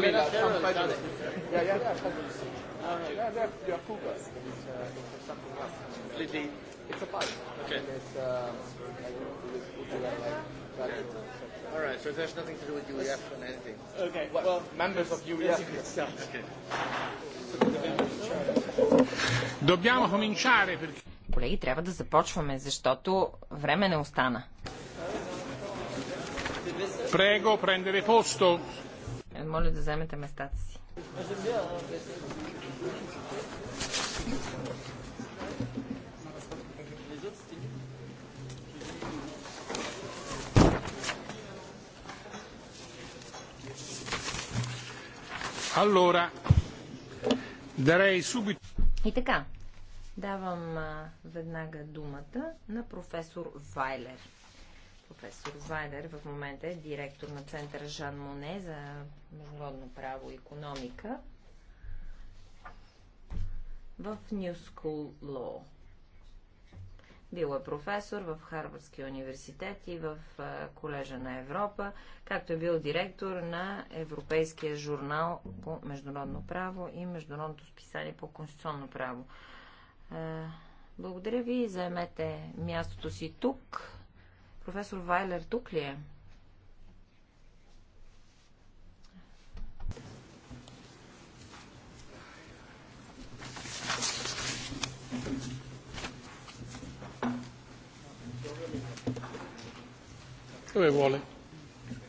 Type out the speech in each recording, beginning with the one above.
I mean, that's some photos. Yeah, yeah, yeah. yeah. they No, they they're, they're guys. It's uh, it's something else. Completely. It's a bike. Okay. And it's, um, like, it's, like, okay. All right, so there's nothing to do with UEF and anything. Okay, well, well members of UEF itself. Okay. Dobbiamo cominciare Колеги, трябва да започваме, защото време не остана. Прего, prendere posto. Моля да вземете местата си. Allora, darei subito... И така, давам веднага думата на професор Вайлер. Професор Вайдер в момента е директор на Центъра Жан Моне за международно право и економика в New School Law. Бил е професор в Харвардския университет и в Колежа на Европа, както е бил директор на Европейския журнал по международно право и Международното списание по конституционно право. Благодаря ви, и заемете мястото си тук. Професор Вайлер тук ли е? Dove vuole?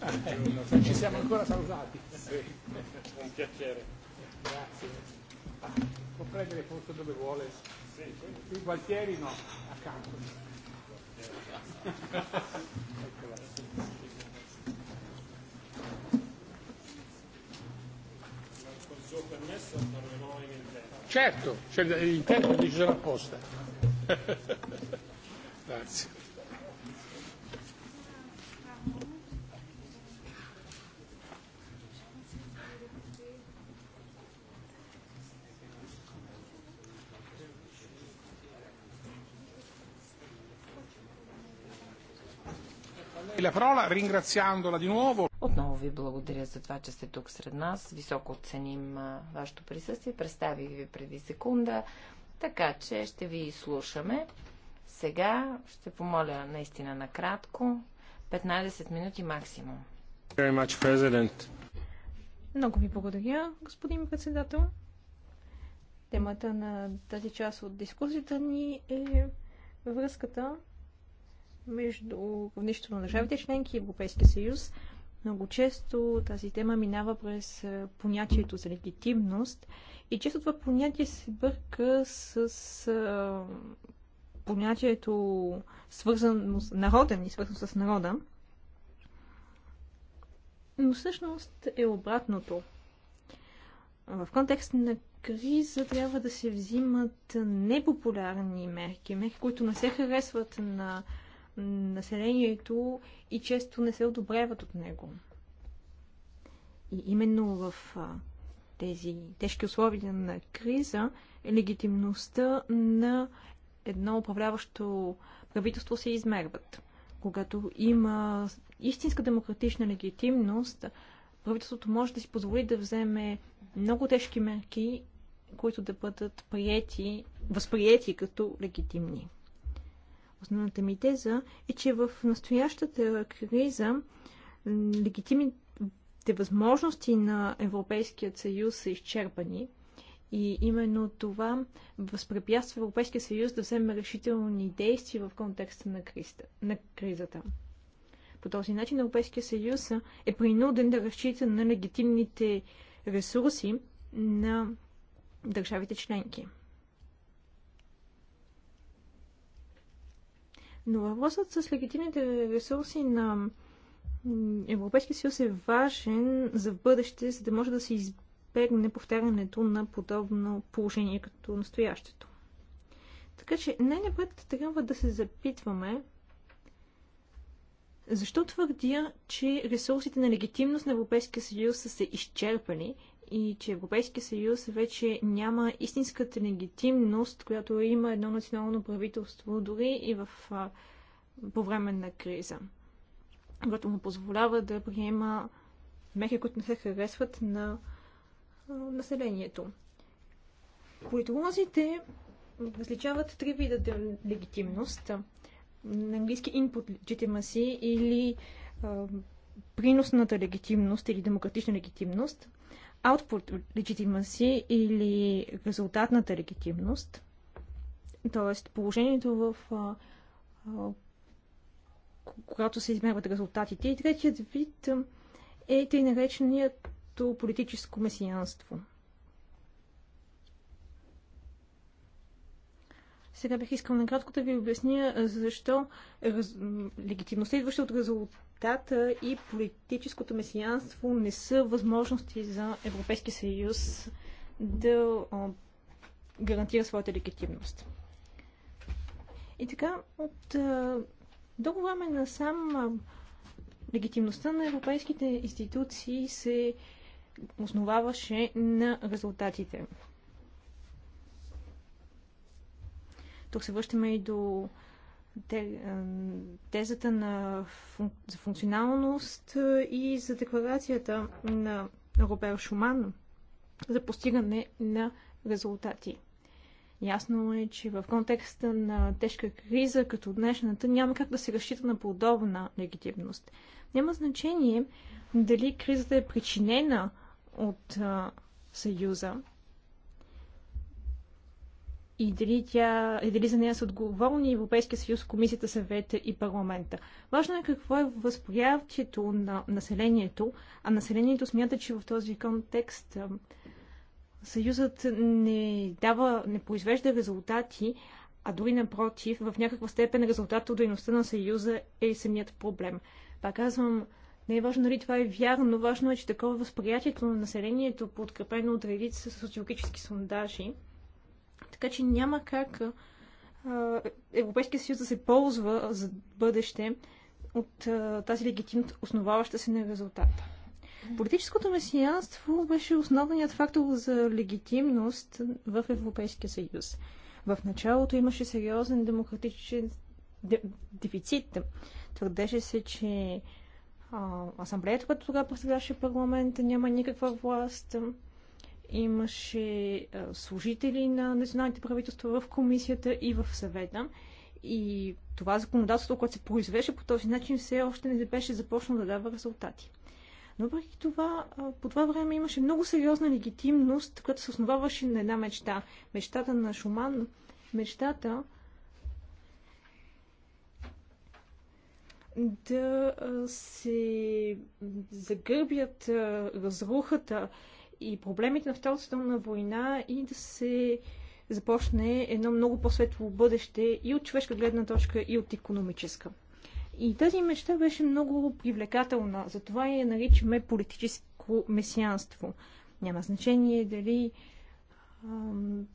Ah, eh, ci siamo ancora salutati. Sì, un piacere. Grazie. Può prendere posto dove vuole. Sì. Qui Gualtieri no, accanto. Certo, cioè, il tempo ci sarà apposta. Grazie. Отново ви благодаря за това, че сте тук сред нас. Високо оценим вашето присъствие. Представих ви преди секунда, така че ще ви слушаме. Сега ще помоля наистина накратко. 15 минути максимум. Much, Много ви благодаря, господин председател. Темата на тази част от дискусията ни е връзката между равнището на държавите членки и Европейския съюз. Много често тази тема минава през понятието за легитимност и често това понятие се бърка с понятието свързано с народен и свързано с народа. Но всъщност е обратното. В контекст на криза трябва да се взимат непопулярни мерки, мерки, които не се харесват на населението и често не се одобряват от него. И именно в тези тежки условия на криза е легитимността на едно управляващо правителство се измерват. Когато има истинска демократична легитимност, правителството може да си позволи да вземе много тежки мерки, които да бъдат приети, възприяти като легитимни. Основната ми теза е, че в настоящата криза легитимните възможности на Европейският съюз са изчерпани и именно това възпрепятства Европейския съюз да вземе решителни действия в контекста на, криста, на кризата. По този начин Европейския съюз е принуден да разчита на легитимните ресурси на държавите членки. Но въпросът с легитимните ресурси на Европейския съюз е важен за бъдеще, за да може да се избегне повтарянето на подобно положение като настоящето. Така че най-напред трябва да се запитваме защо твърдя, че ресурсите на легитимност на Европейския съюз са се изчерпани и че Европейския съюз вече няма истинската легитимност, която има едно национално правителство, дори и в, по време на криза, което му позволява да приема мерки, които не се харесват на населението. Политолозите различават три вида легитимност. На английски input legitimacy или а, приносната легитимност или демократична легитимност output legitimacy или резултатната легитимност, т.е. положението в а, а, когато се измерват резултатите. И третият вид е тъй нареченият политическо месиянство – Сега бих искал накратко да ви обясня защо раз... легитимността, идваща от резултата и политическото месиянство не са възможности за Европейския съюз да гарантира своята легитимност. И така, от дълго време насам легитимността на европейските институции се основаваше на резултатите. Тук се връщаме и до тезата на фун... за функционалност и за декларацията на Робер Шуман за постигане на резултати. Ясно е, че в контекста на тежка криза, като днешната, няма как да се разчита на подобна легитимност. Няма значение дали кризата е причинена от а, Съюза и дали, тя, и дали за нея са отговорни Европейския съюз, Комисията, съвета и парламента. Важно е какво е възприятието на населението, а населението смята, че в този контекст съюзът не дава, не произвежда резултати, а дори напротив, в някаква степен резултат от дейността на съюза е самият проблем. Пак казвам, не е важно дали това е вярно, но важно е, че такова възприятието на населението, подкрепено от редица социологически сондажи, така че няма как Европейския съюз да се ползва за бъдеще от тази легитимност, основаваща се на резултата. Политическото месиянство беше основният фактор за легитимност в Европейския съюз. В началото имаше сериозен демократичен дефицит. Твърдеше се, че асамблеята, която тогава представляваше парламента, няма никаква власт имаше служители на националните правителства в комисията и в съвета. И това законодателство, което се произвеше по този начин, все още не беше започнало да дава резултати. Но въпреки това, по това време имаше много сериозна легитимност, която се основаваше на една мечта. Мечтата на Шуман, мечтата да се загърбят разрухата и проблемите на Втората световна война и да се започне едно много по-светло бъдеще и от човешка гледна точка, и от економическа. И тази мечта беше много привлекателна, затова я наричаме политическо месианство. Няма значение дали ам,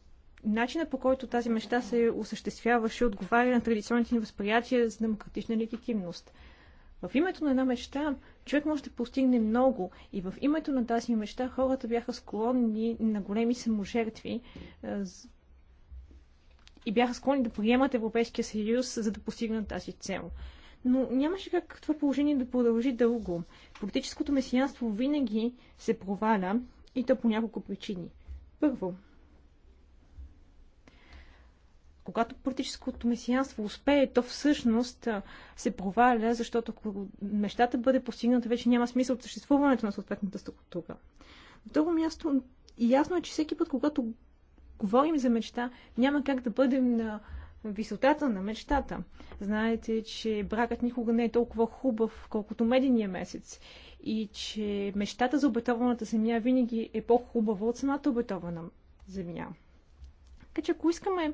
начина по който тази мечта се осъществяваше отговаря на традиционните ни възприятия за демократична легитимност. В името на една мечта човек може да постигне много и в името на тази мечта хората бяха склонни на големи саможертви е, и бяха склонни да приемат Европейския съюз, за да постигнат тази цел. Но нямаше как това положение да продължи дълго. Политическото месиянство винаги се проваля и то по няколко причини. Първо, когато политическото месианство успее, то всъщност се проваля, защото ако мечтата бъде постигната, вече няма смисъл от съществуването на съответната структура. На друго място, ясно е, че всеки път, когато говорим за мечта, няма как да бъдем на висотата на мечтата. Знаете, че бракът никога не е толкова хубав, колкото медения месец. И че мечтата за обетованата земя винаги е по-хубава от самата обетована земя. Така че ако искаме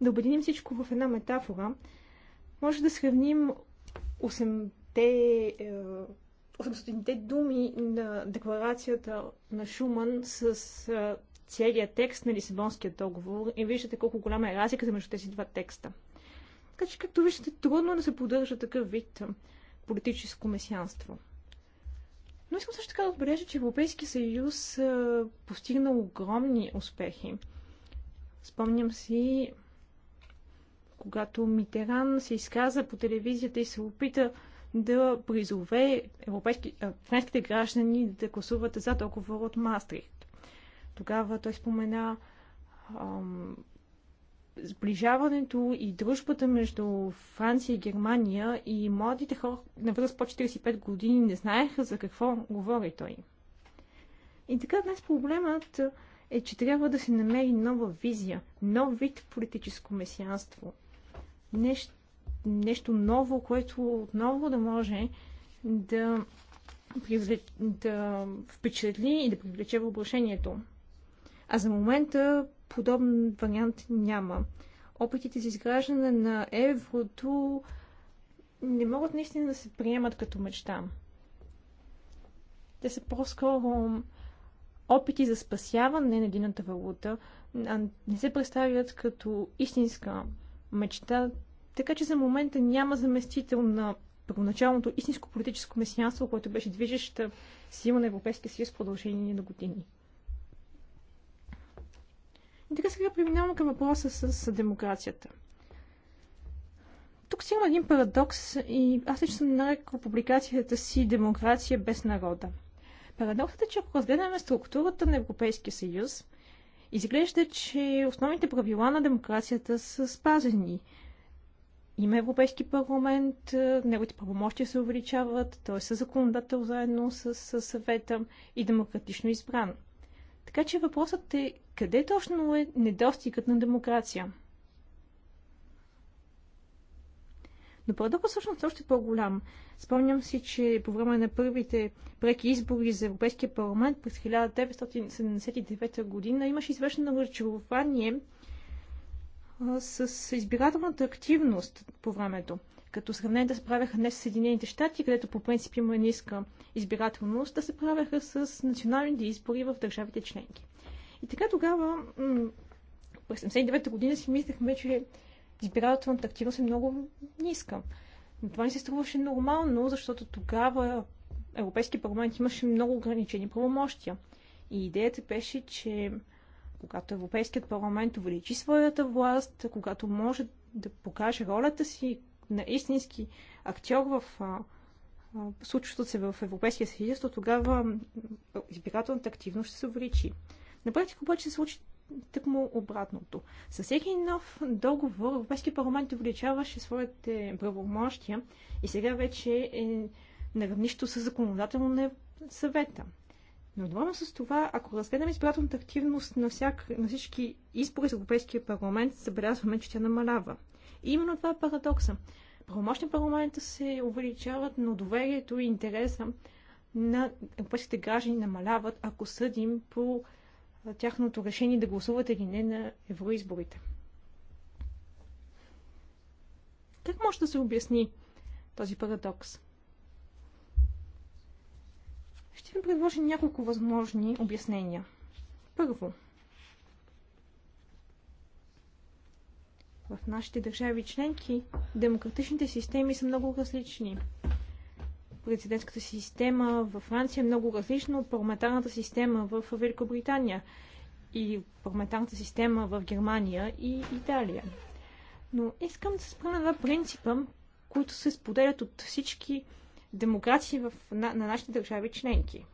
да обединим всичко в една метафора, може да сравним 8-те 800-те е, думи на декларацията на Шуман с е, целият текст на Лисабонския договор и виждате колко голяма е разликата между тези два текста. Така че, както виждате, трудно е да се поддържа такъв вид политическо месианство. Но искам също така да отбележа, че Европейския съюз постигна огромни успехи. Спомням си когато Митеран се изказа по телевизията и се опита да призове европейски, френските граждани да гласуват за договор от Мастрихт. Тогава той спомена ам, сближаването и дружбата между Франция и Германия и младите хора на възраст по 45 години не знаеха за какво говори той. И така днес проблемът е, че трябва да се намери нова визия, нов вид политическо месианство – нещо, нещо ново, което отново да може да, привлеч, да впечатли и да привлече въображението. А за момента подобен вариант няма. Опитите за изграждане на еврото не могат наистина да се приемат като мечта. Те са по-скоро опити за спасяване на едината валута, а не се представят като истинска мечта. Така че за момента няма заместител на първоначалното истинско политическо месианство, което беше движеща сила на Европейския съюз в продължение на години. И така сега преминавам към въпроса с демокрацията. Тук си има един парадокс и аз лично съм нарекал публикацията си Демокрация без народа. Парадоксът е, че ако разгледаме структурата на Европейския съюз, Изглежда, че основните правила на демокрацията са спазени. Има Европейски парламент, е, неговите правомощия се увеличават, той е законодател заедно с съвета и демократично избран. Така че въпросът е къде точно е недостигът на демокрация? Но парадоксът всъщност е още по-голям. Спомням си, че по време на първите преки избори за Европейския парламент през 1979 година имаше известно разочарование с избирателната активност по времето. Като сравнение да се правяха не с Съединените щати, където по принцип има ниска избирателност, да се правяха с националните избори в държавите членки. И така тогава, през 1979 та година си мислехме, че избирателната активност е много ниска. Но това не се струваше нормално, защото тогава Европейския парламент имаше много ограничени правомощия. И идеята беше, че когато Европейският парламент увеличи своята власт, когато може да покаже ролята си на истински актьор в случващото се в Европейския съюз, то тогава избирателната активност ще се увеличи. На практика обаче се случи тъкмо обратното. Със всеки нов договор Европейския парламент увеличаваше своите правомощия и сега вече е на равнището с законодателно на съвета. Но едновременно с това, ако разгледаме избирателната активност на, всяк, на всички избори за Европейския парламент, забелязваме, че тя намалява. И именно това е парадокса. Правомощни парламента се увеличават, но доверието и интереса на европейските граждани намаляват, ако съдим по тяхното решение да гласуват или не на евроизборите. Как може да се обясни този парадокс? Ще ви предложа няколко възможни обяснения. Първо, в нашите държави членки демократичните системи са много различни президентската система във Франция е много различна от парламентарната система в Великобритания и парламентарната система в Германия и Италия. Но искам да се спра на два принципа, които се споделят от всички демокрации в, на, на нашите държави членки.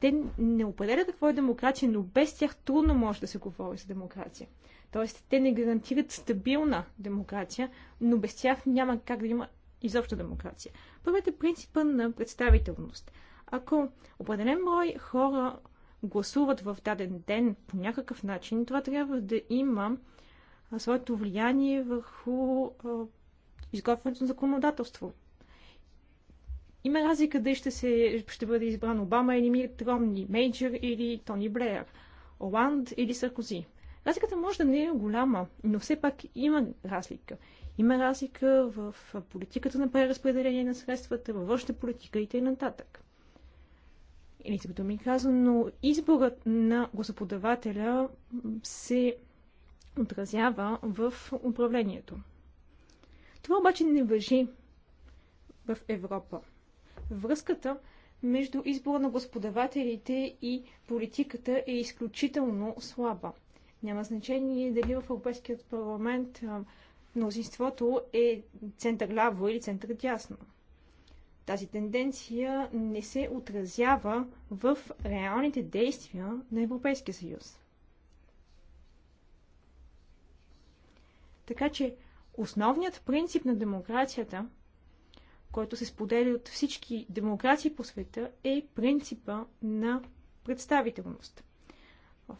Те не определят какво е демокрация, но без тях трудно може да се говори за демокрация. Тоест, те не гарантират стабилна демокрация, но без тях няма как да има изобщо демокрация. Първият е принципа на представителност. Ако определен брой хора гласуват в даден ден по някакъв начин, това трябва да има своето влияние върху изготвянето на законодателство. Има разлика дали ще, се, ще бъде избран Обама или Мир Тромни, Мейджор или Тони Блеер, Оланд или Саркози. Разликата може да не е голяма, но все пак има разлика. Има разлика в политиката на преразпределение на средствата, във външна политика и т.н. Или като ми но изборът на господавателя се отразява в управлението. Това обаче не въжи в Европа. Връзката между избора на господавателите и политиката е изключително слаба. Няма значение дали в Европейският парламент мнозинството е център-ляво или център-дясно. Тази тенденция не се отразява в реалните действия на Европейския съюз. Така че основният принцип на демокрацията, който се споделя от всички демокрации по света, е принципа на представителност.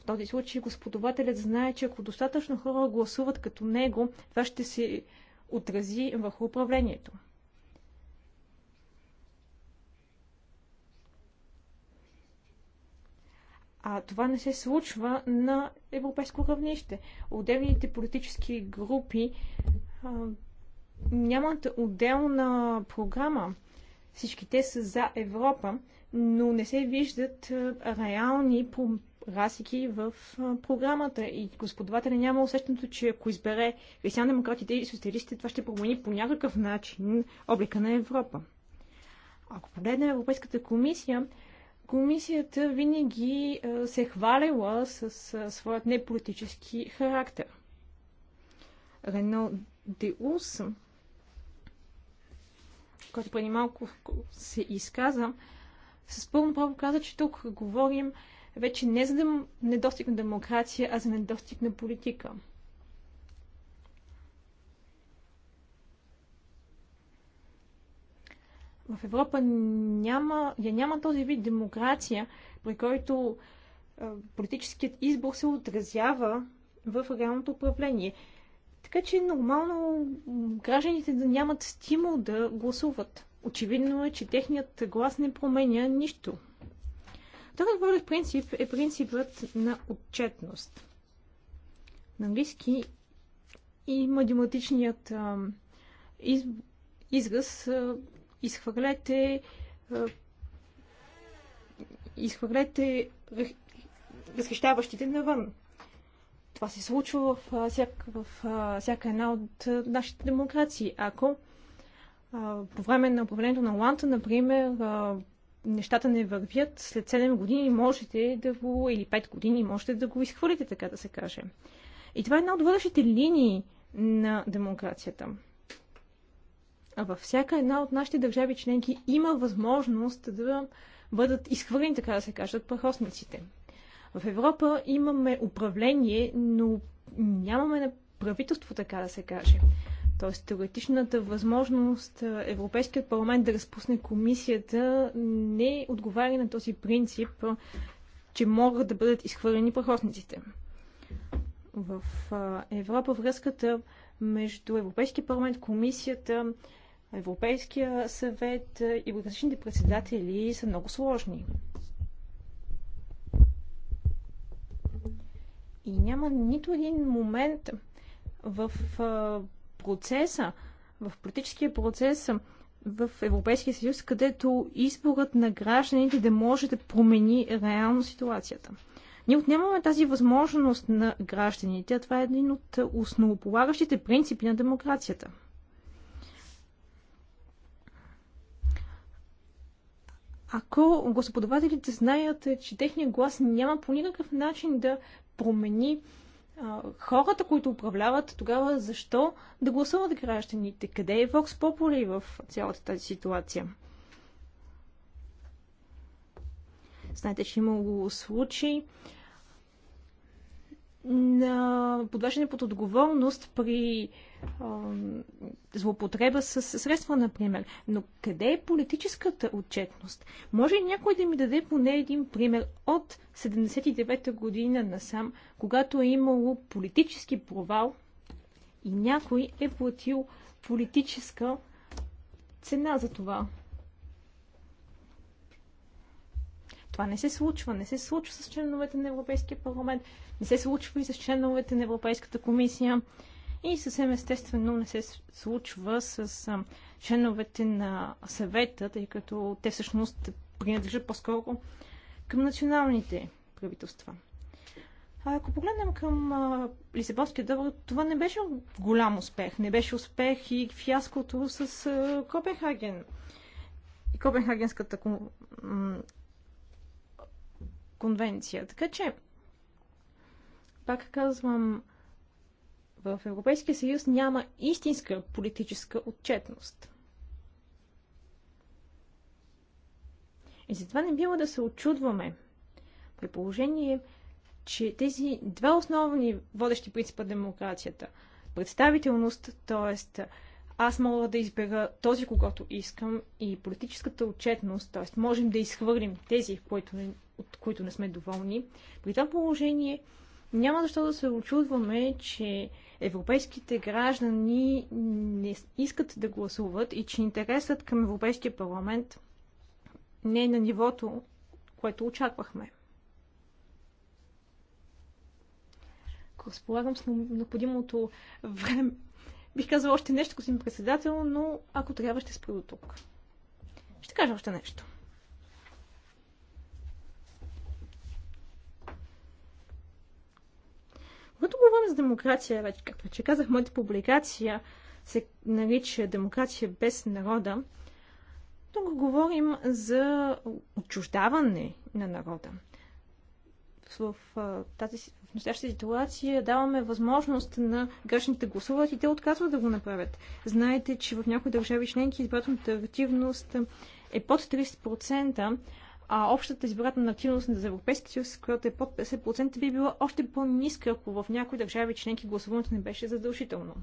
В този случай господователят знае, че ако достатъчно хора гласуват като него, това ще се отрази върху управлението. А това не се случва на европейско равнище. Отделните политически групи а, нямат отделна програма. Всички те са за Европа, но не се виждат реални расики в програмата и господавателя няма усещането, че ако избере християн-демократите и социалистите, това ще промени по някакъв начин облика на Европа. Ако погледнем Европейската комисия, комисията винаги се е хвалила с своят неполитически характер. Рено Деус, който преди малко се изказа, с пълно право каза, че тук говорим вече не за недостиг на демокрация, а за недостиг на политика. В Европа няма, я няма този вид демокрация, при който политическият избор се отразява в реалното управление. Така че нормално гражданите да нямат стимул да гласуват. Очевидно е, че техният глас не променя нищо. Другият водещ принцип е принципът на отчетност. На английски и математичният а, из, израз а, изхвърлете а, изхвърлете разхищаващите навън. Това се случва в, всяка, в всяка една от нашите демокрации. Ако по време на управлението на Ланта, например, нещата не вървят, след 7 години можете да го, или 5 години можете да го изхвърлите, така да се каже. И това е една от вършите линии на демокрацията. А във всяка една от нашите държави членки има възможност да бъдат изхвърлени, така да се кажат, прахосниците. В Европа имаме управление, но нямаме правителство, така да се каже. Тоест, теоретичната възможност Европейският парламент да разпусне комисията не отговаря на този принцип, че могат да бъдат изхвърлени прахосниците. В Европа връзката между Европейския парламент, комисията, Европейския съвет и различните председатели са много сложни. И няма нито един момент в процеса, в политическия процес в Европейския съюз, където изборът на гражданите да може да промени реално ситуацията. Ние отнемаме тази възможност на гражданите, а това е един от основополагащите принципи на демокрацията. Ако господавателите знаят, че техният глас няма по никакъв начин да промени хората, които управляват, тогава защо да гласуват гражданите? Къде е Vox Populi в цялата тази ситуация? Знаете, че имало случаи, на подвеждане под отговорност при а, злоупотреба с средства, например. Но къде е политическата отчетност? Може ли някой да ми даде поне един пример от 79-та година насам, когато е имало политически провал и някой е платил политическа цена за това? Това не се случва. Не се случва с членовете на Европейския парламент, не се случва и с членовете на Европейската комисия и съвсем естествено не се случва с членовете на съвета, тъй като те всъщност принадлежат по-скоро към националните правителства. А ако погледнем към Лисабонския договор, това не беше голям успех. Не беше успех и фиаското с а, Копенхаген. И Копенхагенската конвенция. Така че, пак казвам, в Европейския съюз няма истинска политическа отчетност. И затова не бива да се очудваме, при положение, че тези два основни водещи принципа демокрацията представителност, т.е аз мога да избера този, когато искам и политическата отчетност, т.е. можем да изхвърлим тези, които не, от които не сме доволни. При това положение няма защо да се очудваме, че европейските граждани не искат да гласуват и че интересът към Европейския парламент не е на нивото, което очаквахме. Разполагам с необходимото време Бих казала още нещо, господин председател, но ако трябва, ще спра до тук. Ще кажа още нещо. Когато говорим за демокрация, вече, както вече казах, моята публикация се нарича Демокрация без народа. Тук говорим за отчуждаване на народа. В, тази, в настоящата ситуация даваме възможност на гражданите да гласуват и те отказват да го направят. Знаете, че в някои държави членки избирателната активност е под 30%, а общата избирателна активност за Европейския съюз, която е под 50%, би била още по-ниска, ако в някои държави членки гласуването не беше задължително.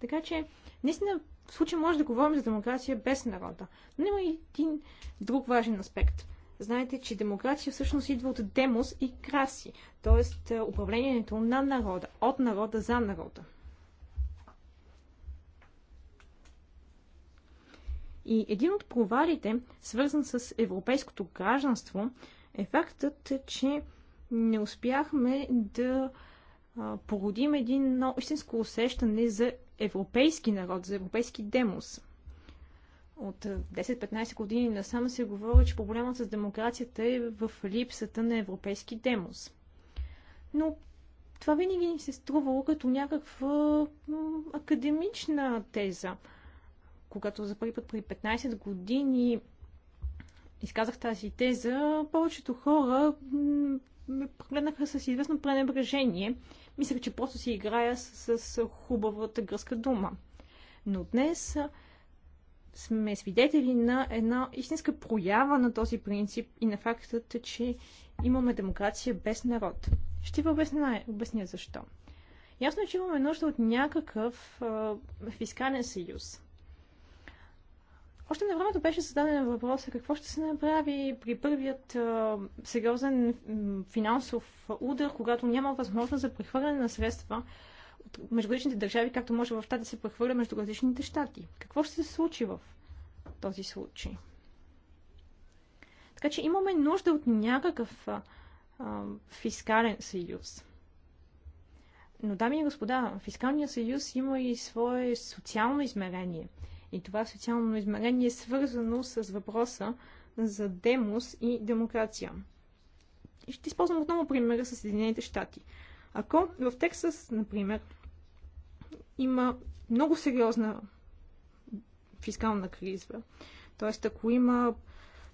Така че, наистина, в случай може да говорим за демокрация без народа. Но има и един друг важен аспект. Знаете, че демокрация всъщност идва от демос и краси, т.е. управлението на народа, от народа за народа. И един от провалите, свързан с европейското гражданство, е фактът, че не успяхме да породим един истинско усещане за европейски народ, за европейски демос от 10-15 години насам се говори, че проблемът с демокрацията е в липсата на европейски демос. Но това винаги ни се струвало като някаква академична теза. Когато за първи път при 15 години изказах тази теза, повечето хора ме погледнаха с известно пренебрежение. Мисля, че просто си играя с, с хубавата гръцка дума. Но днес сме свидетели на една истинска проява на този принцип и на фактът, че имаме демокрация без народ. Ще ви обясня, обясня защо. Ясно е, че имаме нужда от някакъв а, фискален съюз. Още на времето беше зададен въпроса какво ще се направи при първият а, сериозен финансов удар, когато няма възможност за прехвърляне на средства между различните държави, както може в щата да се прехвърля между различните щати. Какво ще се случи в този случай? Така че имаме нужда от някакъв а, фискален съюз. Но, дами и господа, фискалният съюз има и свое социално измерение. И това социално измерение е свързано с въпроса за демос и демокрация. И ще използвам отново примера с Съединените щати. Ако в Тексас, например, има много сериозна фискална криза, т.е. ако има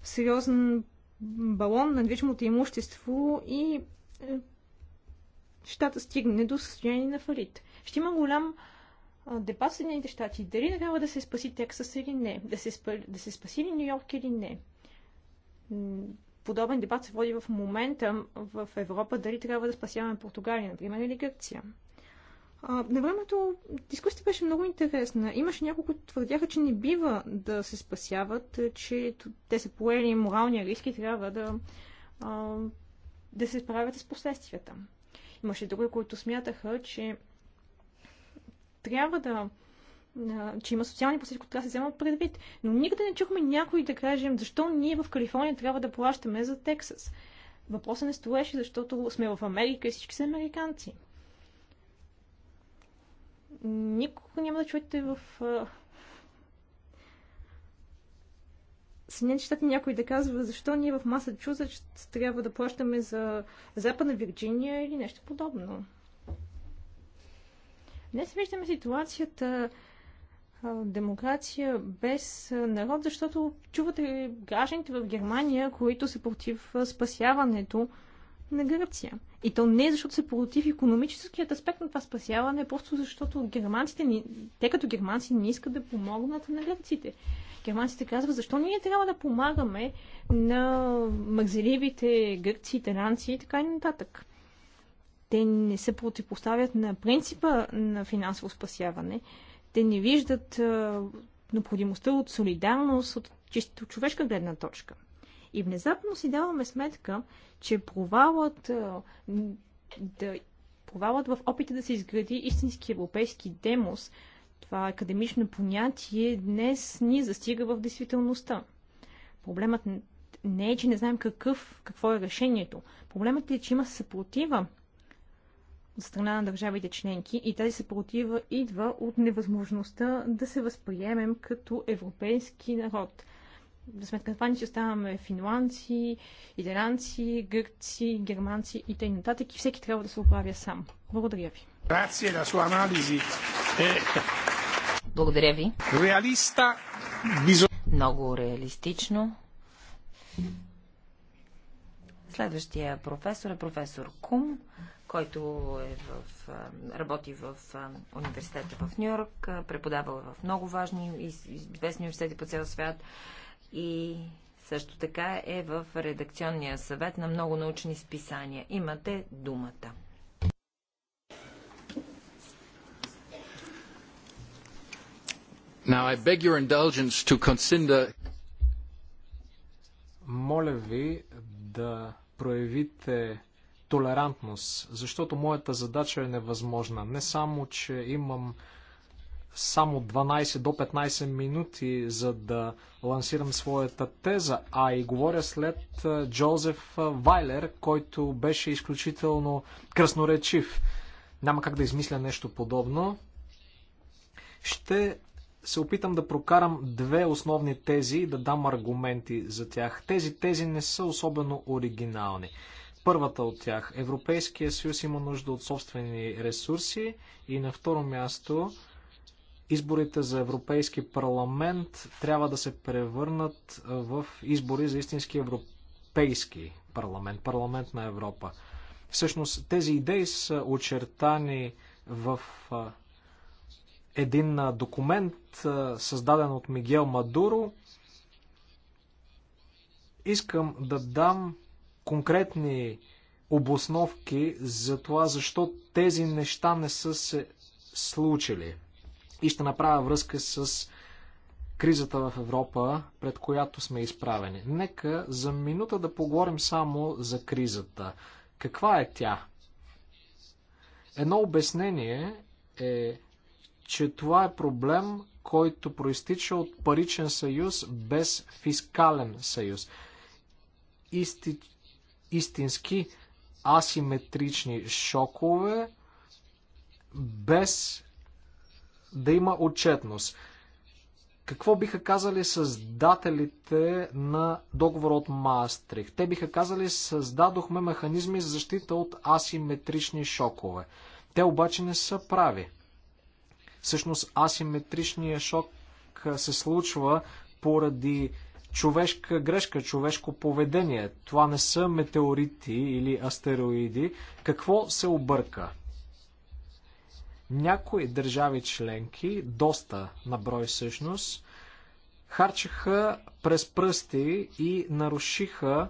сериозен балон на движимото имущество и е, щата стигне до състояние на фалит. Ще има голям дебат в Съединените щати. Дали трябва да се спаси Тексас или не? Да се, спа, да се спаси ли Нью Йорк или не? подобен дебат се води в момента в Европа, дали трябва да спасяваме Португалия, например, или Гърция. А, на времето дискусията беше много интересна. Имаше няколко, които твърдяха, че не бива да се спасяват, че те са поели моралния риск и трябва да, а, да се справят с последствията. Имаше други, които смятаха, че трябва да че има социални последици, които трябва да се вземат предвид. Но никъде не чухме някой да кажем защо ние в Калифорния трябва да плащаме за Тексас. Въпросът не стоеше, защото сме в Америка и всички са американци. Никога няма да чуете в Съединените щати някой да казва защо ние в Масачузетс трябва да плащаме за Западна Вирджиния или нещо подобно. Днес виждаме ситуацията демокрация без народ, защото чувате гражданите в Германия, които са против спасяването на Гърция. И то не защото са против економическият аспект на това спасяване, просто защото германците, ни, те като германци не искат да помогнат на гърците. Германците казват, защо ние трябва да помагаме на мързеливите гърци, таранци и така и нататък. Те не се противопоставят на принципа на финансово спасяване, те не виждат а, необходимостта от солидарност, от чисто човешка гледна точка. И внезапно си даваме сметка, че провалът, а, да, провалът в опита да се изгради истински европейски демос, това академично понятие, днес ни застига в действителността. Проблемът не е, че не знаем какъв, какво е решението. Проблемът е, че има съпротива от страна на държавите членки и тази съпротива идва от невъзможността да се възприемем като европейски народ. За сметка на това ни ще ставаме финландци, италянци, гърци, германци и т.н. и всеки трябва да се оправя сам. Благодаря ви. Благодаря ви. Реалиста. Много реалистично. Следващия професор е професор Кум който е в, работи в университета в Нью-Йорк, преподавал е в много важни и известни университети по цял свят и също така е в редакционния съвет на много научни списания. Имате думата. Now I beg your indulgence to consider... Моля ви да проявите толерантност, защото моята задача е невъзможна. Не само, че имам само 12 до 15 минути, за да лансирам своята теза, а и говоря след Джозеф Вайлер, който беше изключително красноречив. Няма как да измисля нещо подобно. Ще се опитам да прокарам две основни тези и да дам аргументи за тях. Тези тези не са особено оригинални. Първата от тях. Европейския съюз има нужда от собствени ресурси и на второ място изборите за Европейски парламент трябва да се превърнат в избори за истински европейски парламент, парламент на Европа. Всъщност тези идеи са очертани в един документ, създаден от Мигел Мадуро. Искам да дам конкретни обосновки за това, защо тези неща не са се случили. И ще направя връзка с кризата в Европа, пред която сме изправени. Нека за минута да поговорим само за кризата. Каква е тя? Едно обяснение е, че това е проблем, който проистича от паричен съюз без фискален съюз. Исти истински асиметрични шокове без да има отчетност. Какво биха казали създателите на договора от Маастрих? Те биха казали създадохме механизми за защита от асиметрични шокове. Те обаче не са прави. Всъщност асиметричният шок се случва поради човешка грешка, човешко поведение. Това не са метеорити или астероиди. Какво се обърка? Някои държави членки, доста на брой всъщност, харчаха през пръсти и нарушиха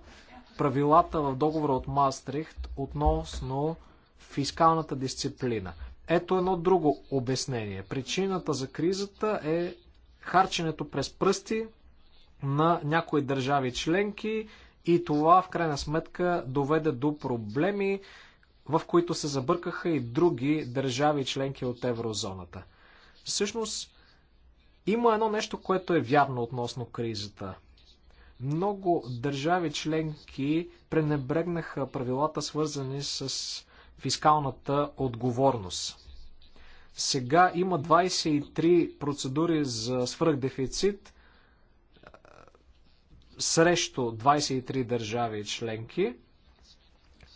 правилата в договора от Мастрихт относно фискалната дисциплина. Ето едно друго обяснение. Причината за кризата е харченето през пръсти на някои държави членки и това в крайна сметка доведе до проблеми, в които се забъркаха и други държави членки от еврозоната. Всъщност, има едно нещо, което е вярно относно кризата. Много държави членки пренебрегнаха правилата, свързани с фискалната отговорност. Сега има 23 процедури за свръхдефицит срещу 23 държави и членки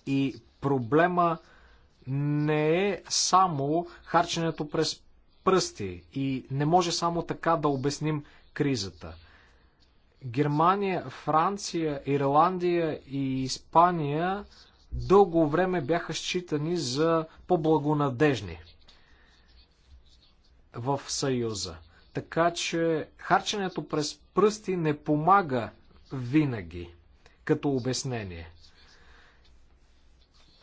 и проблема не е само харченето през пръсти и не може само така да обясним кризата. Германия, Франция, Ирландия и Испания дълго време бяха считани за по-благонадежни в Съюза. Така че харченето през пръсти не помага винаги, като обяснение.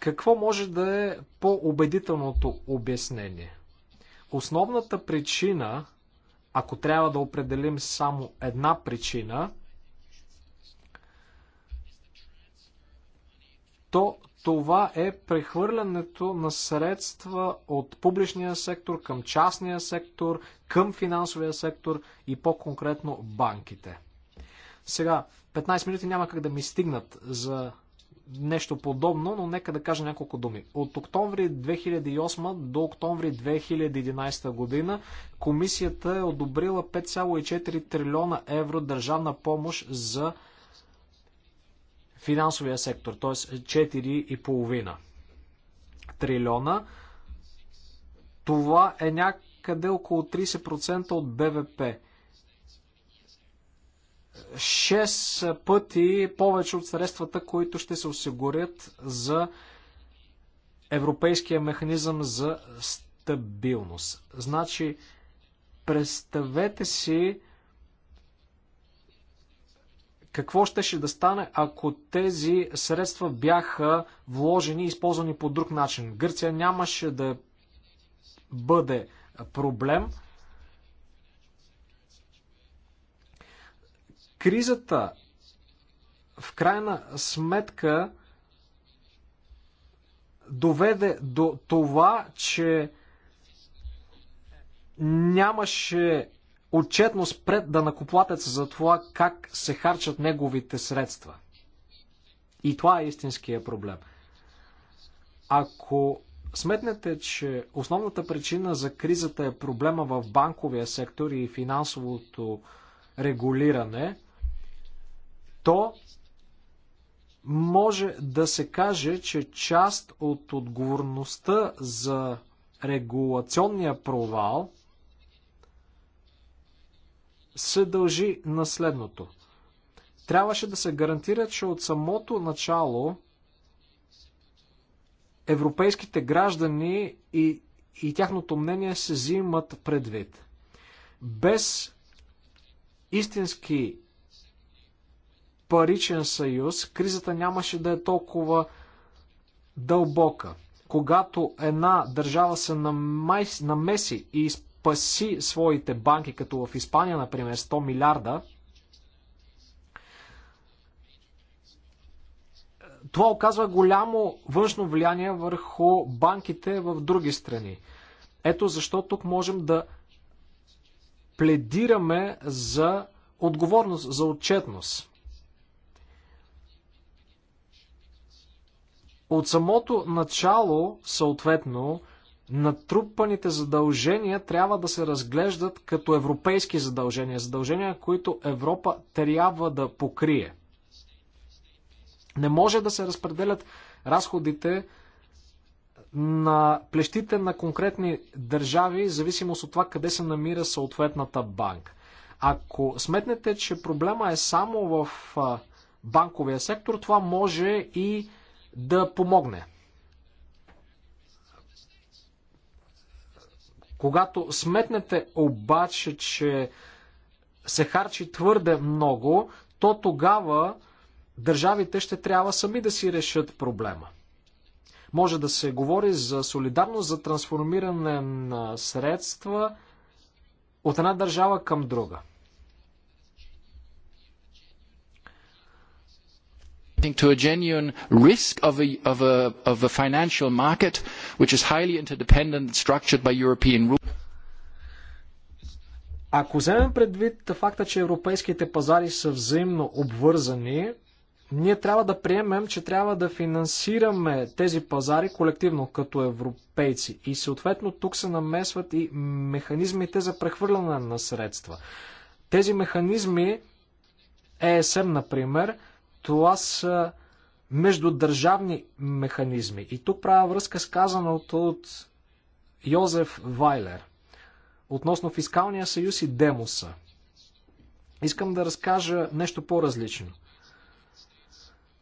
Какво може да е по-убедителното обяснение? Основната причина, ако трябва да определим само една причина, то това е прехвърлянето на средства от публичния сектор към частния сектор, към финансовия сектор и по-конкретно банките. Сега, 15 минути няма как да ми стигнат за нещо подобно, но нека да кажа няколко думи. От октомври 2008 до октомври 2011 година комисията е одобрила 5,4 трилиона евро държавна помощ за финансовия сектор, т.е. 4,5 трилиона. Това е някъде около 30% от БВП. 6 пъти повече от средствата, които ще се осигурят за Европейския механизъм за стабилност. Значи, представете си какво щеше да стане, ако тези средства бяха вложени и използвани по друг начин. Гърция нямаше да бъде проблем. Кризата в крайна сметка доведе до това, че нямаше отчетност пред данакоплатеца за това как се харчат неговите средства. И това е истинския проблем. Ако сметнете, че основната причина за кризата е проблема в банковия сектор и финансовото регулиране, то може да се каже, че част от отговорността за регулационния провал се дължи на следното. Трябваше да се гарантира, че от самото начало европейските граждани и, и тяхното мнение се взимат предвид. Без истински паричен съюз, кризата нямаше да е толкова дълбока. Когато една държава се намеси и спаси своите банки, като в Испания, например, 100 милиарда, това оказва голямо външно влияние върху банките в други страни. Ето защо тук можем да пледираме за отговорност, за отчетност. От самото начало, съответно, натрупаните задължения трябва да се разглеждат като европейски задължения, задължения, които Европа трябва да покрие. Не може да се разпределят разходите на плещите на конкретни държави, в зависимост от това къде се намира съответната банка. Ако сметнете, че проблема е само в банковия сектор, това може и да помогне. Когато сметнете обаче, че се харчи твърде много, то тогава държавите ще трябва сами да си решат проблема. Може да се говори за солидарност, за трансформиране на средства от една държава към друга – to a genuine risk of a, of, a, of a financial market which is highly interdependent and structured by European rules. Ако вземем предвид факта, че европейските пазари са взаимно обвързани, ние трябва да приемем, че трябва да финансираме тези пазари колективно като европейци. И съответно тук се намесват и механизмите за прехвърляне на средства. Тези механизми, ЕСМ, например, това са междудържавни механизми. И тук правя връзка с казаното от Йозеф Вайлер относно фискалния съюз и демоса. Искам да разкажа нещо по-различно.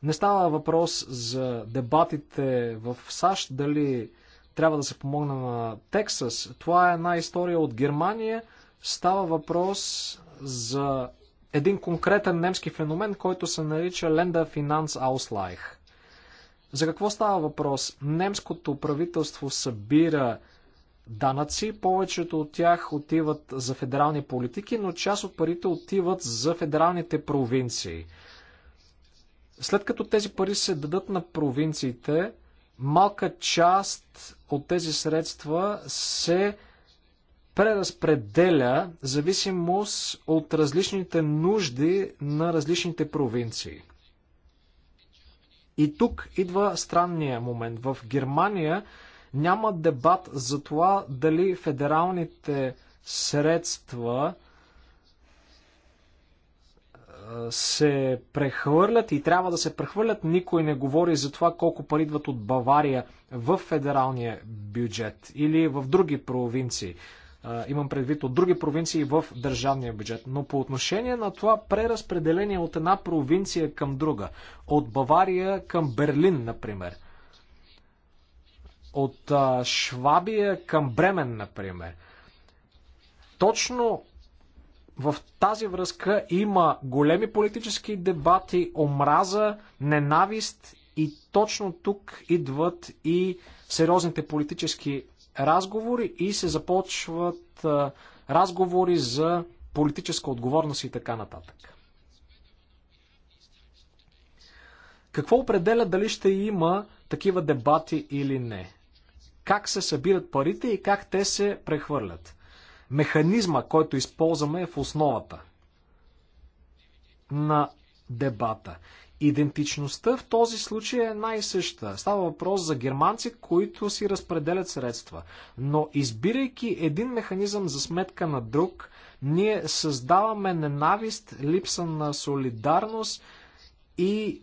Не става въпрос за дебатите в САЩ, дали трябва да се помогна на Тексас. Това е една история от Германия. Става въпрос за един конкретен немски феномен, който се нарича Ленда Финанс Ауслайх. За какво става въпрос? Немското правителство събира данъци, повечето от тях отиват за федерални политики, но част от парите отиват за федералните провинции. След като тези пари се дадат на провинциите, малка част от тези средства се преразпределя зависимост от различните нужди на различните провинции. И тук идва странния момент. В Германия няма дебат за това дали федералните средства се прехвърлят и трябва да се прехвърлят. Никой не говори за това колко пари идват от Бавария в федералния бюджет или в други провинции имам предвид от други провинции в държавния бюджет. Но по отношение на това преразпределение от една провинция към друга, от Бавария към Берлин, например, от Швабия към Бремен, например, точно в тази връзка има големи политически дебати, омраза, ненавист и точно тук идват и сериозните политически разговори и се започват разговори за политическа отговорност и така нататък. Какво определя дали ще има такива дебати или не? Как се събират парите и как те се прехвърлят? Механизма, който използваме е в основата на дебата. Идентичността в този случай е най-съща. Става въпрос за германци, които си разпределят средства. Но избирайки един механизъм за сметка на друг, ние създаваме ненавист, липса на солидарност и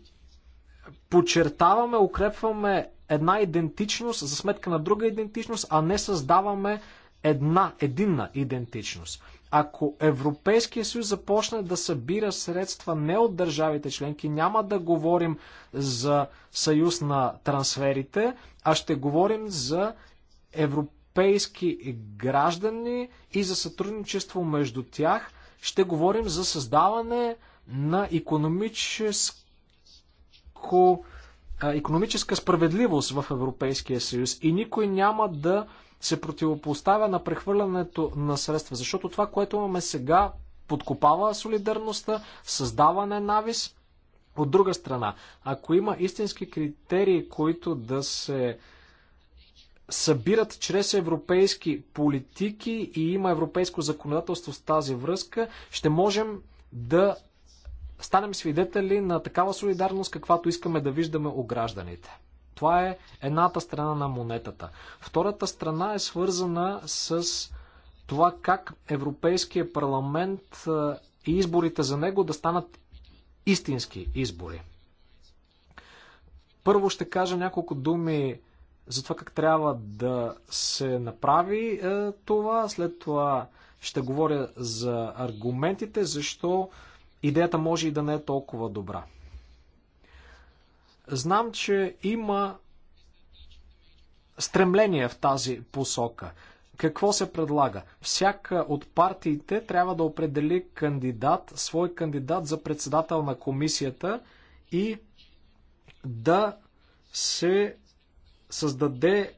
подчертаваме, укрепваме една идентичност за сметка на друга идентичност, а не създаваме една единна идентичност. Ако Европейския съюз започне да събира средства не от държавите членки, няма да говорим за съюз на трансферите, а ще говорим за европейски граждани и за сътрудничество между тях. Ще говорим за създаване на економическо економическа справедливост в Европейския съюз и никой няма да се противопоставя на прехвърлянето на средства, защото това, което имаме сега, подкопава солидарността, създава ненавис. От друга страна, ако има истински критерии, които да се събират чрез европейски политики и има европейско законодателство с тази връзка, ще можем да станем свидетели на такава солидарност, каквато искаме да виждаме у гражданите. Това е едната страна на монетата. Втората страна е свързана с това как Европейския парламент и изборите за него да станат истински избори. Първо ще кажа няколко думи за това как трябва да се направи е, това. След това ще говоря за аргументите, защо идеята може и да не е толкова добра. Знам, че има стремление в тази посока. Какво се предлага? Всяка от партиите трябва да определи кандидат, свой кандидат за председател на комисията и да се създаде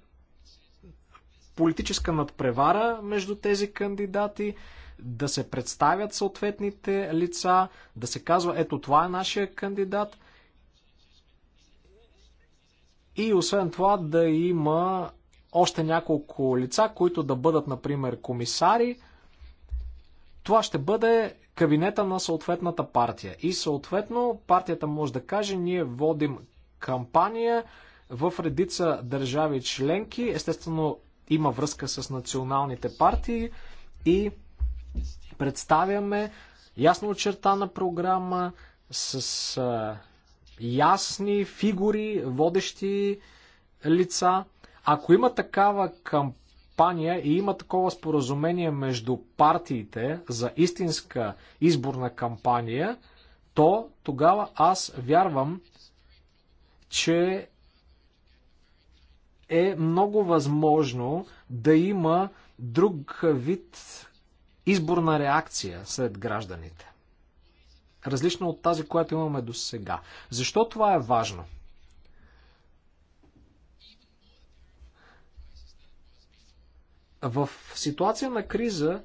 политическа надпревара между тези кандидати, да се представят съответните лица, да се казва ето това е нашия кандидат – и освен това да има още няколко лица, които да бъдат, например, комисари. Това ще бъде кабинета на съответната партия. И съответно партията може да каже, ние водим кампания в редица държави членки. Естествено, има връзка с националните партии и представяме ясно очертана програма с ясни фигури, водещи лица. Ако има такава кампания и има такова споразумение между партиите за истинска изборна кампания, то тогава аз вярвам, че е много възможно да има друг вид изборна реакция сред гражданите различна от тази, която имаме до сега. Защо това е важно? В ситуация на криза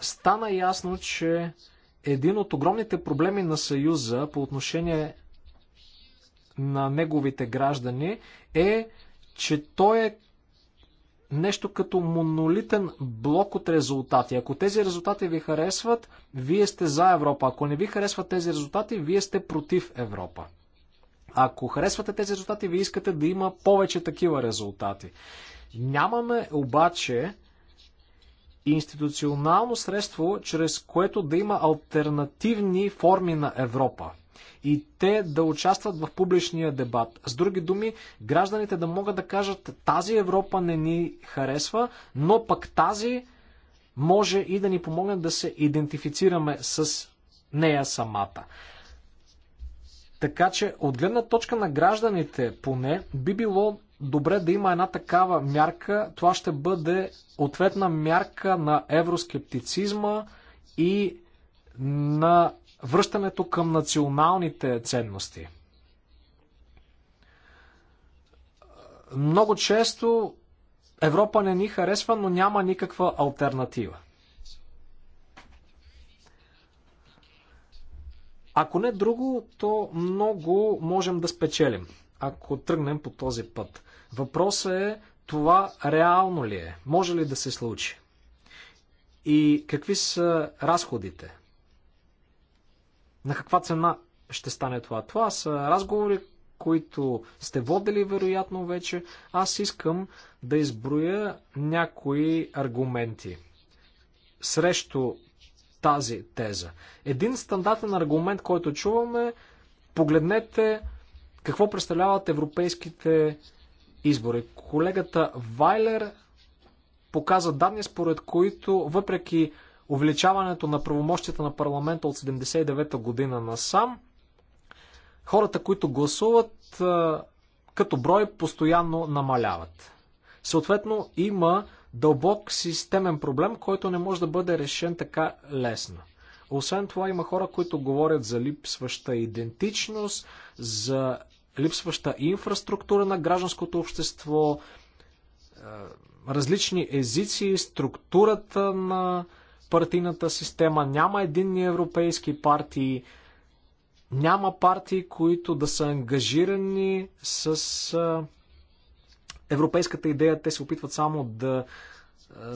стана ясно, че един от огромните проблеми на Съюза по отношение на неговите граждани е, че той е нещо като монолитен блок от резултати. Ако тези резултати ви харесват, вие сте за Европа. Ако не ви харесват тези резултати, вие сте против Европа. Ако харесвате тези резултати, вие искате да има повече такива резултати. Нямаме обаче институционално средство, чрез което да има альтернативни форми на Европа и те да участват в публичния дебат. С други думи, гражданите да могат да кажат тази Европа не ни харесва, но пък тази може и да ни помогне да се идентифицираме с нея самата. Така че от гледна точка на гражданите поне би било добре да има една такава мярка. Това ще бъде ответна мярка на евроскептицизма и на връщането към националните ценности. Много често Европа не ни харесва, но няма никаква альтернатива. Ако не друго, то много можем да спечелим, ако тръгнем по този път. Въпросът е това реално ли е? Може ли да се случи? И какви са разходите? На каква цена ще стане това? Това са разговори, които сте водили вероятно вече. Аз искам да изброя някои аргументи срещу тази теза. Един стандартен аргумент, който чуваме, погледнете какво представляват европейските избори. Колегата Вайлер показа данни, според които въпреки увеличаването на правомощията на парламента от 79-та година насам. Хората, които гласуват като брой, постоянно намаляват. Съответно, има дълбок системен проблем, който не може да бъде решен така лесно. Освен това, има хора, които говорят за липсваща идентичност, за липсваща инфраструктура на гражданското общество, различни езици, структурата на партийната система, няма единни европейски партии, няма партии, които да са ангажирани с европейската идея. Те се опитват само да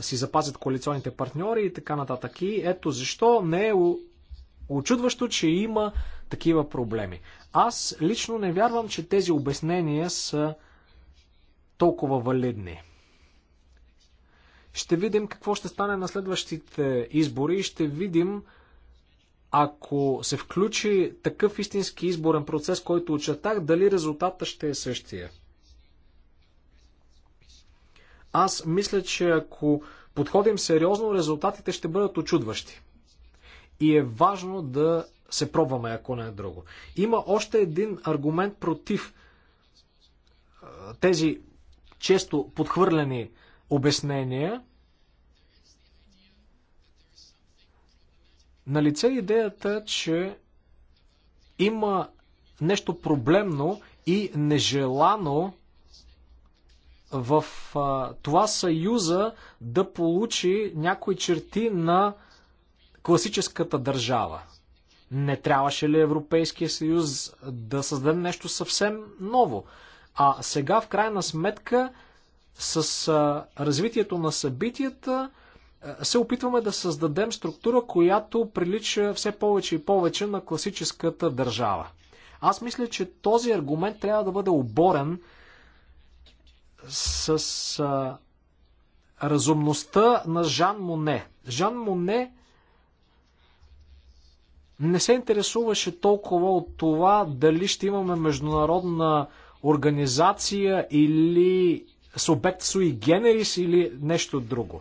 си запазят коалиционните партньори и така нататък. И ето защо не е очудващо, че има такива проблеми. Аз лично не вярвам, че тези обяснения са толкова валидни. Ще видим какво ще стане на следващите избори и ще видим ако се включи такъв истински изборен процес, който очертах, дали резултата ще е същия. Аз мисля, че ако подходим сериозно, резултатите ще бъдат очудващи. И е важно да се пробваме, ако не е друго. Има още един аргумент против тези често подхвърлени обяснения. На лице е идеята, че има нещо проблемно и нежелано в а, това съюза да получи някои черти на класическата държава. Не трябваше ли Европейския съюз да създаде нещо съвсем ново? А сега, в крайна сметка, с а, развитието на събитията се опитваме да създадем структура, която прилича все повече и повече на класическата държава. Аз мисля, че този аргумент трябва да бъде оборен с а, разумността на Жан Моне. Жан Моне не се интересуваше толкова от това дали ще имаме международна организация или обект суи генерис или нещо друго.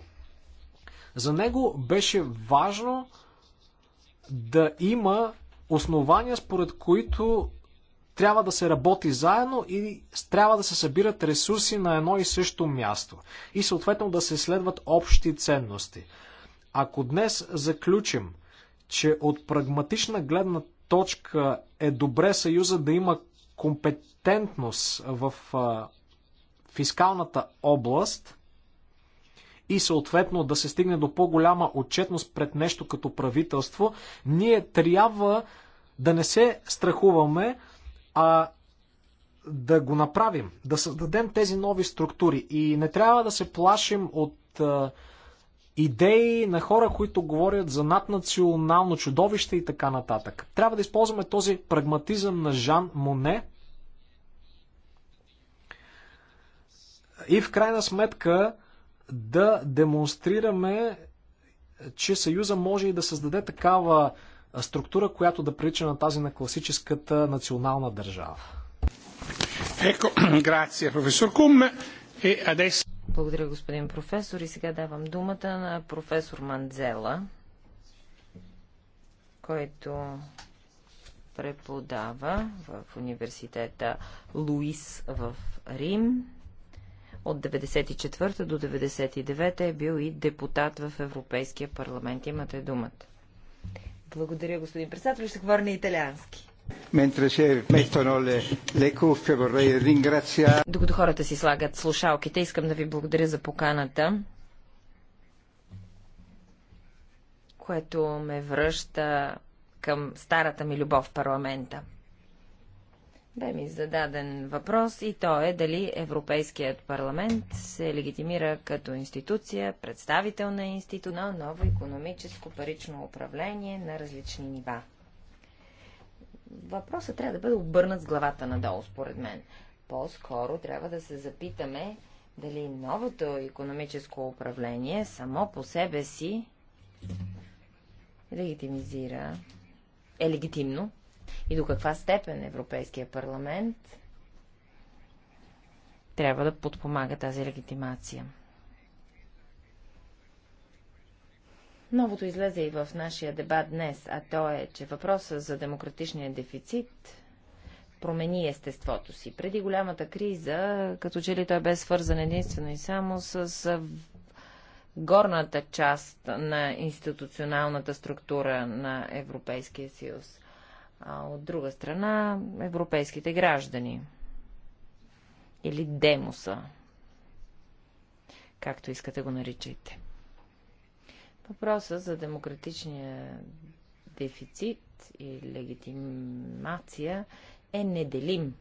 За него беше важно да има основания, според които трябва да се работи заедно и трябва да се събират ресурси на едно и също място. И съответно да се следват общи ценности. Ако днес заключим, че от прагматична гледна точка е добре Съюза да има компетентност в фискалната област и съответно да се стигне до по-голяма отчетност пред нещо като правителство, ние трябва да не се страхуваме, а да го направим, да създадем тези нови структури. И не трябва да се плашим от а, идеи на хора, които говорят за наднационално чудовище и така нататък. Трябва да използваме този прагматизъм на Жан Моне, и в крайна сметка да демонстрираме, че Съюза може и да създаде такава структура, която да прилича на тази на класическата национална държава. Еко грация професор Кум Благодаря, господин професор. И сега давам думата на професор Манзела, който преподава в университета Луис в Рим от 94 до 99 е бил и депутат в Европейския парламент. Имате думата. Благодаря, господин председател. Ще говоря на италиански. Докато хората си слагат слушалките, искам да ви благодаря за поканата, което ме връща към старата ми любов в парламента – бе ми зададен въпрос и то е дали Европейският парламент се легитимира като институция, представител на институт на ново економическо парично управление на различни нива. Въпросът трябва да бъде обърнат с главата надолу, според мен. По-скоро трябва да се запитаме дали новото економическо управление само по себе си легитимизира, е легитимно и до каква степен Европейския парламент трябва да подпомага тази легитимация. Новото излезе и в нашия дебат днес, а то е, че въпросът за демократичния дефицит промени естеството си. Преди голямата криза, като че ли той бе свързан единствено и само с горната част на институционалната структура на Европейския съюз а от друга страна европейските граждани или демоса, както искате го наричайте. Въпросът за демократичния дефицит и легитимация е неделим.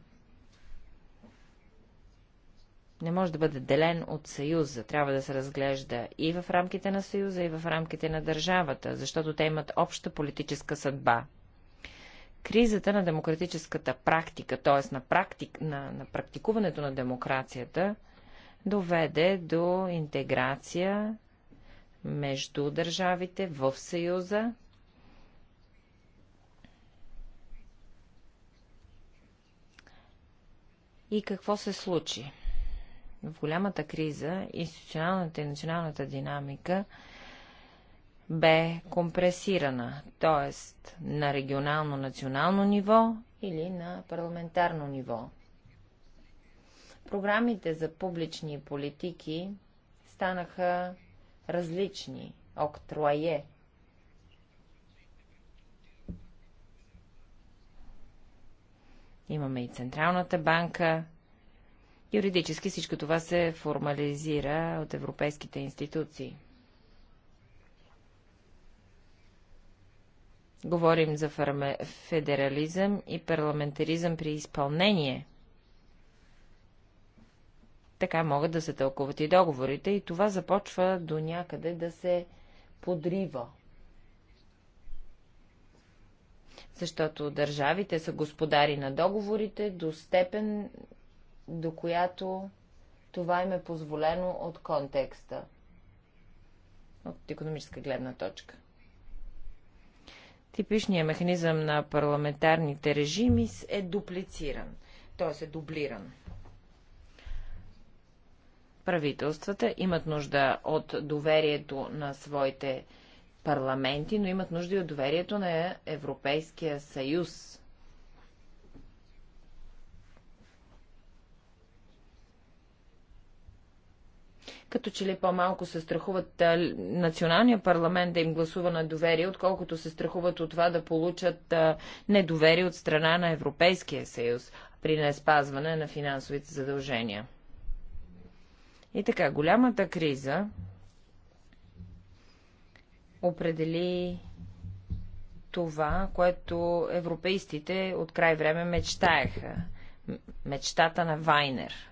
Не може да бъде делен от Съюза. Трябва да се разглежда и в рамките на Съюза, и в рамките на държавата, защото те имат обща политическа съдба кризата на демократическата практика, т.е. На, практик, на, на практикуването на демокрацията, доведе до интеграция между държавите в Съюза. И какво се случи? В голямата криза институционалната и националната динамика бе компресирана, т.е. на регионално-национално ниво или на парламентарно ниво. Програмите за публични политики станаха различни, октруае. Имаме и Централната банка. Юридически всичко това се формализира от европейските институции – Говорим за федерализъм и парламентаризъм при изпълнение. Така могат да се тълкуват и договорите и това започва до някъде да се подрива. Защото държавите са господари на договорите до степен, до която това им е позволено от контекста, от економическа гледна точка. Типичният механизъм на парламентарните режими е дуплициран, т.е. е дублиран. Правителствата имат нужда от доверието на своите парламенти, но имат нужда и от доверието на Европейския съюз. като че ли по-малко се страхуват а, националния парламент да им гласува на доверие, отколкото се страхуват от това да получат а, недоверие от страна на Европейския съюз при неспазване на финансовите задължения. И така, голямата криза определи това, което европейстите от край време мечтаеха. Мечтата на Вайнер –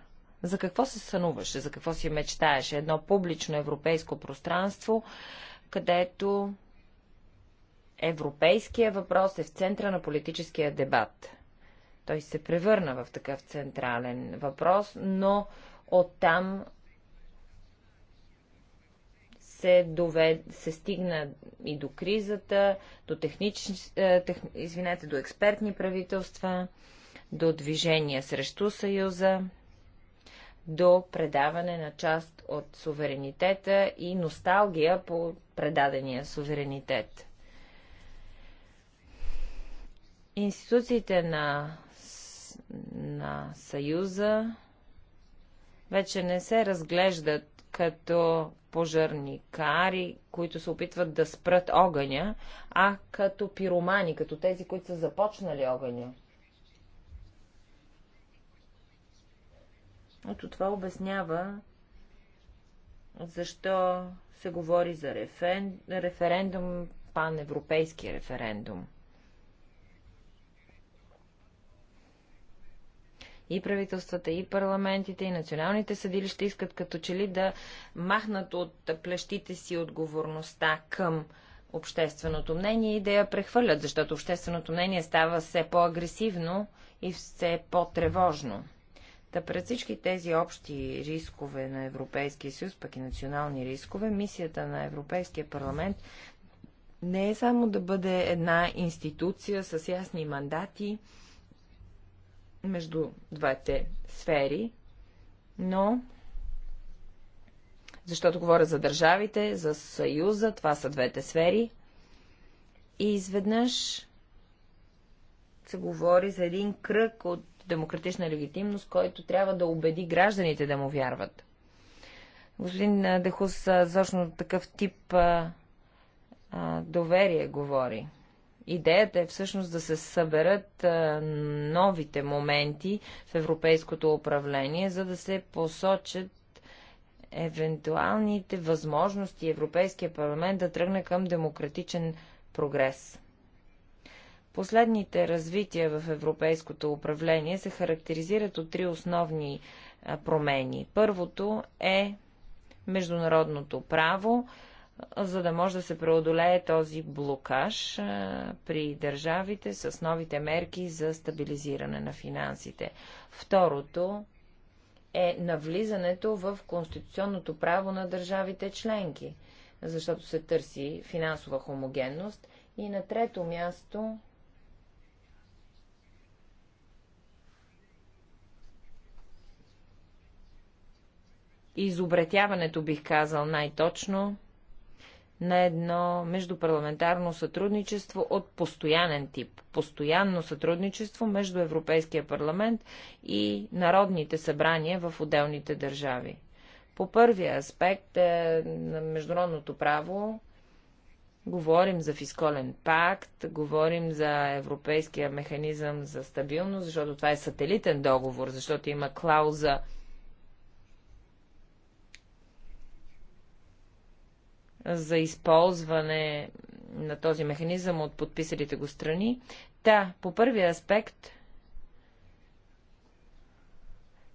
за какво се сънуваше, за какво си мечтаеше? Едно публично европейско пространство, където европейския въпрос е в центъра на политическия дебат. Той се превърна в такъв централен въпрос, но оттам се, довед, се стигна и до кризата, до, технич, е, тех, извинете, до експертни правителства, до движения срещу Съюза до предаване на част от суверенитета и носталгия по предадения суверенитет. Институциите на, на Съюза вече не се разглеждат като пожарникари, които се опитват да спрат огъня, а като пиромани, като тези, които са започнали огъня. Ето това обяснява защо се говори за рефен... референдум, паневропейски референдум. и правителствата, и парламентите, и националните съдилища искат като че ли да махнат от плещите си отговорността към общественото мнение и да я прехвърлят, защото общественото мнение става все по-агресивно и все по-тревожно. Та пред всички тези общи рискове на Европейския съюз, пък и национални рискове, мисията на Европейския парламент не е само да бъде една институция с ясни мандати между двете сфери, но защото говоря за държавите, за Съюза, това са двете сфери. И изведнъж се говори за един кръг от демократична легитимност, който трябва да убеди гражданите да му вярват. Господин Дехус, защо такъв тип а, а, доверие говори. Идеята е всъщност да се съберат а, новите моменти в европейското управление, за да се посочат евентуалните възможности Европейския парламент да тръгне към демократичен прогрес. Последните развития в европейското управление се характеризират от три основни промени. Първото е международното право, за да може да се преодолее този блокаж при държавите с новите мерки за стабилизиране на финансите. Второто е навлизането в конституционното право на държавите членки, защото се търси финансова хомогенност. И на трето място изобретяването, бих казал най-точно, на едно междупарламентарно сътрудничество от постоянен тип. Постоянно сътрудничество между Европейския парламент и народните събрания в отделните държави. По първия аспект е, на международното право говорим за фисколен пакт, говорим за европейския механизъм за стабилност, защото това е сателитен договор, защото има клауза за използване на този механизъм от подписалите го страни. Та, по първия аспект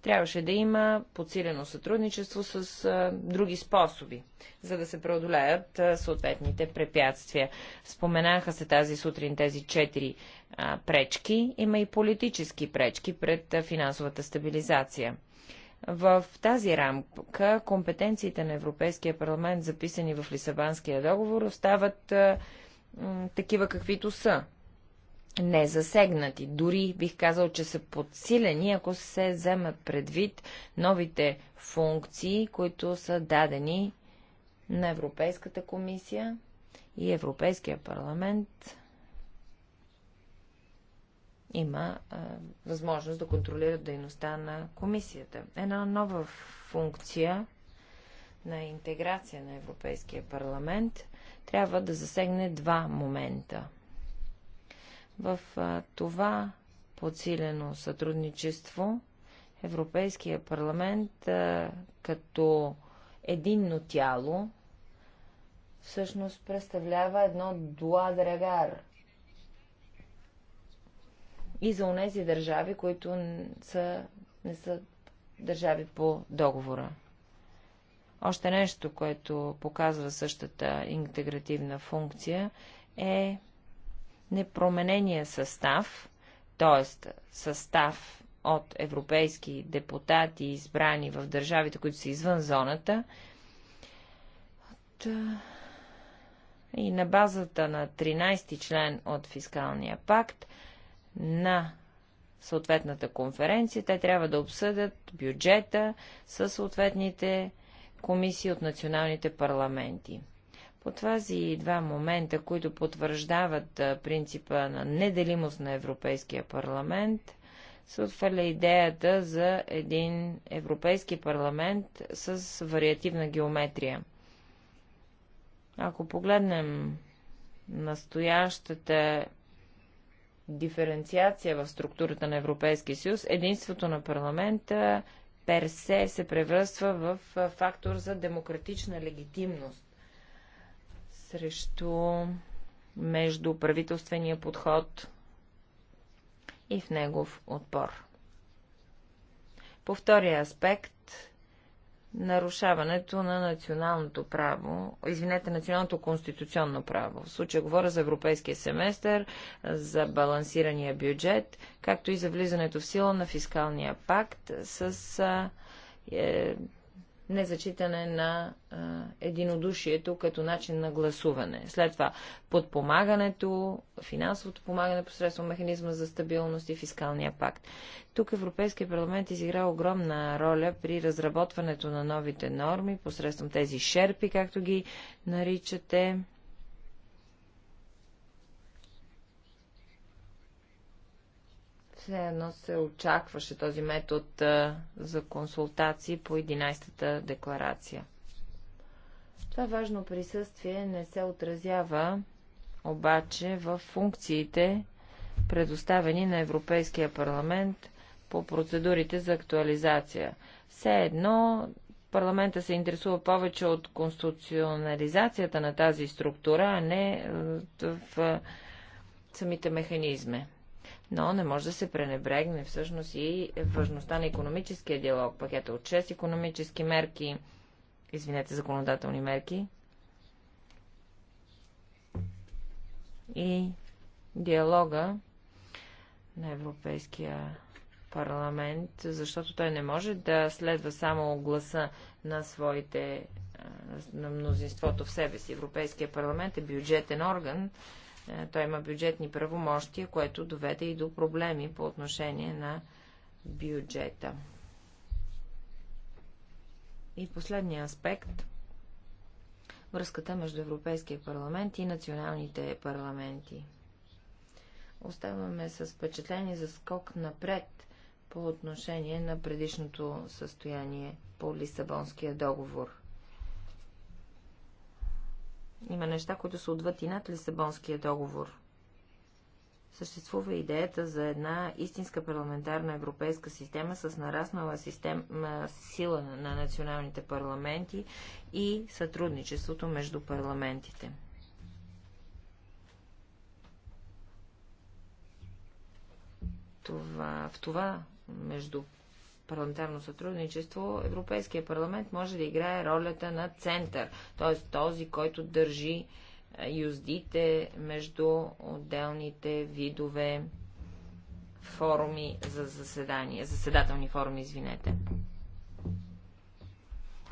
трябваше да има подсилено сътрудничество с а, други способи, за да се преодолеят а, съответните препятствия. Споменаха се тази сутрин тези четири а, пречки. Има и политически пречки пред а, финансовата стабилизация. В тази рамка компетенциите на Европейския парламент, записани в Лисабанския договор, остават такива каквито са. Не засегнати. Дори бих казал, че са подсилени, ако се вземат предвид новите функции, които са дадени на Европейската комисия и Европейския парламент има а, възможност да контролират дейността на комисията. Една нова функция на интеграция на Европейския парламент трябва да засегне два момента. В а, това подсилено сътрудничество Европейския парламент а, като единно тяло всъщност представлява едно дуадрегар – и за онези държави, които са, не са държави по договора. Още нещо, което показва същата интегративна функция е непроменения състав, т.е. състав от европейски депутати, избрани в държавите, които са извън зоната, от... и на базата на 13 ти член от фискалния пакт, на съответната конференция, те трябва да обсъдят бюджета със съответните комисии от националните парламенти. По тази два момента, които потвърждават принципа на неделимост на Европейския парламент, се отваля идеята за един Европейски парламент с вариативна геометрия. Ако погледнем настоящата диференциация в структурата на Европейския съюз, единството на парламента персе се превръства в фактор за демократична легитимност срещу междуправителствения подход и в негов отпор. По втория аспект нарушаването на националното право, извинете, националното конституционно право. В случая говоря за европейския семестър, за балансирания бюджет, както и за влизането в сила на фискалния пакт с е, незачитане на а, единодушието като начин на гласуване. След това подпомагането, финансовото помагане посредством механизма за стабилност и фискалния пакт. Тук Европейския парламент изигра огромна роля при разработването на новите норми посредством тези шерпи, както ги наричате, Все едно се очакваше този метод за консултации по 11-та декларация. Това важно присъствие не се отразява обаче в функциите, предоставени на Европейския парламент по процедурите за актуализация. Все едно парламента се интересува повече от конституционализацията на тази структура, а не в самите механизми но не може да се пренебрегне всъщност и важността на економическия диалог, пакета от 6 економически мерки, извинете, законодателни мерки и диалога на Европейския парламент, защото той не може да следва само гласа на своите на мнозинството в себе си. Европейския парламент е бюджетен орган е, той има бюджетни правомощия, което доведе и до проблеми по отношение на бюджета. И последния аспект – връзката между Европейския парламент и националните парламенти. Оставаме с впечатление за скок напред по отношение на предишното състояние по Лисабонския договор. Има неща, които са отвъд и над Лисабонския договор. Съществува идеята за една истинска парламентарна европейска система с нараснала система, сила на националните парламенти и сътрудничеството между парламентите. Това, в това между парламентарно сътрудничество, Европейския парламент може да играе ролята на център, т.е. този, който държи е, юздите между отделните видове форуми за заседания, заседателни форуми, извинете.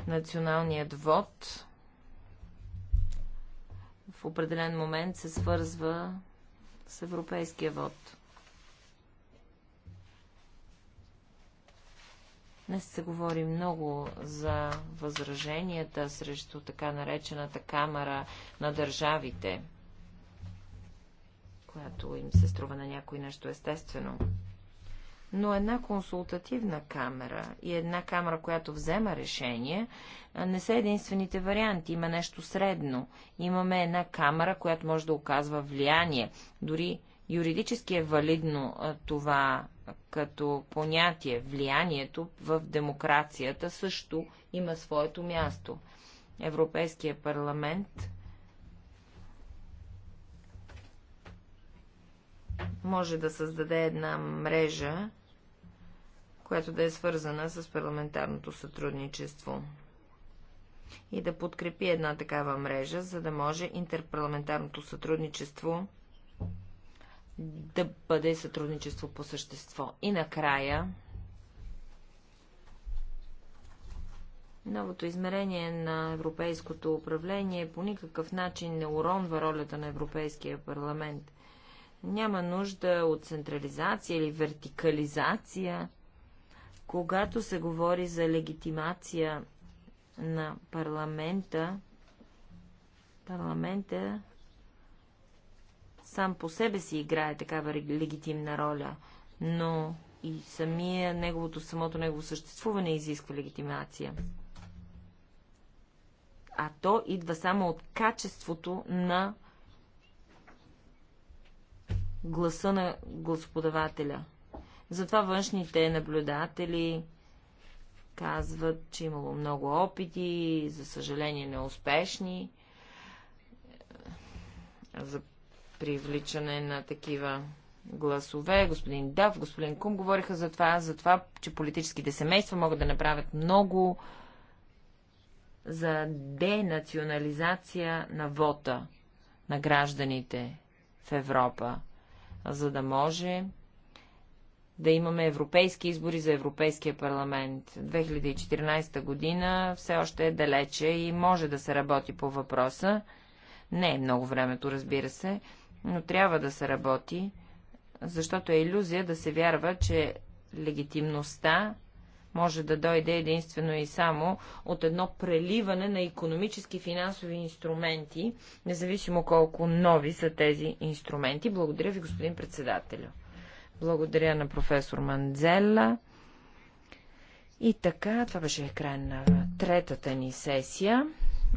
Националният вод в определен момент се свързва с европейския вод. Днес се говори много за възраженията срещу така наречената камера на държавите, която им се струва на някой нещо естествено. Но една консултативна камера и една камера, която взема решение, не са единствените варианти. Има нещо средно. Имаме една камера, която може да оказва влияние. Дори юридически е валидно това като понятие, влиянието в демокрацията също има своето място. Европейския парламент може да създаде една мрежа, която да е свързана с парламентарното сътрудничество и да подкрепи една такава мрежа, за да може интерпарламентарното сътрудничество да бъде сътрудничество по същество. И накрая, Новото измерение на европейското управление по никакъв начин не уронва ролята на Европейския парламент. Няма нужда от централизация или вертикализация, когато се говори за легитимация на парламента. Парламента сам по себе си играе такава легитимна роля, но и самия неговото, самото негово съществуване изисква легитимация. А то идва само от качеството на гласа на господавателя. Затова външните наблюдатели казват, че имало много опити, за съжаление неуспешни, за привличане на такива гласове. Господин Дав, господин Кум говориха за това, за това, че политическите семейства могат да направят много за денационализация на вота на гражданите в Европа, за да може да имаме европейски избори за Европейския парламент. 2014 година все още е далече и може да се работи по въпроса. Не е много времето, разбира се, но трябва да се работи, защото е иллюзия да се вярва, че легитимността може да дойде единствено и само от едно преливане на економически финансови инструменти, независимо колко нови са тези инструменти. Благодаря ви, господин председателю. Благодаря на професор Манзела. И така, това беше край на третата ни сесия.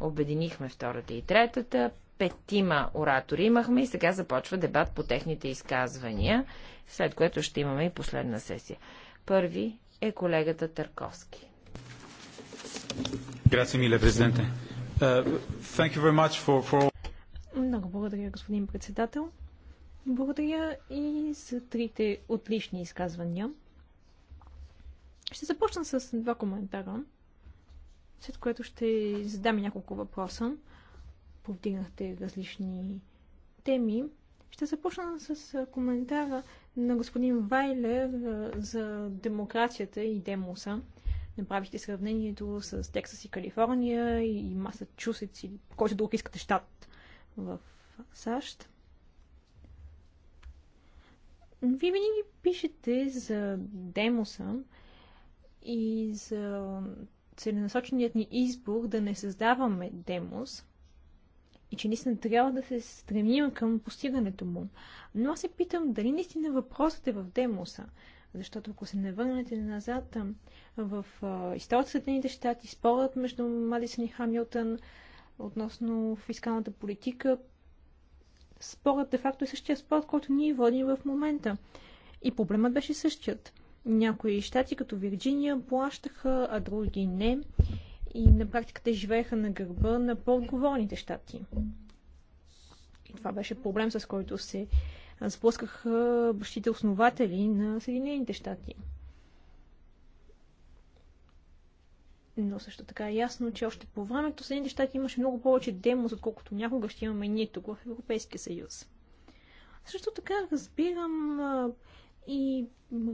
Обединихме втората и третата петима оратори имахме и сега започва дебат по техните изказвания, след което ще имаме и последна сесия. Първи е колегата Търковски. Грация, миле президенте. Е, Много благодаря, господин председател. Благодаря и за трите отлични изказвания. Ще започна с два коментара, след което ще задам няколко въпроса повдигнахте различни теми. Ще започна с коментара на господин Вайлер за демокрацията и демоса. Направихте сравнението с Тексас и Калифорния и Масачусетс и който друг искате щат в САЩ. Вие винаги пишете за демоса и за целенасоченият ни избор да не създаваме демос – и че наистина трябва да се стремим към постигането му. Но аз се питам дали наистина въпросът е в Демоса. Защото ако се не върнете назад в историята Съединените щати, спорът между Мадисън и Хамилтън относно фискалната политика, спорът де-факто е същия спорт, който ние водим в момента. И проблемът беше същият. Някои щати, като Вирджиния, плащаха, а други не и на практика те живееха на гърба на по-отговорните щати. И това беше проблем, с който се сблъскаха бащите основатели на Съединените щати. Но също така е ясно, че още по времето Съединените щати имаше много повече демос, отколкото някога ще имаме ние тук в Европейския съюз. Също така разбирам и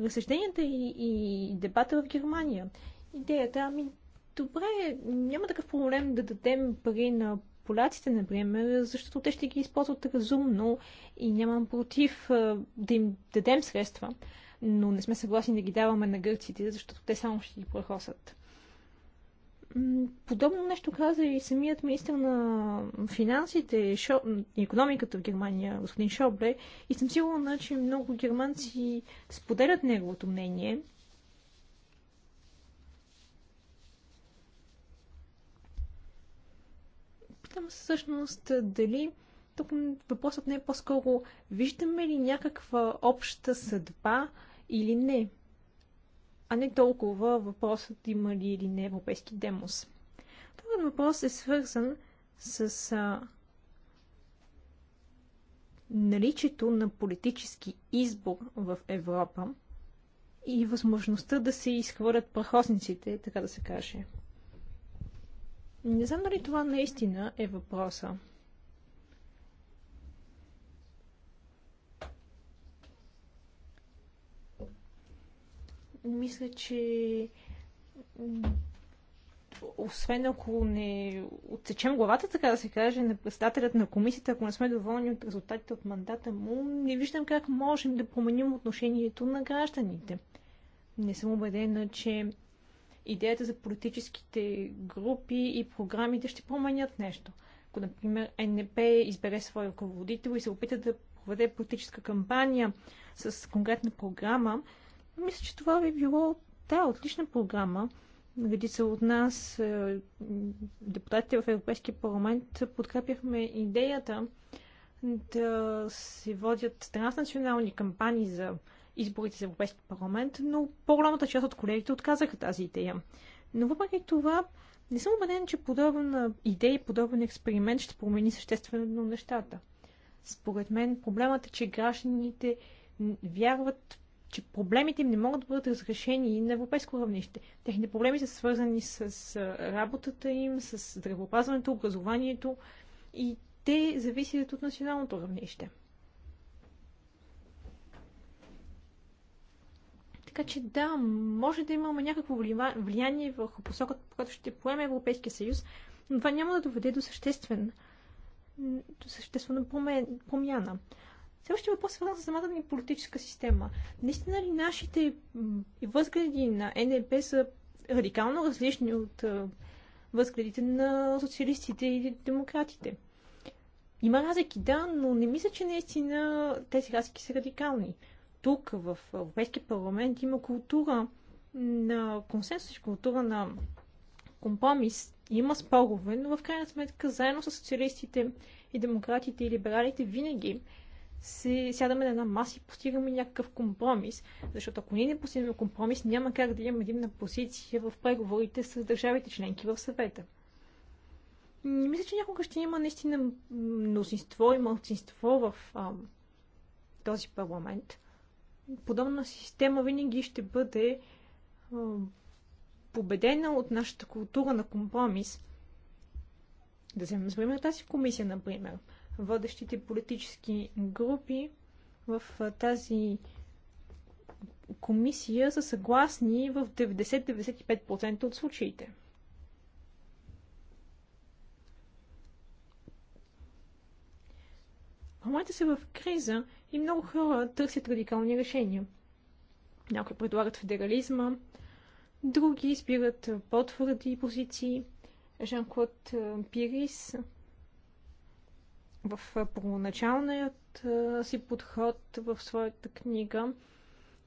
разсъжденията и, и дебата в Германия. Идеята, ами, добре, няма такъв проблем да дадем пари на поляците, например, защото те ще ги използват разумно и нямам против да им дадем средства, но не сме съгласни да ги даваме на гърците, защото те само ще ги прохосат. Подобно нещо каза и самият министр на финансите и шо... економиката в Германия, господин Шобле, и съм сигурна, че много германци споделят неговото мнение – Питам всъщност дали тук въпросът не е по-скоро виждаме ли някаква обща съдба или не, а не толкова въпросът има ли или не европейски демос. Този въпрос е свързан с а, наличието на политически избор в Европа и възможността да се изхвърлят прахосниците, така да се каже. Не знам дали това наистина е въпроса. Мисля, че освен ако не отсечем главата, така да се каже, на председателят на комисията, ако не сме доволни от резултатите от мандата му, не виждам как можем да променим отношението на гражданите. Не съм убедена, че идеята за политическите групи и програмите ще променят нещо. Ако, например, НП избере свой ръководител и се опита да проведе политическа кампания с конкретна програма, мисля, че това би било, да, отлична програма. Редица от нас, е, депутатите в Европейския парламент, подкрепяхме идеята да се водят транснационални кампании за изборите за Европейски парламент, но по-голямата част от колегите отказаха тази идея. Но въпреки това, не съм убеден, че подобна идея и подобен експеримент ще промени съществено нещата. Според мен проблемът е, че гражданите вярват, че проблемите им не могат да бъдат разрешени на европейско равнище. Техните проблеми са свързани с работата им, с здравеопазването, образованието и те зависят от националното равнище. Така че да, може да имаме някакво влияние върху посоката, по която ще поеме Европейския съюз, но това няма да доведе до, съществен, до съществена промяна. Следващия въпрос е за самата ни политическа система. Наистина ли нашите възгледи на НЕП са радикално различни от възгледите на социалистите или демократите? Има разлики, да, но не мисля, че наистина тези разлики са радикални тук, в Европейския парламент, има култура на консенсус, култура на компромис. Има спорове, но в крайна сметка, заедно с социалистите и демократите и либералите, винаги се сядаме на една маса и постигаме някакъв компромис. Защото ако ние не постигнем компромис, няма как да имаме единна позиция в преговорите с държавите членки в съвета. Не мисля, че някога ще има наистина мнозинство и мълцинство в а, този парламент подобна система винаги ще бъде победена от нашата култура на компромис. Да вземем, например, тази комисия, например. Водещите политически групи в тази комисия са съгласни в 90-95% от случаите. момента са в криза и много хора търсят радикални решения. Някои предлагат федерализма, други избират по-твърди позиции. Жан-Клод Пирис в първоначалният си подход в своята книга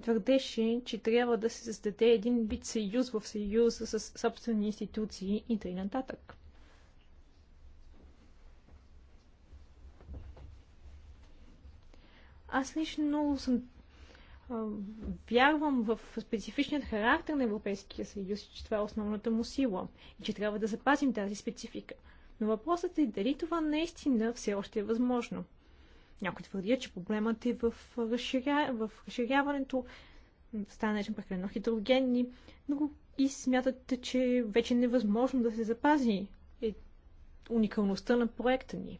твърдеше, че трябва да се създаде един вид съюз в съюза с собствени институции и т.н. нататък. Аз лично съм вярвам в специфичният характер на Европейския съюз, че това е основната му сила и че трябва да запазим тази специфика. Но въпросът е дали това наистина все още е възможно. Някой твърди, че проблемът е в, разширя... в разширяването, стане прекалено хидрогенни, но и смятат, че вече е невъзможно да се запази е... уникалността на проекта ни.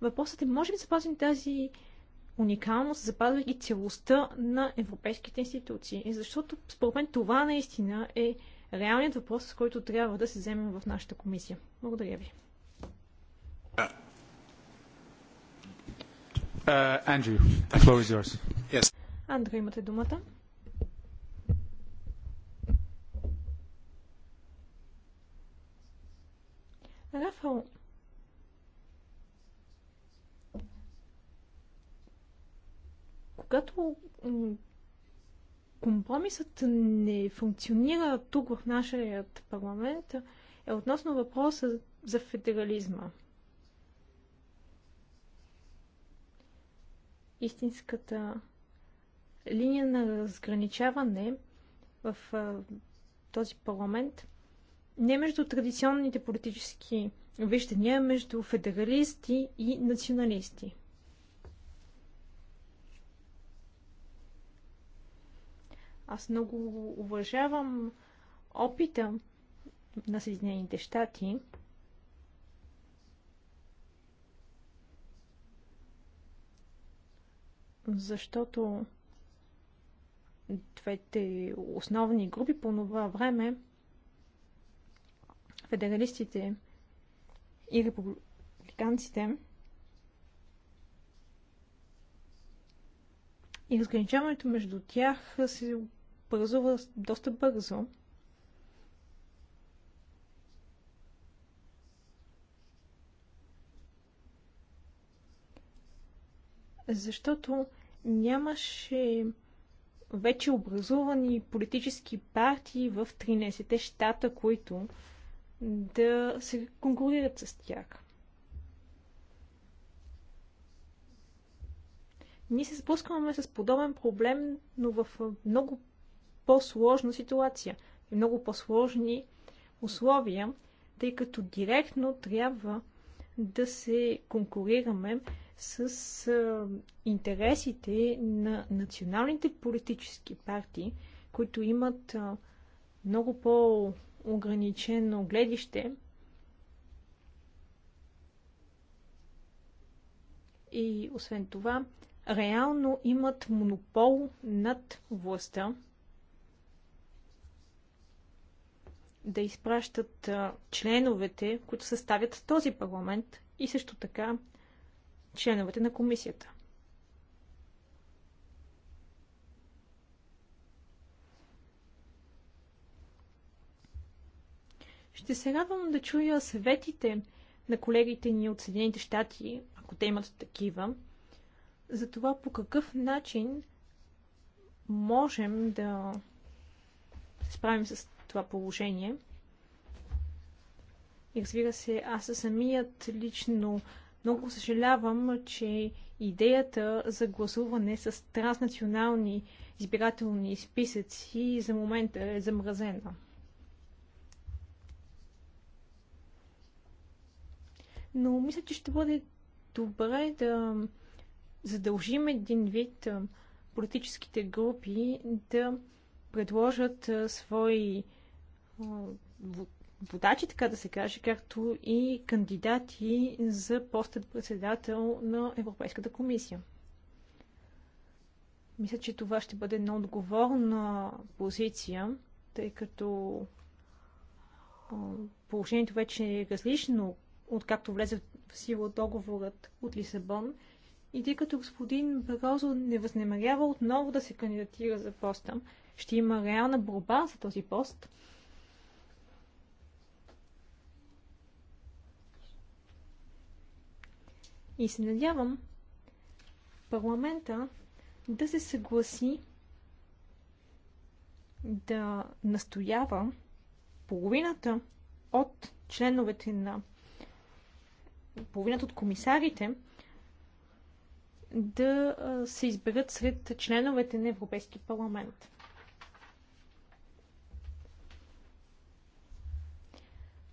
Въпросът е, може ли да запазим тази уникалност, запазвайки целостта на европейските институции. Защото според мен това наистина е реалният въпрос, с който трябва да се вземем в нашата комисия. Благодаря ви. Андрю, uh, yes. Андрю, имате думата. Рафал, Когато компромисът не функционира тук в нашия парламент, е относно въпроса за федерализма. Истинската линия на разграничаване в този парламент не между традиционните политически виждания, между федералисти и националисти. Аз много уважавам опита на Съединените щати. Защото двете основни групи по това време федералистите и републиканците и разграничаването между тях се образува доста бързо. Защото нямаше вече образувани политически партии в 13-те щата, които да се конкурират с тях. Ние се спускаме с подобен проблем, но в много по-сложна ситуация и много по-сложни условия, тъй като директно трябва да се конкурираме с а, интересите на националните политически партии, които имат а, много по-ограничено гледище и освен това реално имат монопол над властта да изпращат членовете, които съставят този парламент и също така членовете на комисията. Ще се радвам да чуя съветите на колегите ни от Съединените щати, ако те имат такива, за това по какъв начин можем да се справим с това положение. И разбира се, аз самият лично много съжалявам, че идеята за гласуване с транснационални избирателни списъци за момента е замразена. Но мисля, че ще бъде добре да задължим един вид политическите групи да предложат свои водачи, така да се каже, както и кандидати за постът председател на Европейската комисия. Мисля, че това ще бъде една отговорна позиция, тъй като положението вече е различно, откакто влезе в сила договорът от Лисабон. И тъй като господин Барозо не възнемерява отново да се кандидатира за поста, ще има реална борба за този пост – И се надявам парламента да се съгласи да настоява половината от членовете на половината от комисарите да се изберат сред членовете на Европейски парламент.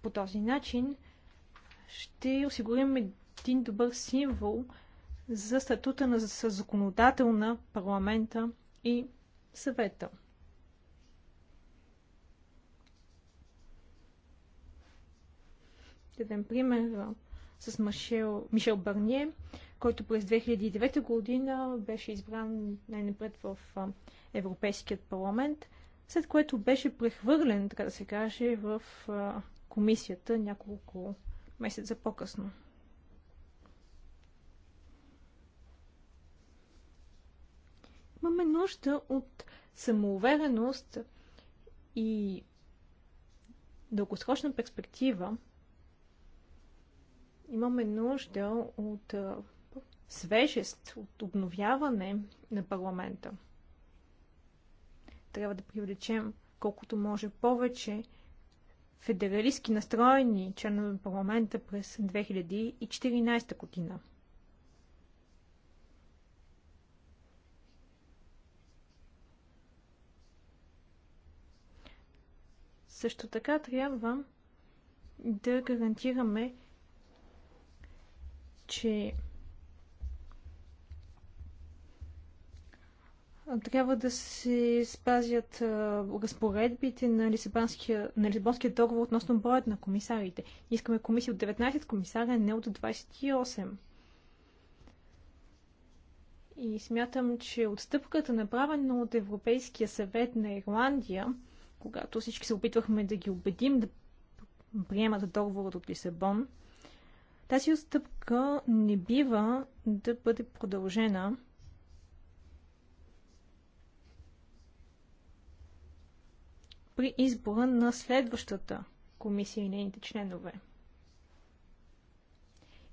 По този начин ще осигурим един добър символ за статута на законодател на парламента и съвета. Един пример с Мишел, Мишел Барние, който през 2009 година беше избран най-напред в Европейският парламент, след което беше прехвърлен, така да се каже, в комисията няколко месеца по-късно. Имаме нужда от самоувереност и дългосрочна перспектива. Имаме нужда от свежест, от обновяване на парламента. Трябва да привлечем колкото може повече федералистски настроени членове на парламента през 2014 година. Също така трябва да гарантираме, че трябва да се спазят разпоредбите на Лисабонския, на Лисабонския договор относно броят на комисарите. Искаме комисия от 19 комисара, не от 28. И смятам, че отстъпката, направена от Европейския съвет на Ирландия, когато всички се опитвахме да ги убедим да приемат договорът от Лисабон, тази отстъпка не бива да бъде продължена. при избора на следващата комисия и нейните членове.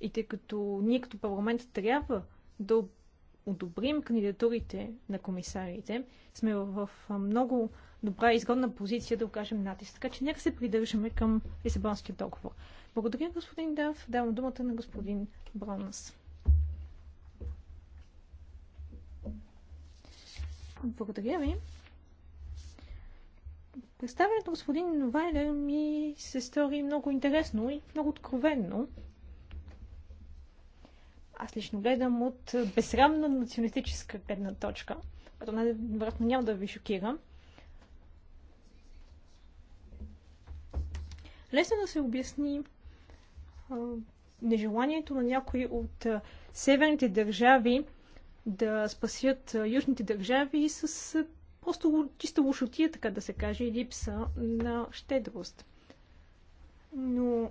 И тъй като ние като парламент трябва да одобрим кандидатурите на комисарите, сме в много добра и изгодна позиция да окажем натиск. Така че нека се придържаме към Лисабонския договор. Благодаря, господин Дав. Давам думата на господин Бронас. Благодаря ви. Представянето господин Вайлер ми се стори много интересно и много откровенно. Аз лично гледам от безсрамна националистическа гледна точка, като най-вероятно няма да ви шокирам. Лесно да се обясни а, нежеланието на някои от а, северните държави да спасят а, южните държави с а, просто чиста лошотия, така да се каже, и липса на щедрост. Но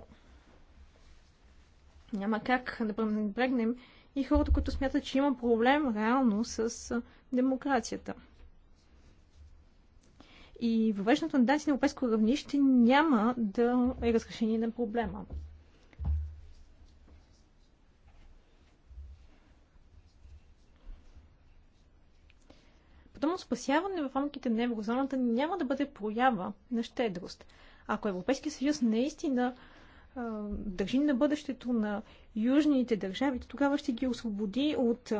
няма как да пренебрегнем и хората, които смятат, че има проблем реално с демокрацията. И въвеждането на данци на европейско равнище няма да е разрешение на проблема. Потомно спасяване в рамките на еврозоната няма да бъде проява на щедрост. Ако Европейския съюз наистина Държи на бъдещето на южните държави, тогава ще ги освободи от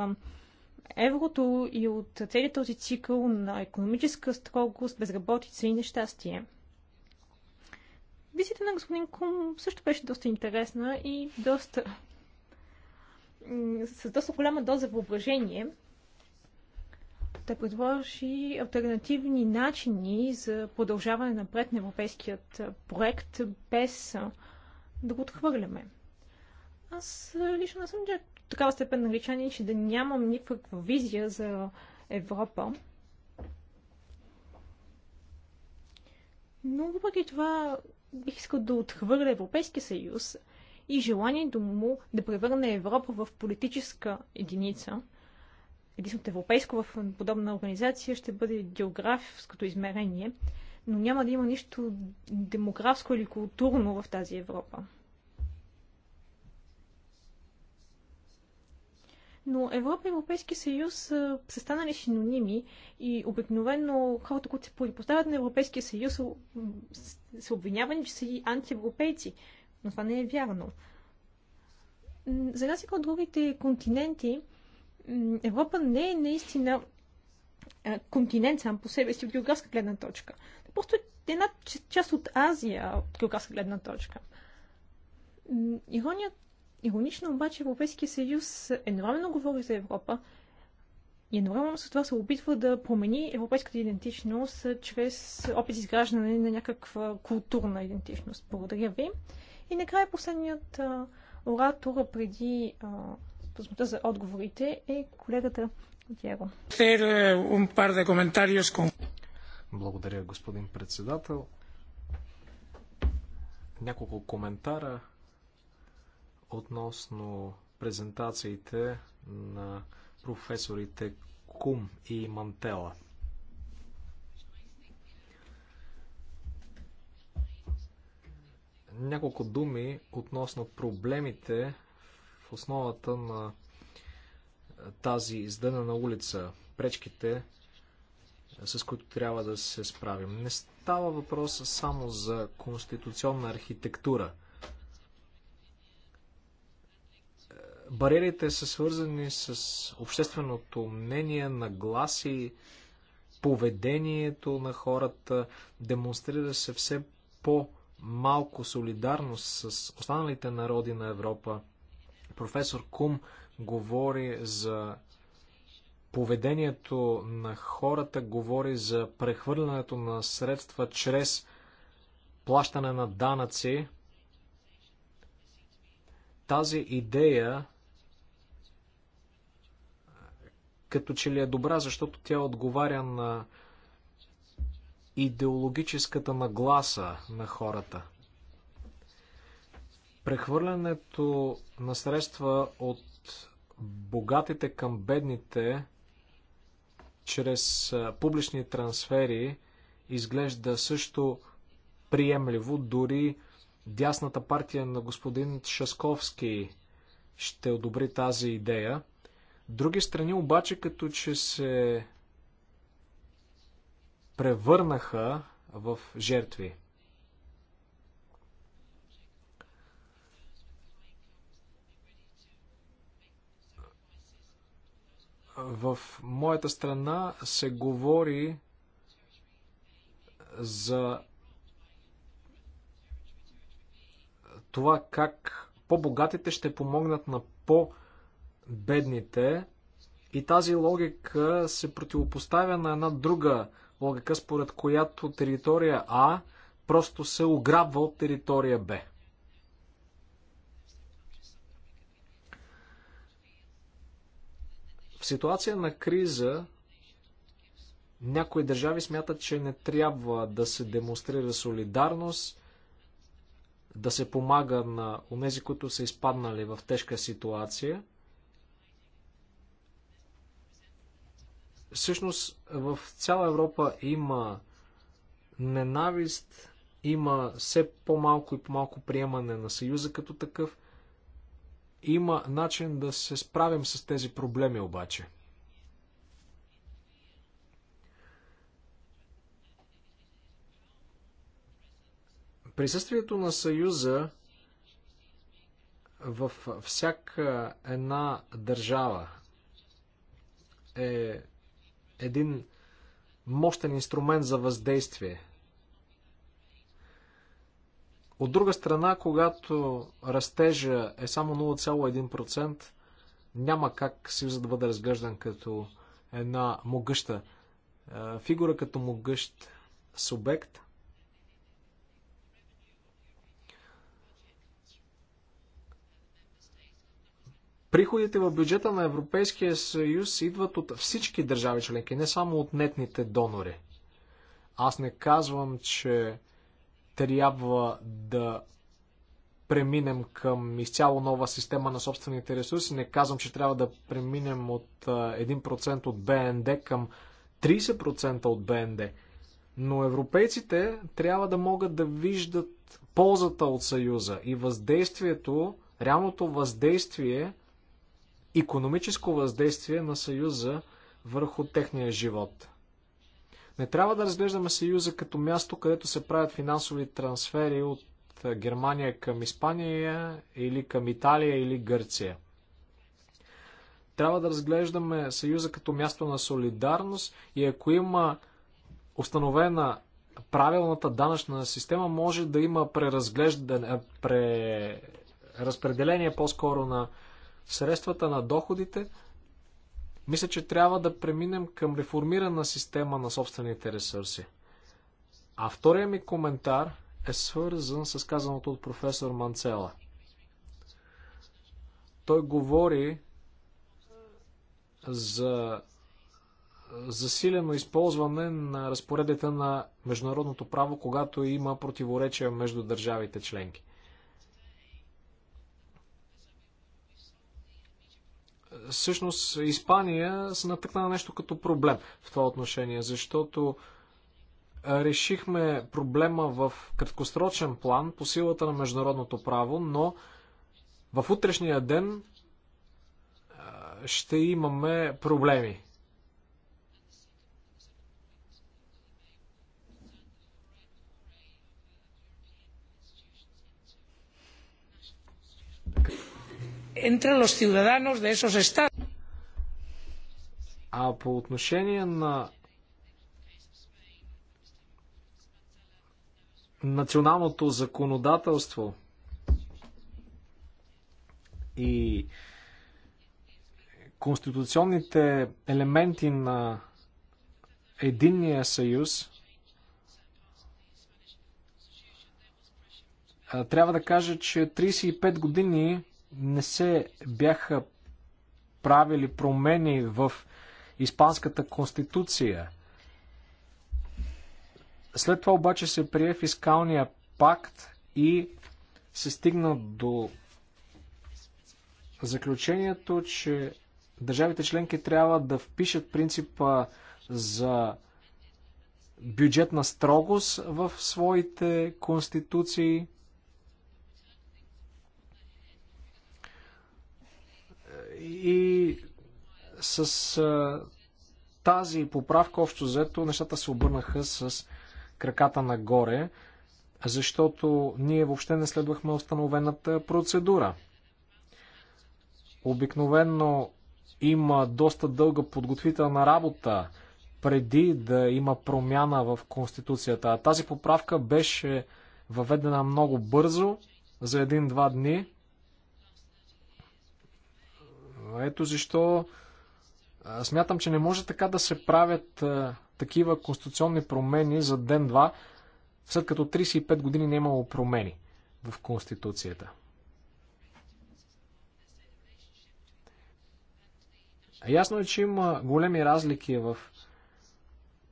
еврото и от целият този цикъл на економическа строгост, безработица и нещастие. Визита на господин Кум също беше доста интересна и доста с доста голяма доза въображение. да предложи альтернативни начини за продължаване напред на европейският проект без да го отхвърляме. Аз лично не съм че такава степен на англичанин, че да нямам никаква визия за Европа. Но въпреки това бих искал да отхвърля Европейския съюз и желанието му да превърне Европа в политическа единица. Единственото европейско в подобна организация ще бъде географското измерение но няма да има нищо демографско или културно в тази Европа. Но Европа и Европейски съюз са, станали синоними и обикновено хората, които се противопоставят на Европейския съюз, са, са обвинявани, че са и антиевропейци. Но това не е вярно. За разлика от другите континенти, Европа не е наистина континент сам по себе си от географска гледна точка просто е една част от Азия от географска гледна точка. Ирония, иронично обаче Европейския съюз едновременно говори за Европа и едновременно с това се опитва да промени европейската идентичност чрез опит изграждане на някаква културна идентичност. Благодаря ви. И накрая последният а, оратор преди а, възможността за отговорите е колегата Диего. Благодаря, господин председател. Няколко коментара относно презентациите на професорите Кум и Мантела. Няколко думи относно проблемите в основата на тази издънена улица, пречките с които трябва да се справим. Не става въпрос само за конституционна архитектура. Бариерите са свързани с общественото мнение, нагласи, поведението на хората. Демонстрира се все по-малко солидарност с останалите народи на Европа. Професор Кум говори за поведението на хората говори за прехвърлянето на средства чрез плащане на данъци. Тази идея като че ли е добра, защото тя отговаря на идеологическата нагласа на хората. Прехвърлянето на средства от богатите към бедните чрез публични трансфери изглежда също приемливо. Дори дясната партия на господин Шасковски ще одобри тази идея. Други страни обаче като че се превърнаха в жертви. В моята страна се говори за това как по-богатите ще помогнат на по-бедните и тази логика се противопоставя на една друга логика, според която територия А просто се ограбва от територия Б. В ситуация на криза някои държави смятат, че не трябва да се демонстрира солидарност, да се помага на онези, които са изпаднали в тежка ситуация. Всъщност в цяла Европа има ненавист, има все по-малко и по-малко приемане на Съюза като такъв. Има начин да се справим с тези проблеми обаче. Присъствието на Съюза в всяка една държава е един мощен инструмент за въздействие от друга страна, когато растежа е само 0,1%, няма как Съюзът да бъде разглеждан като една могъща е, фигура, като могъщ субект. Приходите в бюджета на Европейския съюз идват от всички държави членки, не само от нетните донори. Аз не казвам, че трябва да преминем към изцяло нова система на собствените ресурси. Не казвам, че трябва да преминем от 1% от БНД към 30% от БНД. Но европейците трябва да могат да виждат ползата от Съюза и въздействието, реалното въздействие, економическо въздействие на Съюза върху техния живот. Не трябва да разглеждаме Съюза като място, където се правят финансови трансфери от Германия към Испания или към Италия или Гърция. Трябва да разглеждаме Съюза като място на солидарност и ако има установена правилната данъчна система, може да има преразглеждане, преразпределение по-скоро на средствата на доходите, мисля, че трябва да преминем към реформирана система на собствените ресурси. А втория ми коментар е свързан с казаното от професор Манцела. Той говори за засилено използване на разпоредите на международното право, когато има противоречия между държавите членки. всъщност Испания се натъкна на нещо като проблем в това отношение, защото решихме проблема в краткосрочен план по силата на международното право, но в утрешния ден ще имаме проблеми entre los ciudadanos de esos estados. А по отношение на националното законодателство и конституционните елементи на единния съюз, трябва да кажа, че 35 години не се бяха правили промени в Испанската конституция. След това обаче се прие фискалния пакт и се стигна до заключението, че държавите членки трябва да впишат принципа за бюджетна строгост в своите конституции. и с а, тази поправка, общо взето, нещата се обърнаха с краката нагоре, защото ние въобще не следвахме установената процедура. Обикновено има доста дълга подготвителна работа преди да има промяна в Конституцията. тази поправка беше въведена много бързо, за един-два дни. Ето защо смятам, че не може така да се правят такива конституционни промени за ден-два, след като 35 години не е имало промени в Конституцията. Ясно е, че има големи разлики в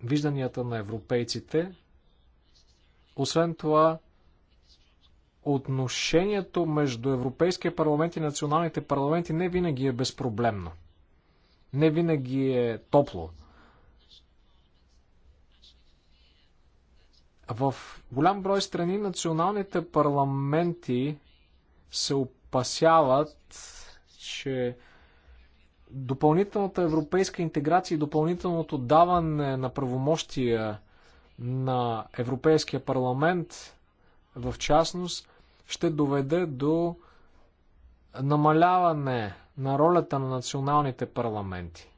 вижданията на европейците. Освен това, отношението между Европейския парламент и националните парламенти не винаги е безпроблемно. Не винаги е топло. В голям брой страни националните парламенти се опасяват, че допълнителната европейска интеграция и допълнителното даване на правомощия на Европейския парламент, в частност, ще доведе до намаляване на ролята на националните парламенти.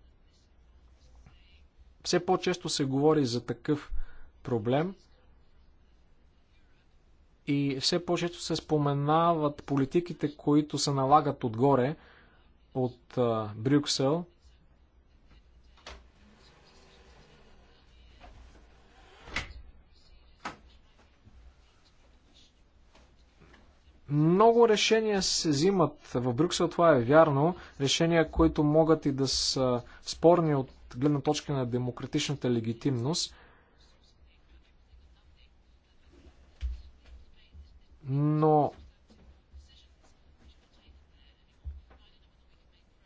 Все по-често се говори за такъв проблем и все по-често се споменават политиките, които се налагат отгоре, от Брюксел – Много решения се взимат в Брюксел, това е вярно. Решения, които могат и да са спорни от гледна точка на демократичната легитимност. Но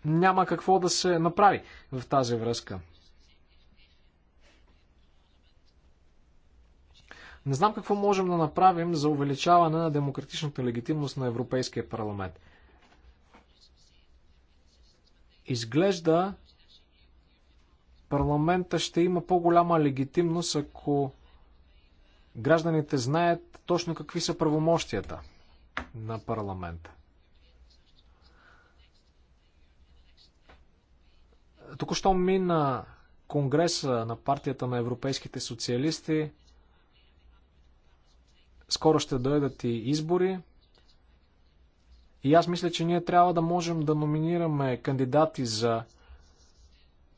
няма какво да се направи в тази връзка. Не знам какво можем да направим за увеличаване на демократичната легитимност на Европейския парламент. Изглежда парламента ще има по-голяма легитимност, ако гражданите знаят точно какви са правомощията на парламента. Току-що мина Конгреса на партията на европейските социалисти – скоро ще дойдат и избори. И аз мисля, че ние трябва да можем да номинираме кандидати за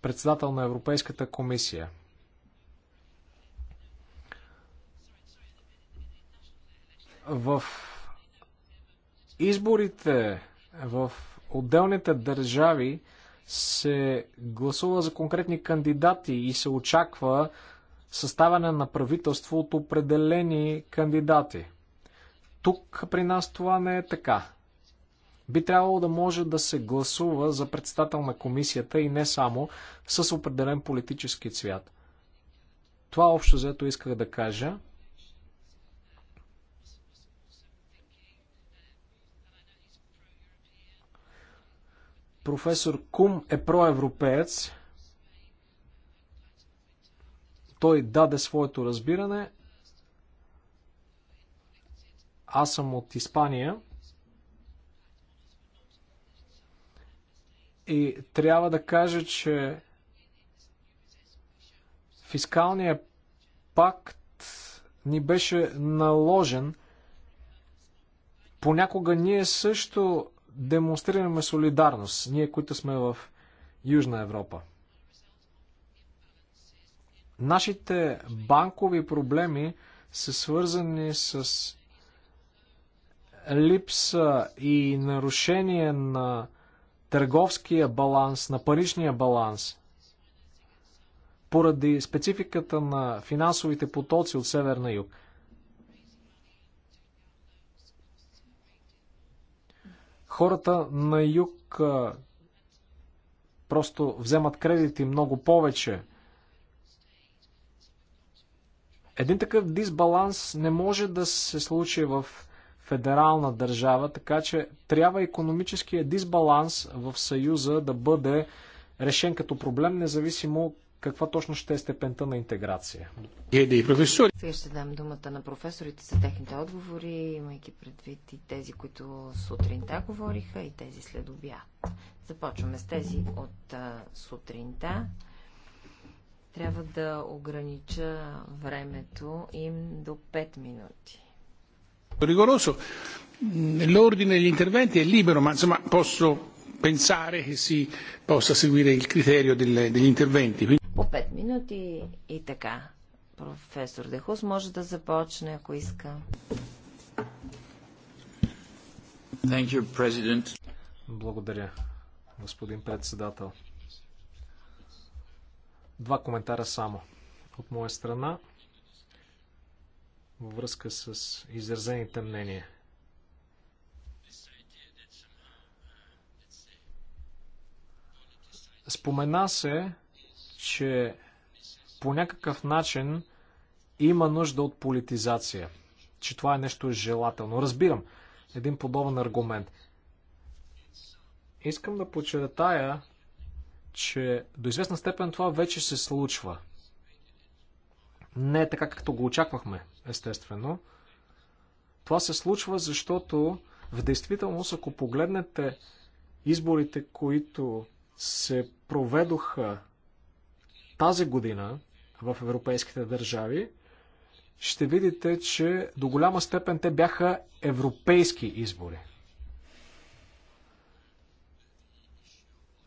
председател на Европейската комисия. В изборите в отделните държави се гласува за конкретни кандидати и се очаква съставяне на правителство от определени кандидати. Тук при нас това не е така. Би трябвало да може да се гласува за председател на комисията и не само с определен политически цвят. Това общо взето исках да кажа. Професор Кум е проевропеец. Той даде своето разбиране. Аз съм от Испания. И трябва да кажа, че фискалният пакт ни беше наложен. Понякога ние също демонстрираме солидарност, ние, които сме в Южна Европа. Нашите банкови проблеми са свързани с липса и нарушение на търговския баланс, на паричния баланс, поради спецификата на финансовите потоци от север на юг. Хората на юг просто вземат кредити много повече един такъв дисбаланс не може да се случи в федерална държава, така че трябва економическия дисбаланс в Съюза да бъде решен като проблем, независимо каква точно ще е степента на интеграция. Еди, професор. Сега ще дам думата на професорите за техните отговори, имайки предвид и тези, които сутринта говориха, и тези след обяд. Започваме с тези от сутринта трябва да огранича времето им до 5 минути. Ригоросо, l'ordine degli interventi è libero, ma insomma posso pensare che si possa seguire il criterio delle, degli interventi. По 5 минути и така. Професор Дехус може да започне, ако иска. Благодаря, господин председател. Два коментара само от моя страна във връзка с изразените мнения. Спомена се, че по някакъв начин има нужда от политизация, че това е нещо желателно. Разбирам един подобен аргумент. Искам да подчертая, че до известна степен това вече се случва. Не е така, както го очаквахме, естествено. Това се случва, защото в действителност, ако погледнете изборите, които се проведоха тази година в европейските държави, ще видите, че до голяма степен те бяха европейски избори.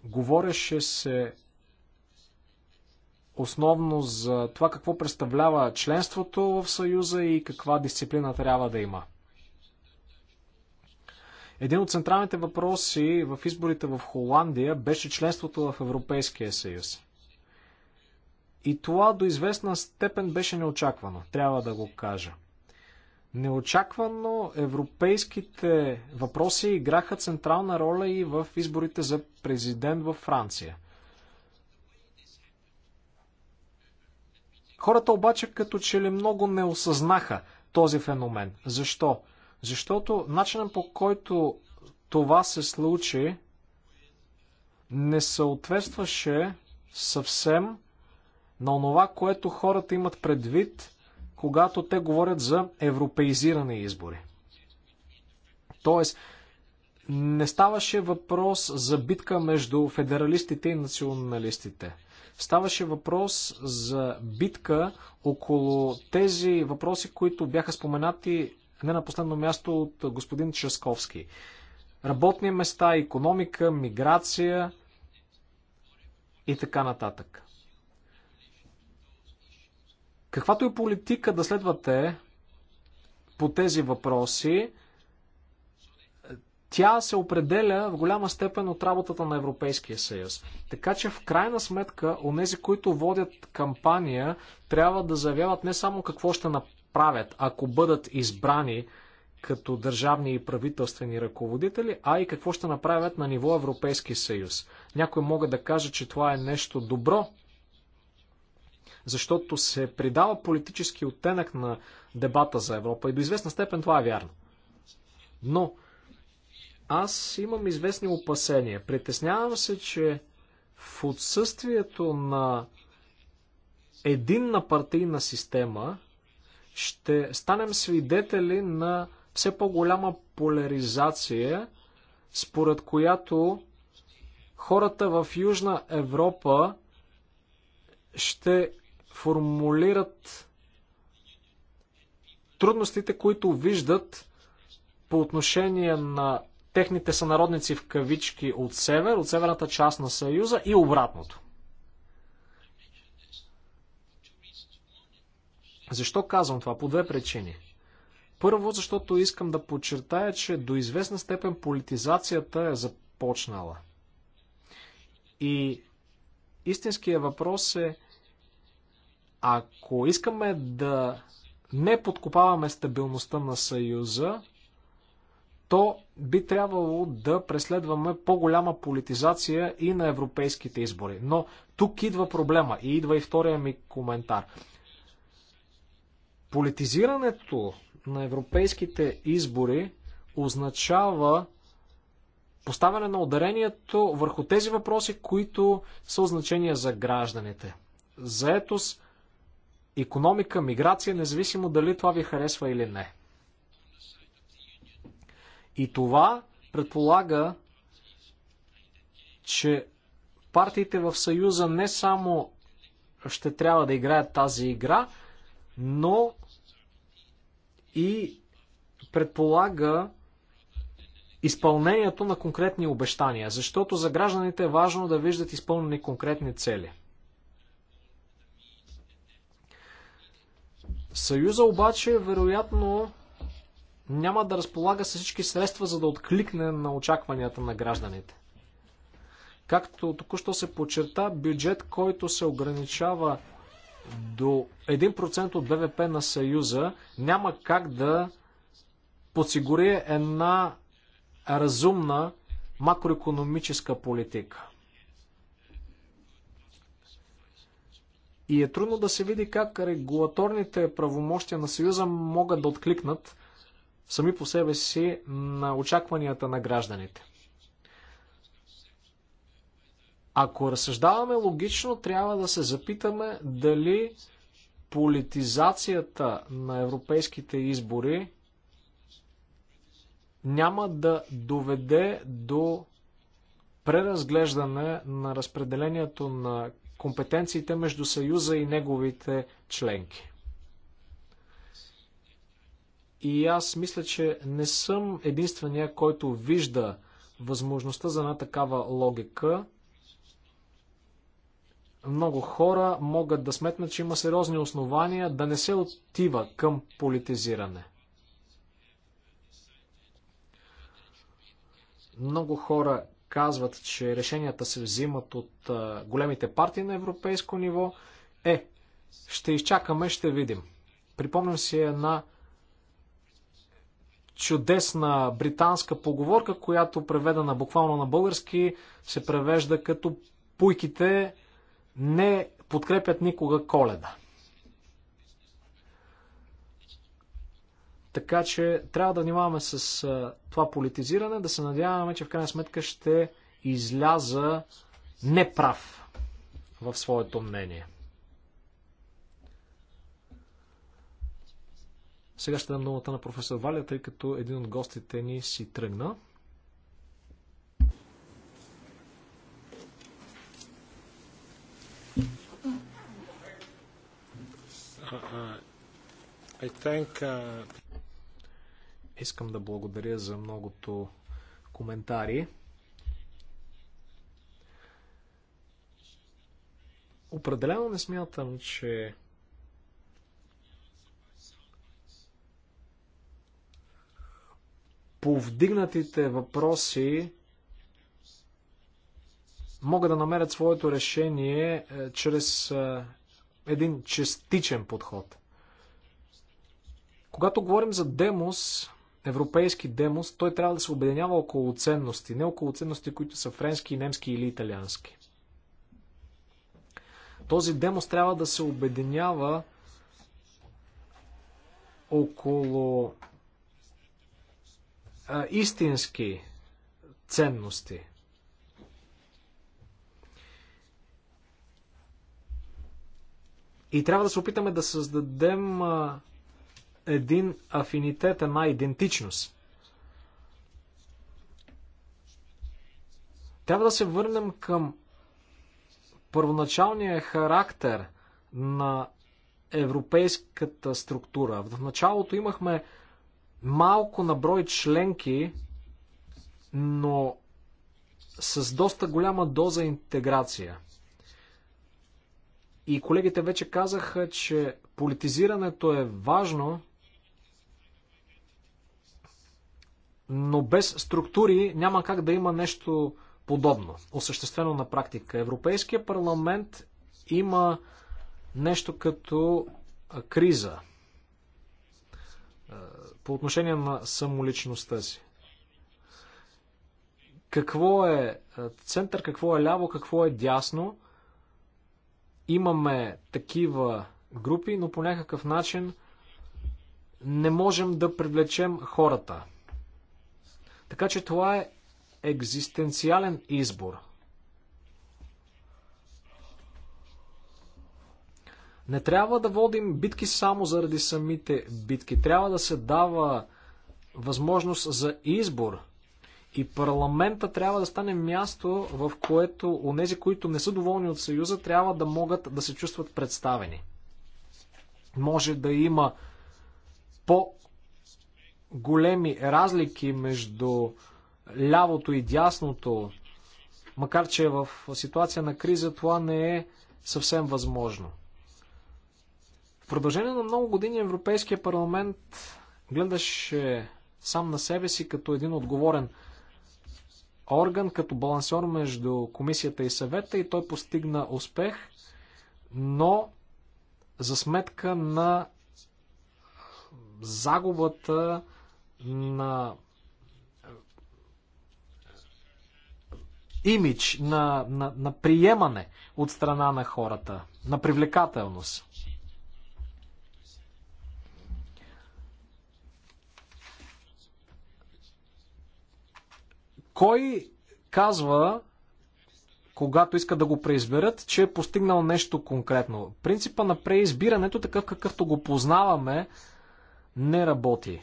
Говореше се основно за това какво представлява членството в Съюза и каква дисциплина трябва да има. Един от централните въпроси в изборите в Холандия беше членството в Европейския съюз. И това до известна степен беше неочаквано, трябва да го кажа. Неочаквано европейските въпроси играха централна роля и в изборите за президент във Франция. Хората обаче като че ли много не осъзнаха този феномен. Защо? Защото начинът по който това се случи не съответстваше съвсем на това, което хората имат предвид когато те говорят за европеизирани избори. Тоест, не ставаше въпрос за битка между федералистите и националистите. Ставаше въпрос за битка около тези въпроси, които бяха споменати не на последно място от господин Часковски. Работни места, економика, миграция и така нататък. Каквато и политика да следвате по тези въпроси, тя се определя в голяма степен от работата на Европейския съюз. Така че в крайна сметка, онези, които водят кампания, трябва да заявяват не само какво ще направят, ако бъдат избрани като държавни и правителствени ръководители, а и какво ще направят на ниво Европейски съюз. Някой могат да каже, че това е нещо добро, защото се придава политически оттенък на дебата за Европа и до известна степен това е вярно. Но аз имам известни опасения. Притеснявам се, че в отсъствието на единна партийна система ще станем свидетели на все по-голяма поляризация, според която хората в Южна Европа ще формулират трудностите, които виждат по отношение на техните сънародници в кавички от север, от северната част на Съюза и обратното. Защо казвам това? По две причини. Първо, защото искам да подчертая, че до известна степен политизацията е започнала. И истинският въпрос е ако искаме да не подкопаваме стабилността на Съюза, то би трябвало да преследваме по-голяма политизация и на европейските избори. Но тук идва проблема и идва и втория ми коментар. Политизирането на европейските избори означава поставяне на ударението върху тези въпроси, които са значения за гражданите. Заетост, економика, миграция, независимо дали това ви харесва или не. И това предполага, че партиите в Съюза не само ще трябва да играят тази игра, но и предполага изпълнението на конкретни обещания, защото за гражданите е важно да виждат изпълнени конкретни цели – Съюза обаче вероятно няма да разполага с всички средства, за да откликне на очакванията на гражданите. Както току-що се подчерта, бюджет, който се ограничава до 1% от БВП на Съюза, няма как да подсигури една разумна макроекономическа политика. И е трудно да се види как регулаторните правомощия на Съюза могат да откликнат сами по себе си на очакванията на гражданите. Ако разсъждаваме логично, трябва да се запитаме дали политизацията на европейските избори няма да доведе до преразглеждане на разпределението на компетенциите между Съюза и неговите членки. И аз мисля, че не съм единствения, който вижда възможността за една такава логика. Много хора могат да сметнат, че има сериозни основания да не се отива към политизиране. Много хора казват, че решенията се взимат от големите партии на европейско ниво. Е, ще изчакаме, ще видим. Припомням си една чудесна британска поговорка, която преведена буквално на български се превежда като пуйките не подкрепят никога коледа. Така че трябва да внимаваме с а, това политизиране, да се надяваме, че в крайна сметка ще изляза неправ в своето мнение. Сега ще дам думата на професор Валя, тъй като един от гостите ни си тръгна. Uh, uh, I think uh... Искам да благодаря за многото коментари. Определено не смятам, че повдигнатите въпроси могат да намерят своето решение е, чрез е, един частичен подход. Когато говорим за демос, европейски демос, той трябва да се обединява около ценности, не около ценности, които са френски, немски или италиански. Този демос трябва да се обединява около а, истински ценности. И трябва да се опитаме да създадем а, един афинитет, една идентичност. Трябва да се върнем към първоначалния характер на европейската структура. В началото имахме малко наброй членки, но с доста голяма доза интеграция. И колегите вече казаха, че политизирането е важно, Но без структури няма как да има нещо подобно, осъществено на практика. Европейския парламент има нещо като криза по отношение на самоличността си. Какво е център, какво е ляво, какво е дясно. Имаме такива групи, но по някакъв начин не можем да привлечем хората – така че това е екзистенциален избор. Не трябва да водим битки само заради самите битки. Трябва да се дава възможност за избор. И парламента трябва да стане място, в което онези, които не са доволни от Съюза, трябва да могат да се чувстват представени. Може да има по големи разлики между лявото и дясното, макар че в ситуация на криза това не е съвсем възможно. В продължение на много години Европейския парламент гледаше сам на себе си като един отговорен орган, като балансер между комисията и съвета и той постигна успех, но за сметка на загубата на имидж, на, на, на приемане от страна на хората, на привлекателност. Кой казва, когато иска да го преизберат, че е постигнал нещо конкретно? Принципа на преизбирането, такъв какъвто го познаваме, не работи.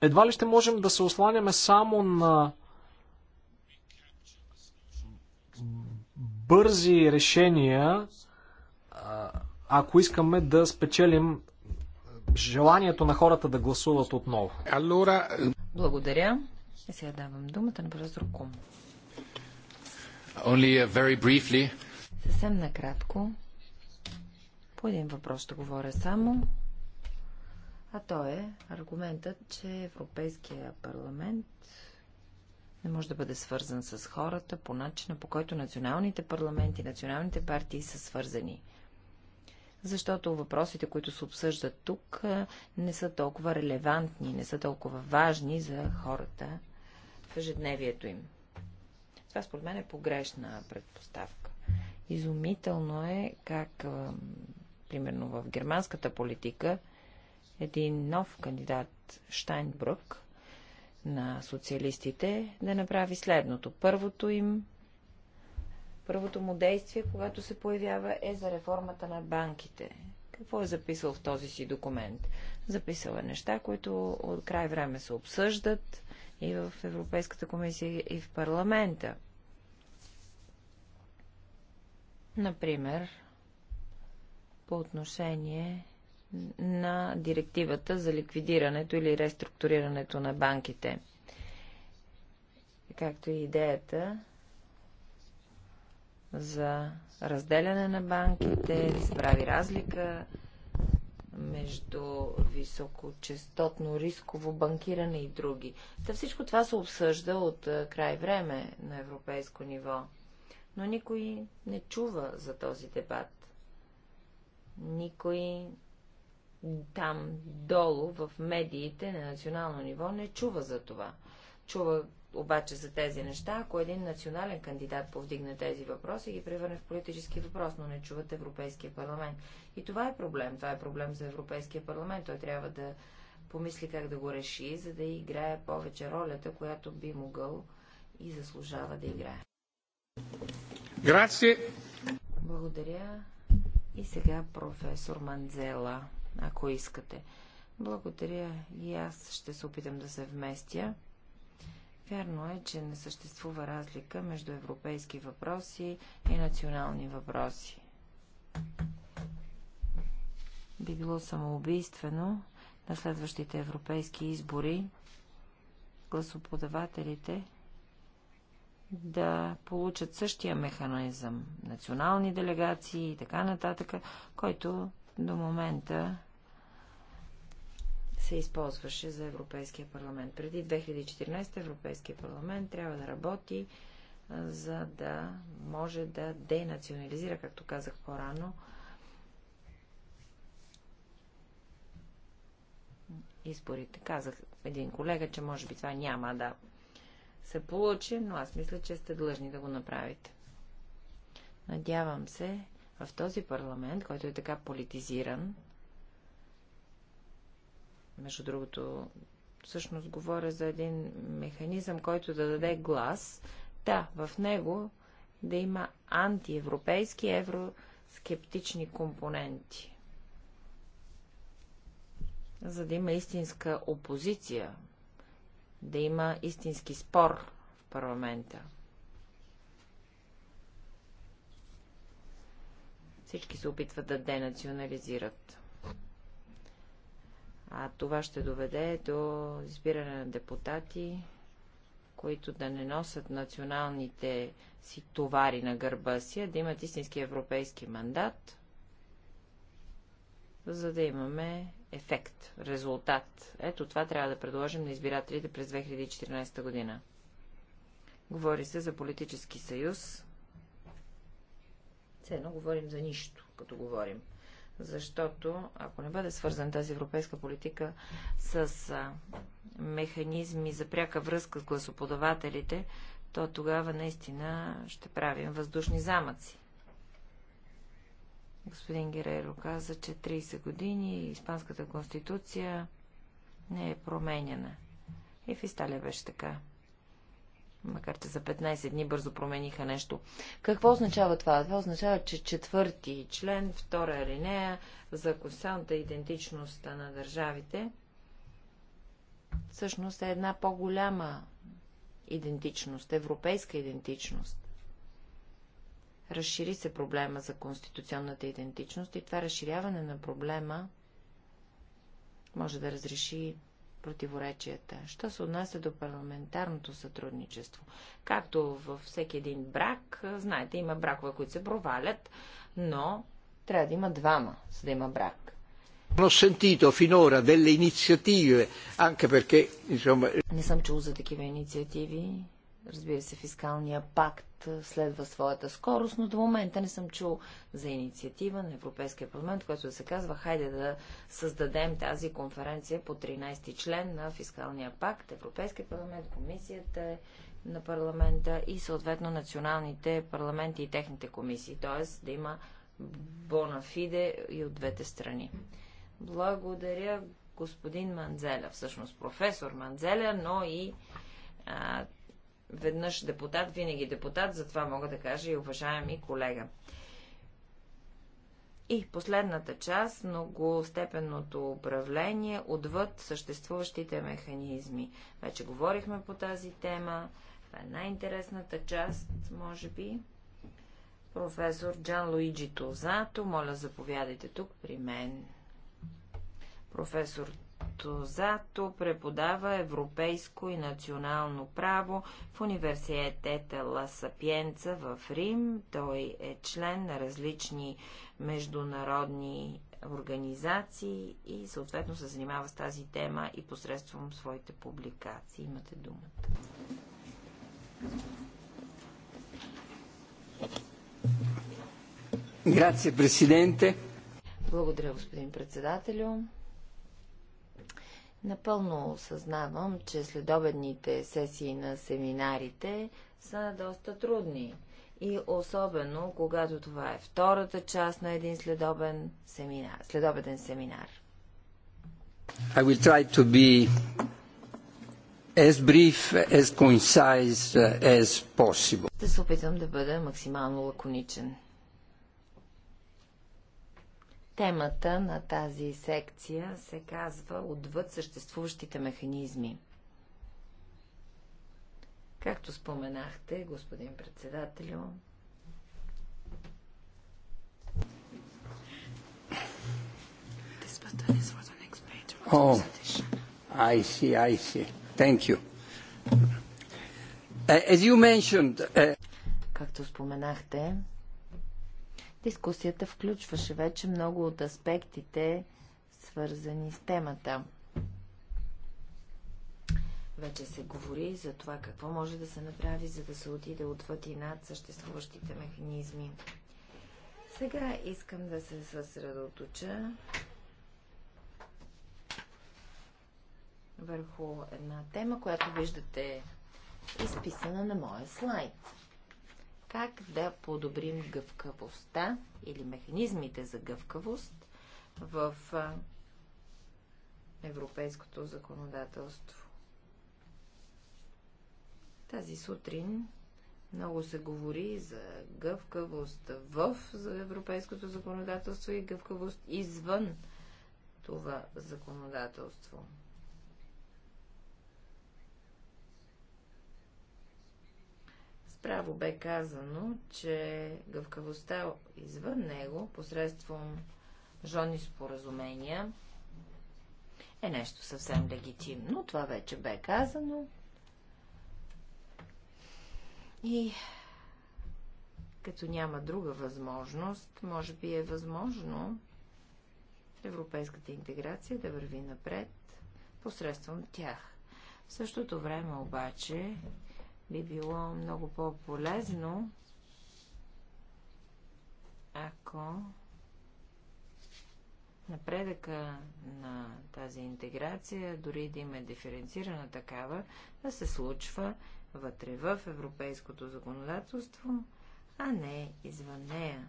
едва ли ще можем да се осланяме само на бързи решения, ако искаме да спечелим желанието на хората да гласуват отново. Благодаря. И сега давам думата на професор Кум. Uh, Съвсем накратко. По един въпрос ще говоря само а то е аргументът, че Европейския парламент не може да бъде свързан с хората по начина, по който националните парламенти, националните партии са свързани. Защото въпросите, които се обсъждат тук, не са толкова релевантни, не са толкова важни за хората в ежедневието им. Това според мен е погрешна предпоставка. Изумително е как, примерно в германската политика, един нов кандидат Штайнбрук на социалистите да направи следното. Първото им Първото му действие, когато се появява, е за реформата на банките. Какво е записал в този си документ? Записал е неща, които от край време се обсъждат и в Европейската комисия, и в парламента. Например, по отношение на директивата за ликвидирането или реструктурирането на банките. Както и идеята за разделяне на банките, да се прави разлика между високочастотно рисково банкиране и други. Та всичко това се обсъжда от край време на европейско ниво, но никой не чува за този дебат. Никой там долу в медиите на национално ниво не чува за това. Чува обаче за тези неща, ако един национален кандидат повдигне тези въпроси и ги превърне в политически въпрос, но не чуват Европейския парламент. И това е проблем. Това е проблем за Европейския парламент. Той трябва да помисли как да го реши, за да играе повече ролята, която би могъл и заслужава да играе. Благодаря. И сега професор Манзела ако искате. Благодаря и аз ще се опитам да се вместя. Вярно е, че не съществува разлика между европейски въпроси и национални въпроси. Би било самоубийствено на следващите европейски избори гласоподавателите да получат същия механизъм, национални делегации и така нататък, който до момента се използваше за Европейския парламент. Преди 2014 Европейския парламент трябва да работи за да може да денационализира, както казах по-рано, изборите. Казах един колега, че може би това няма да се получи, но аз мисля, че сте длъжни да го направите. Надявам се в този парламент, който е така политизиран, между другото, всъщност говоря за един механизъм, който да даде глас. Да, в него да има антиевропейски, евроскептични компоненти. За да има истинска опозиция, да има истински спор в парламента. Всички се опитват да денационализират. А това ще доведе до избиране на депутати, които да не носят националните си товари на гърба си, а да имат истински европейски мандат, за да имаме ефект, резултат. Ето това трябва да предложим на избирателите през 2014 година. Говори се за политически съюз. Цено говорим за нищо, като говорим защото ако не бъде свързан тази европейска политика с механизми за пряка връзка с гласоподавателите, то тогава наистина ще правим въздушни замъци. Господин Герейро каза, че 30 години Испанската конституция не е променена. И в Исталия беше така макар че за 15 дни бързо промениха нещо. Какво означава това? Това означава, че четвърти член, втора алинея за косалната идентичност на държавите всъщност е една по-голяма идентичност, европейска идентичност. Разшири се проблема за конституционната идентичност и това разширяване на проблема може да разреши противоречията. Що се отнася до парламентарното сътрудничество? Както във всеки един брак, знаете, има бракове, които се провалят, но трябва да има двама, за да има брак. Не съм чул за такива инициативи, Разбира се, фискалния пакт следва своята скорост, но до момента не съм чул за инициатива на Европейския парламент, който да се казва, хайде да създадем тази конференция по 13 ти член на фискалния пакт, Европейския парламент, комисията е на парламента и съответно националните парламенти и техните комисии, т.е. да има бонафиде и от двете страни. Благодаря господин Манзеля, всъщност професор Манзеля, но и а, веднъж депутат, винаги депутат, затова мога да кажа и уважаеми колега. И последната част – многостепенното управление отвъд съществуващите механизми. Вече говорихме по тази тема. Това е най-интересната част, може би. Професор Джан Луиджи Тозато, моля заповядайте тук при мен. Професор Зато преподава европейско и национално право в университета Ла Сапиенца в Рим. Той е член на различни международни организации и съответно се занимава с тази тема и посредством своите публикации. Имате думата. президенте. Благодаря, господин председателю. Напълно осъзнавам, че следобедните сесии на семинарите са доста трудни. И особено, когато това е втората част на един следобен семинар, следобеден семинар. I will try to be as brief, as concise uh, as possible. Ще се опитам да бъда максимално лаконичен. Темата на тази секция се казва Отвъд съществуващите механизми. Както споменахте, господин председателю, О, oh, I see, I see. Thank you. Uh, as you mentioned, uh... Както споменахте, Дискусията включваше вече много от аспектите, свързани с темата. Вече се говори за това какво може да се направи, за да се отиде отвъд и над съществуващите механизми. Сега искам да се съсредоточа върху една тема, която виждате изписана на моя слайд как да подобрим гъвкавостта или механизмите за гъвкавост в европейското законодателство. Тази сутрин много се говори за гъвкавост в европейското законодателство и гъвкавост извън това законодателство. Справо бе казано, че гъвкавостта извън него, посредством жони споразумения, е нещо съвсем легитимно. Това вече бе казано. И като няма друга възможност, може би е възможно европейската интеграция да върви напред посредством тях. В същото време обаче би било много по-полезно, ако напредъка на тази интеграция, дори да има диференцирана такава, да се случва вътре в европейското законодателство, а не извън нея.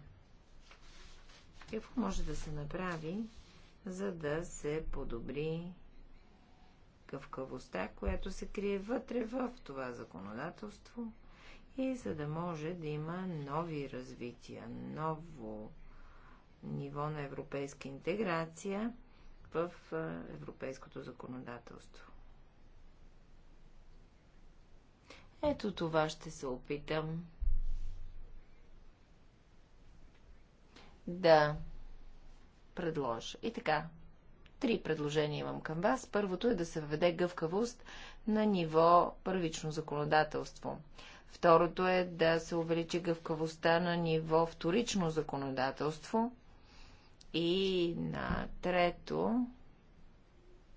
Какво може да се направи, за да се подобри гъвкавостта, която се крие вътре в това законодателство и за да може да има нови развития, ново ниво на европейска интеграция в европейското законодателство. Ето това ще се опитам да предложа. И така, Три предложения имам към вас. Първото е да се введе гъвкавост на ниво първично законодателство. Второто е да се увеличи гъвкавостта на ниво вторично законодателство. И на трето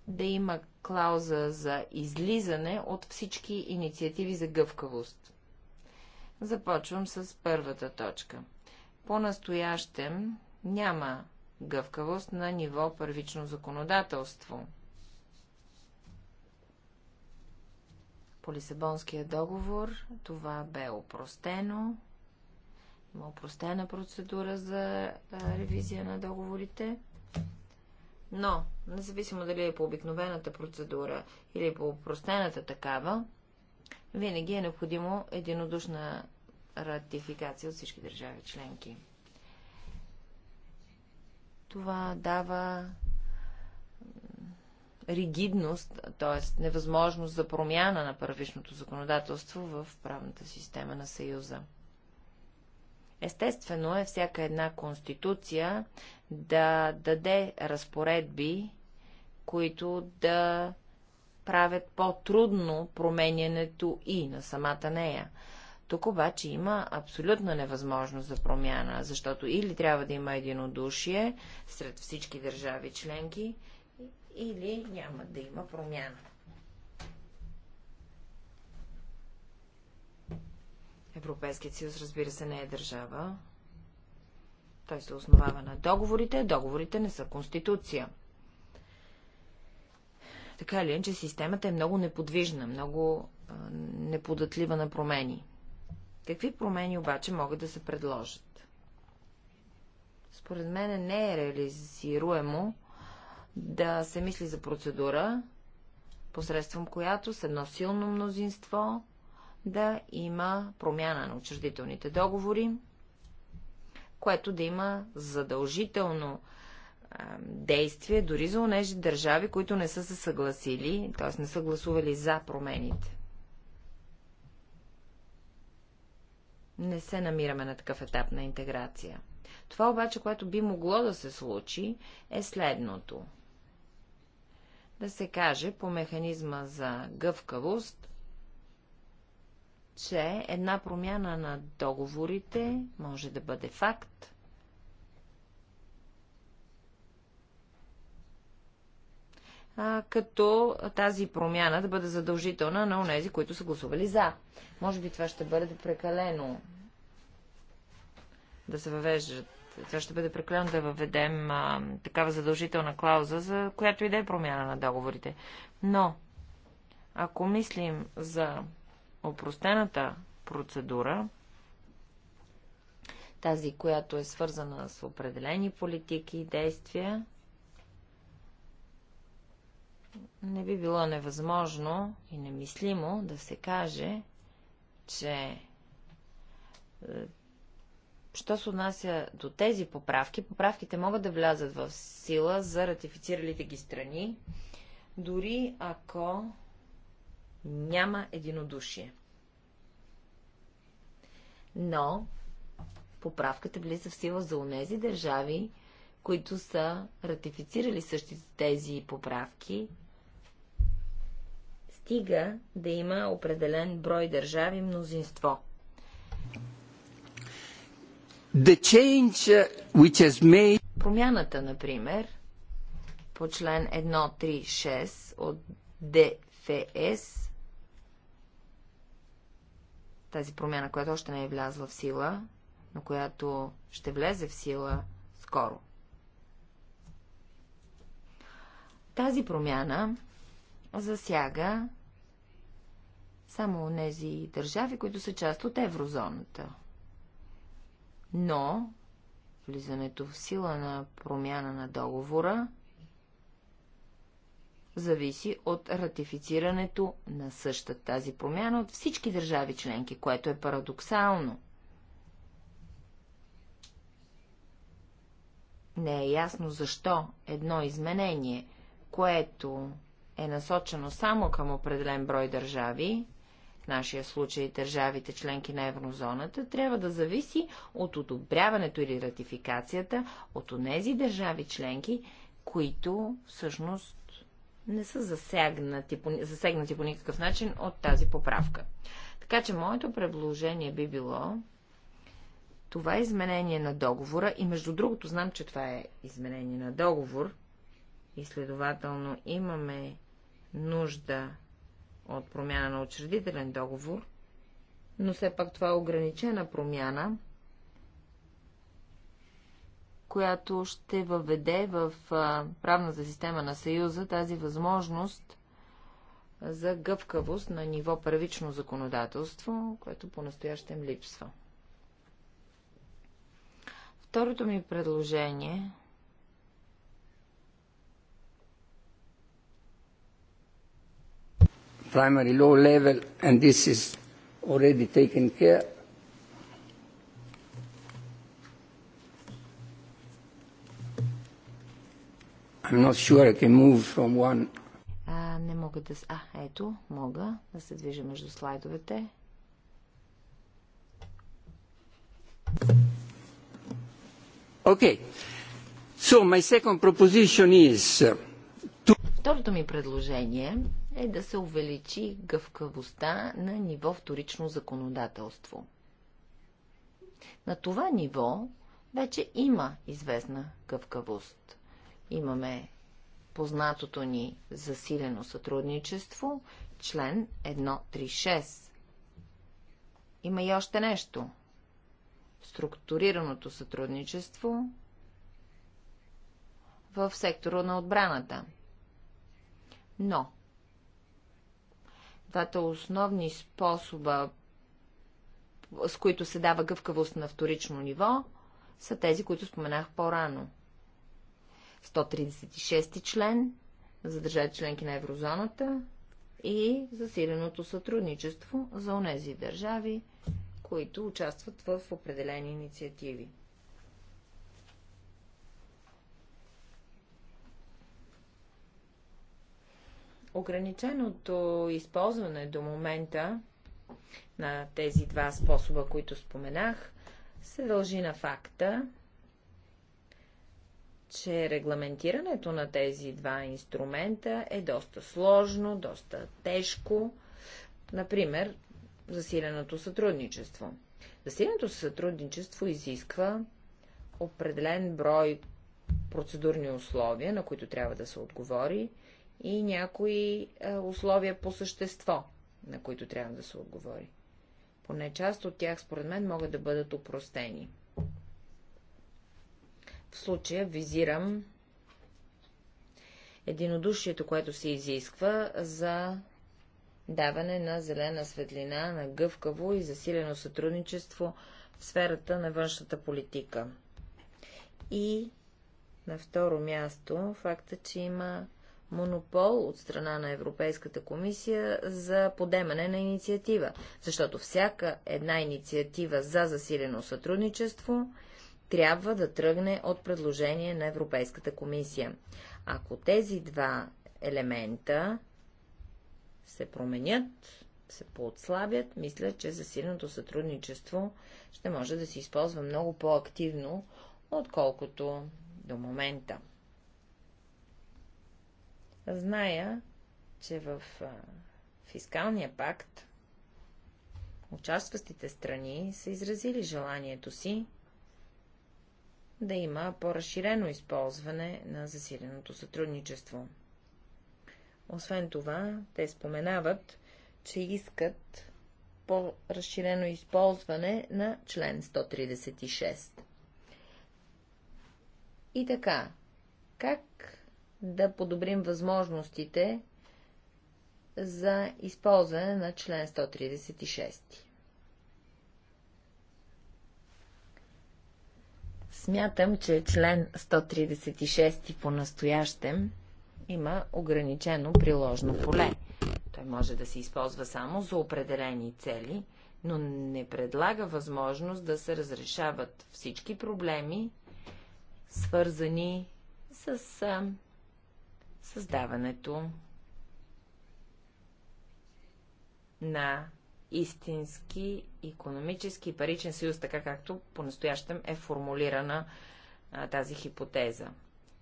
да има клауза за излизане от всички инициативи за гъвкавост. Започвам с първата точка. По-настоящем няма гъвкавост на ниво първично законодателство. По Лисабонския договор това бе опростено. Има опростена процедура за ревизия на договорите. Но, независимо дали е по обикновената процедура или по опростената такава, винаги е необходимо единодушна ратификация от всички държави членки. Това дава ригидност, т.е. невъзможност за промяна на първичното законодателство в правната система на Съюза. Естествено е всяка една конституция да даде разпоредби, които да правят по-трудно променянето и на самата нея. Тук обаче има абсолютна невъзможност за промяна, защото или трябва да има единодушие сред всички държави членки, или няма да има промяна. Европейският съюз, разбира се, не е държава. Той се основава на договорите. Договорите не са конституция. Така или че системата е много неподвижна, много а, неподатлива на промени. Какви промени обаче могат да се предложат? Според мен не е реализируемо да се мисли за процедура, посредством която с едно силно мнозинство да има промяна на учредителните договори, което да има задължително действие дори за онези държави, които не са се съгласили, т.е. не са гласували за промените. не се намираме на такъв етап на интеграция. Това обаче, което би могло да се случи, е следното. Да се каже по механизма за гъвкавост, че една промяна на договорите може да бъде факт като тази промяна да бъде задължителна на онези, които са гласували за. Може би това ще бъде прекалено да се въвеждат. Това ще бъде прекалено да въведем а, такава задължителна клауза, за която и да е промяна на договорите. Но, ако мислим за опростената процедура, тази, която е свързана с определени политики и действия, не би било невъзможно и немислимо да се каже, че е, що се отнася до тези поправки, поправките могат да влязат в сила за ратифициралите ги страни, дори ако няма единодушие. Но поправката влиза в сила за онези държави, които са ратифицирали същите тези поправки стига да има определен брой държави мнозинство. The change uh, which has made... Промяната, например, по член 136 от ДФС, тази промяна, която още не е влязла в сила, но която ще влезе в сила скоро. Тази промяна засяга само тези държави, които са част от еврозоната. Но влизането в сила на промяна на договора зависи от ратифицирането на същата тази промяна от всички държави членки, което е парадоксално. Не е ясно защо едно изменение, което е насочено само към определен брой държави, в нашия случай държавите членки на еврозоната, трябва да зависи от одобряването или ратификацията от онези държави членки, които всъщност не са засегнати, засегнати по никакъв начин от тази поправка. Така че моето предложение би било това изменение на договора и между другото знам, че това е изменение на договор и следователно имаме нужда от промяна на учредителен договор, но все пак това е ограничена промяна, която ще въведе в правната система на Съюза тази възможност за гъвкавост на ниво първично законодателство, което по-настоящем липсва. Второто ми предложение primary law level, and this is already taken care. I'm not sure I can move from one. А, не мога да... А, ето, мога да се движа между слайдовете. Okay. So my second proposition is... To... Второто ми предложение е да се увеличи гъвкавостта на ниво вторично законодателство. На това ниво вече има известна гъвкавост. Имаме познатото ни засилено сътрудничество, член 136. Има и още нещо. Структурираното сътрудничество в сектора на отбраната. Но Двата основни способа, с които се дава гъвкавост на вторично ниво, са тези, които споменах по-рано. 136 член за държави членки на еврозоната и засиленото сътрудничество за онези държави, които участват в определени инициативи. Ограниченото използване до момента на тези два способа, които споменах, се дължи на факта, че регламентирането на тези два инструмента е доста сложно, доста тежко. Например, засиленото сътрудничество. Засиленото сътрудничество изисква определен брой процедурни условия, на които трябва да се отговори, и някои е, условия по същество, на които трябва да се отговори. Поне част от тях, според мен, могат да бъдат упростени. В случая визирам единодушието, което се изисква за даване на зелена светлина на гъвкаво и засилено сътрудничество в сферата на външната политика. И на второ място факта, че има монопол от страна на Европейската комисия за подемане на инициатива, защото всяка една инициатива за засилено сътрудничество трябва да тръгне от предложение на Европейската комисия. Ако тези два елемента се променят, се поотслабят, мисля, че засиленото сътрудничество ще може да се използва много по-активно, отколкото до момента. Зная, че в фискалния пакт участващите страни са изразили желанието си да има по-разширено използване на засиленото сътрудничество. Освен това, те споменават, че искат по-разширено използване на член 136. И така, как да подобрим възможностите за използване на член 136. Смятам, че член 136 по-настоящем има ограничено приложно поле. Той може да се използва само за определени цели, но не предлага възможност да се разрешават всички проблеми, свързани с създаването на истински економически и паричен съюз, така както по-настоящем е формулирана а, тази хипотеза.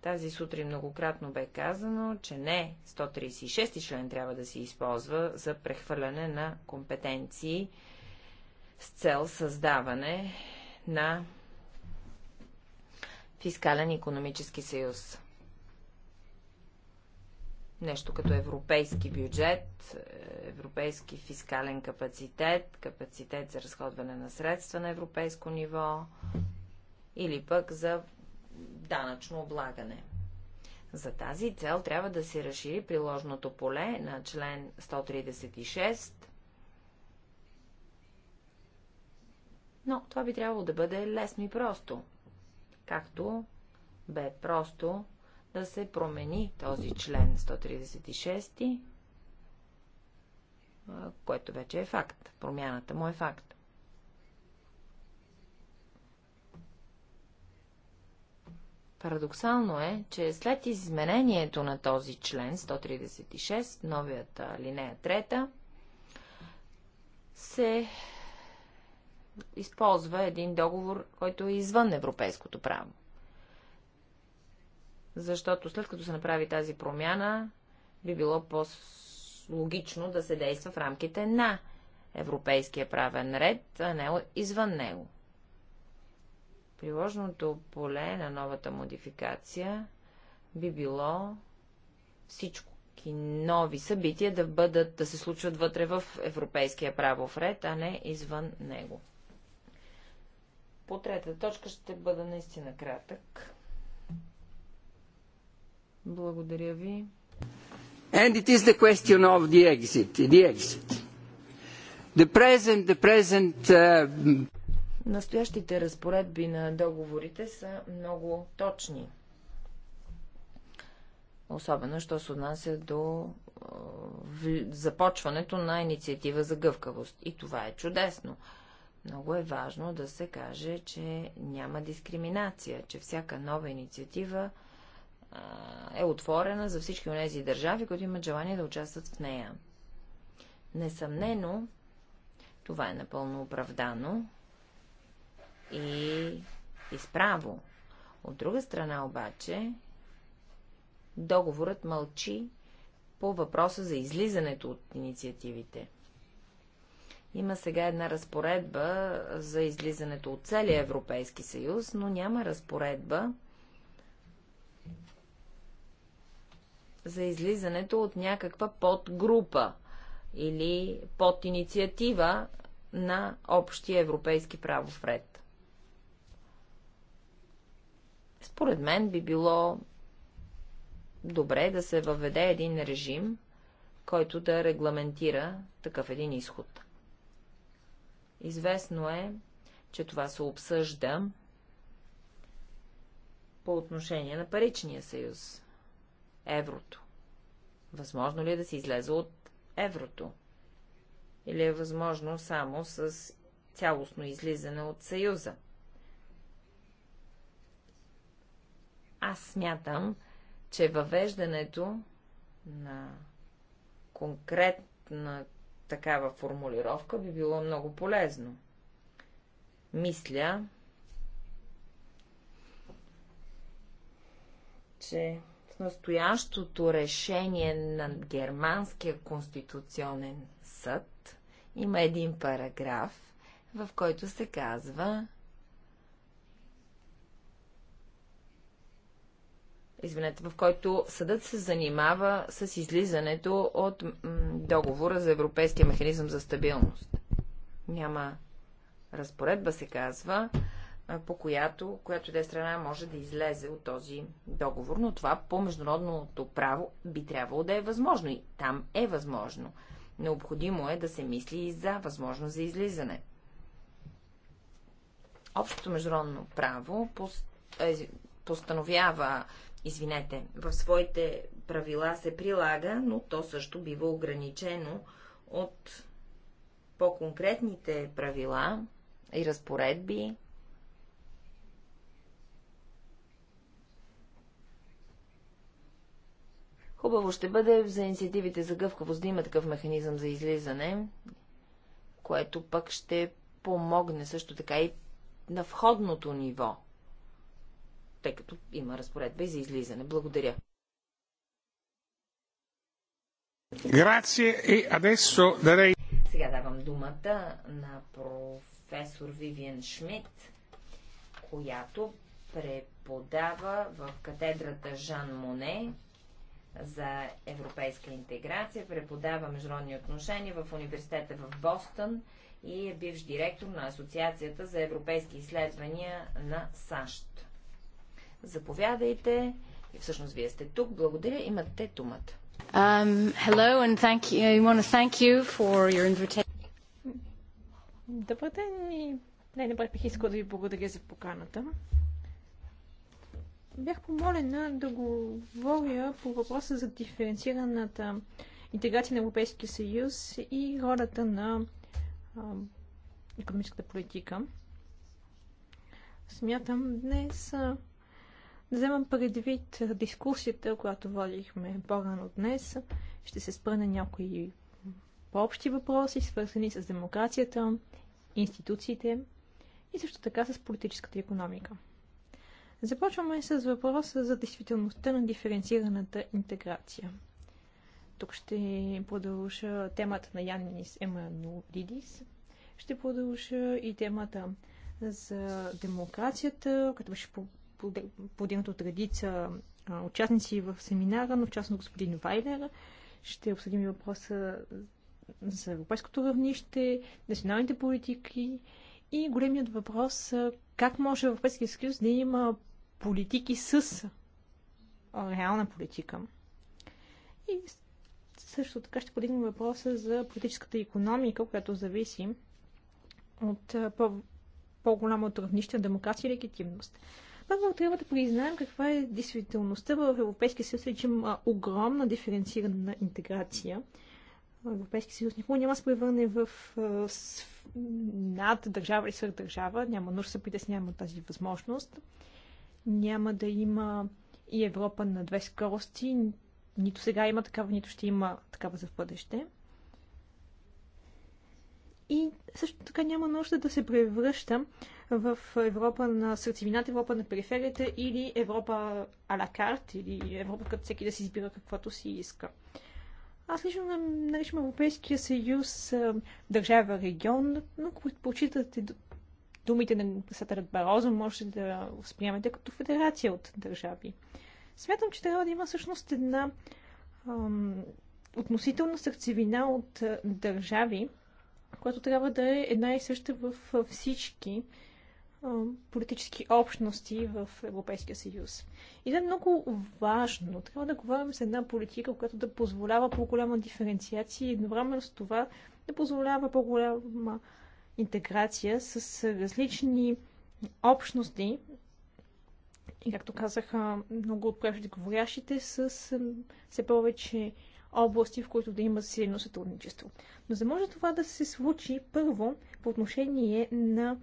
Тази сутрин многократно бе казано, че не 136 член трябва да се използва за прехвърляне на компетенции с цел създаване на фискален економически съюз нещо като европейски бюджет, европейски фискален капацитет, капацитет за разходване на средства на европейско ниво или пък за данъчно облагане. За тази цел трябва да се разшири приложното поле на член 136, но това би трябвало да бъде лесно и просто, както бе просто да се промени този член 136, което вече е факт. Промяната му е факт. Парадоксално е, че след изменението на този член 136, новията линея 3, се използва един договор, който е извън европейското право защото след като се направи тази промяна, би било по-логично да се действа в рамките на европейския правен ред, а не извън него. Приложното поле на новата модификация би било всичко нови събития да бъдат, да се случват вътре в европейския правов ред, а не извън него. По трета точка ще бъда наистина кратък. Благодаря ви. And it is the question of the exit. The exit. The present, the present, uh... Настоящите разпоредби на договорите са много точни. Особено, що се отнася до започването на инициатива за гъвкавост. И това е чудесно. Много е важно да се каже, че няма дискриминация, че всяка нова инициатива е отворена за всички от тези държави, които имат желание да участват в нея. Несъмнено, това е напълно оправдано и изправо. От друга страна обаче, договорът мълчи по въпроса за излизането от инициативите. Има сега една разпоредба за излизането от целия Европейски съюз, но няма разпоредба за излизането от някаква подгрупа или под инициатива на общия европейски правов ред. Според мен би било добре да се въведе един режим, който да регламентира такъв един изход. Известно е, че това се обсъжда по отношение на паричния съюз еврото? Възможно ли е да се излезе от еврото? Или е възможно само с цялостно излизане от Съюза? Аз смятам, че въвеждането на конкретна такава формулировка би било много полезно. Мисля, че настоящото решение на Германския конституционен съд има един параграф, в който се казва, извинете, в който съдът се занимава с излизането от договора за Европейския механизъм за стабилност. Няма разпоредба, се казва, по която, която да е страна може да излезе от този договор, но това по международното право би трябвало да е възможно и там е възможно. Необходимо е да се мисли и за възможност за излизане. Общото международно право постановява, извинете, в своите правила се прилага, но то също бива ограничено от по-конкретните правила и разпоредби Хубаво ще бъде за инициативите за гъвкавост да има такъв механизъм за излизане, което пък ще помогне също така и на входното ниво, тъй като има разпоредба и за излизане. Благодаря. Сега давам думата на професор Вивиен Шмидт, която преподава в катедрата Жан Моне за европейска интеграция, преподава международни отношения в университета в Бостън и е бивш директор на Асоциацията за европейски изследвания на САЩ. Заповядайте. И всъщност вие сте тук. Благодаря. Имате думата. Um, hello and thank you. I want to thank you for your invitation. Добър ден най бих искал да ви благодаря за поканата бях помолена да говоря по въпроса за диференцираната интеграция на Европейския съюз и ролята на а, економическата политика. Смятам днес а, да вземам предвид дискусията, която водихме по-рано днес. Ще се на някои по-общи въпроси, свързани с демокрацията, институциите и също така с политическата економика. Започваме с въпроса за действителността на диференцираната интеграция. Тук ще продължа темата на Янис Емануилидис. Ще продължа и темата за демокрацията, като беше подигната от редица участници в семинара, но в частност господин Вайлер. Ще обсъдим и въпроса за европейското равнище, националните политики и големият въпрос как може Европейския съюз да има политики с реална политика. И също така ще подигнем въпроса за политическата економика, която зависи от по-голямото равнище на демокрация и легитимност. Първо трябва да признаем каква е действителността в Европейския съюз, че има огромна диференцирана интеграция. Европейския съюз никога няма да се превърне в над държава или свърх държава. Няма нужда да се притесняваме от тази възможност няма да има и Европа на две скорости. Нито сега има такава, нито ще има такава за в бъдеще. И също така няма нужда да се превръща в Европа на сърцевината, Европа на периферията или Европа алакарт, карт, или Европа като всеки да си избира каквото си иска. Аз лично наричам Европейския съюз държава-регион, но ако предпочитате думите на председателят Барозо може да възприемете като федерация от държави. Смятам, че трябва да има всъщност една ам, относителна сърцевина от а, държави, която трябва да е една и съща в всички политически общности в Европейския съюз. И да е много важно. Трябва да говорим с една политика, която да позволява по-голяма диференциация и едновременно с това да позволява по-голяма интеграция с различни общности. И както казаха много от говорящите, с все повече области, в които да има силно сътрудничество. Но за може това да се случи, първо, по отношение на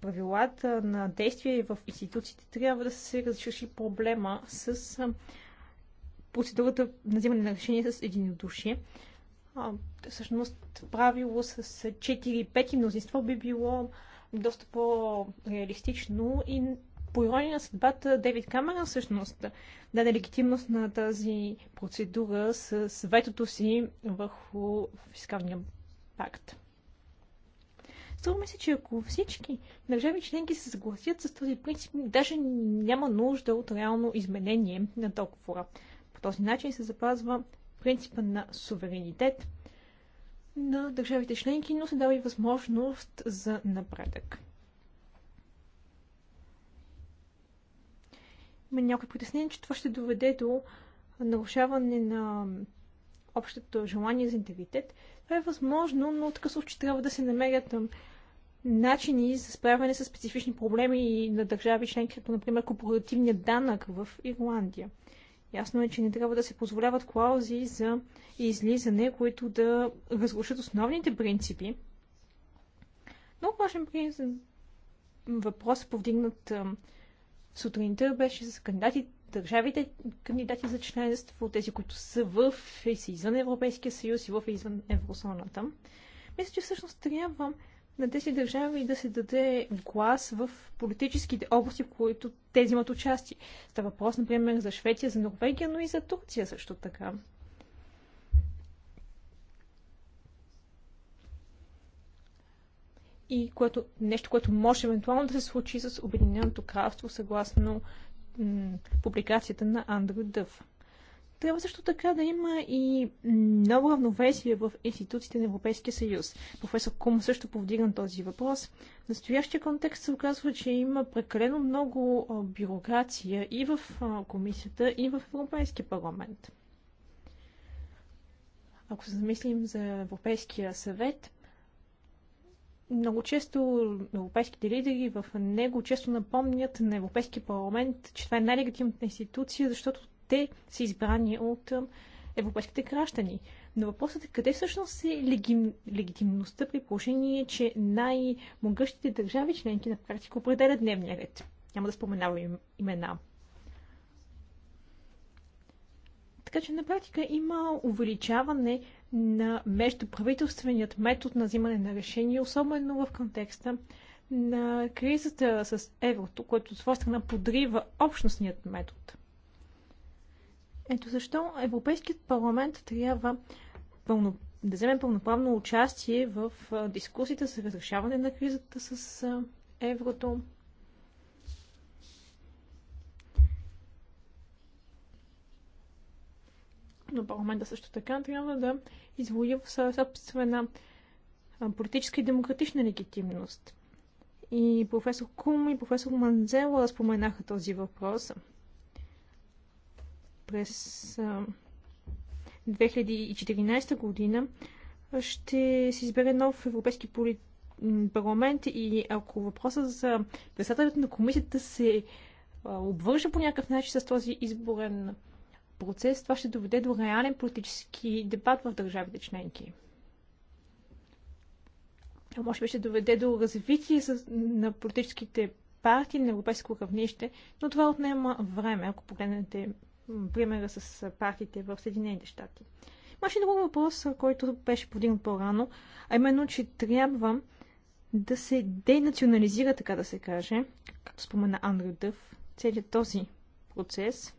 правилата на действие в институциите, трябва да се разреши проблема с процедурата на взимане на решение с единодушие а, всъщност правило с 4-5 мнозинство би било доста по-реалистично и по ирония на съдбата Девид Камерън всъщност даде легитимност на тази процедура с ветото си върху фискалния пакт. Струва се, че ако всички държави членки се съгласят с този принцип, даже няма нужда от реално изменение на договора. По този начин се запазва принципа на суверенитет на държавите членки, но се дава и възможност за напредък. Има някои притеснения, че това ще доведе до нарушаване на общото желание за интегритет. Това е възможно, но в такъв случай трябва да се намерят начини за справяне с специфични проблеми на държави членки, като например корпоративният данък в Ирландия. Ясно е, че не трябва да се позволяват клаузи за излизане, които да разрушат основните принципи. Много важен въпрос, повдигнат сутринта, беше за кандидати, държавите кандидати за членство, тези, които са в и са извън Европейския съюз и в и извън еврозоната. Мисля, че всъщност трябва на тези държави да се даде глас в политическите области, в които те взимат участие. Става въпрос, например, за Швеция, за Норвегия, но и за Турция също така. И което, нещо, което може евентуално да се случи с Обединеното кралство, съгласно публикацията на Андрю Дъв. Трябва също така да има и много равновесие в институциите на Европейския съюз. Професор Кум също повдигна този въпрос. В настоящия контекст се оказва, че има прекалено много бюрокрация и в комисията, и в Европейския парламент. Ако се замислим за Европейския съвет, много често европейските лидери в него често напомнят на Европейския парламент, че това е най легативната институция, защото те са избрани от европейските граждани. Но въпросът е къде всъщност е легим, легитимността при положение, че най-могъщите държави членки на практика определят дневния ред. Няма да споменавам им, имена. Така че на практика има увеличаване на междуправителственият метод на взимане на решения, особено в контекста на кризата с еврото, което от своя страна подрива общностният метод. Ето защо Европейският парламент трябва пълно, да вземе пълноправно участие в дискусията за разрешаване на кризата с еврото. Но парламента също така трябва да извоюва собствена политическа и демократична легитимност. И професор Кум и професор Манзела споменаха този въпрос през 2014 година ще се избере нов европейски парламент и ако въпросът за председателят на комисията се обвържа по някакъв начин с този изборен процес, това ще доведе до реален политически дебат в държавите членки. може би ще доведе до развитие на политическите партии на европейско равнище, но това отнема време, ако погледнете примера с партиите в Съединените щати. Имаше друг въпрос, който беше подигнат по-рано, а именно, че трябва да се денационализира, така да се каже, както спомена Андрю Дъв, целият този процес.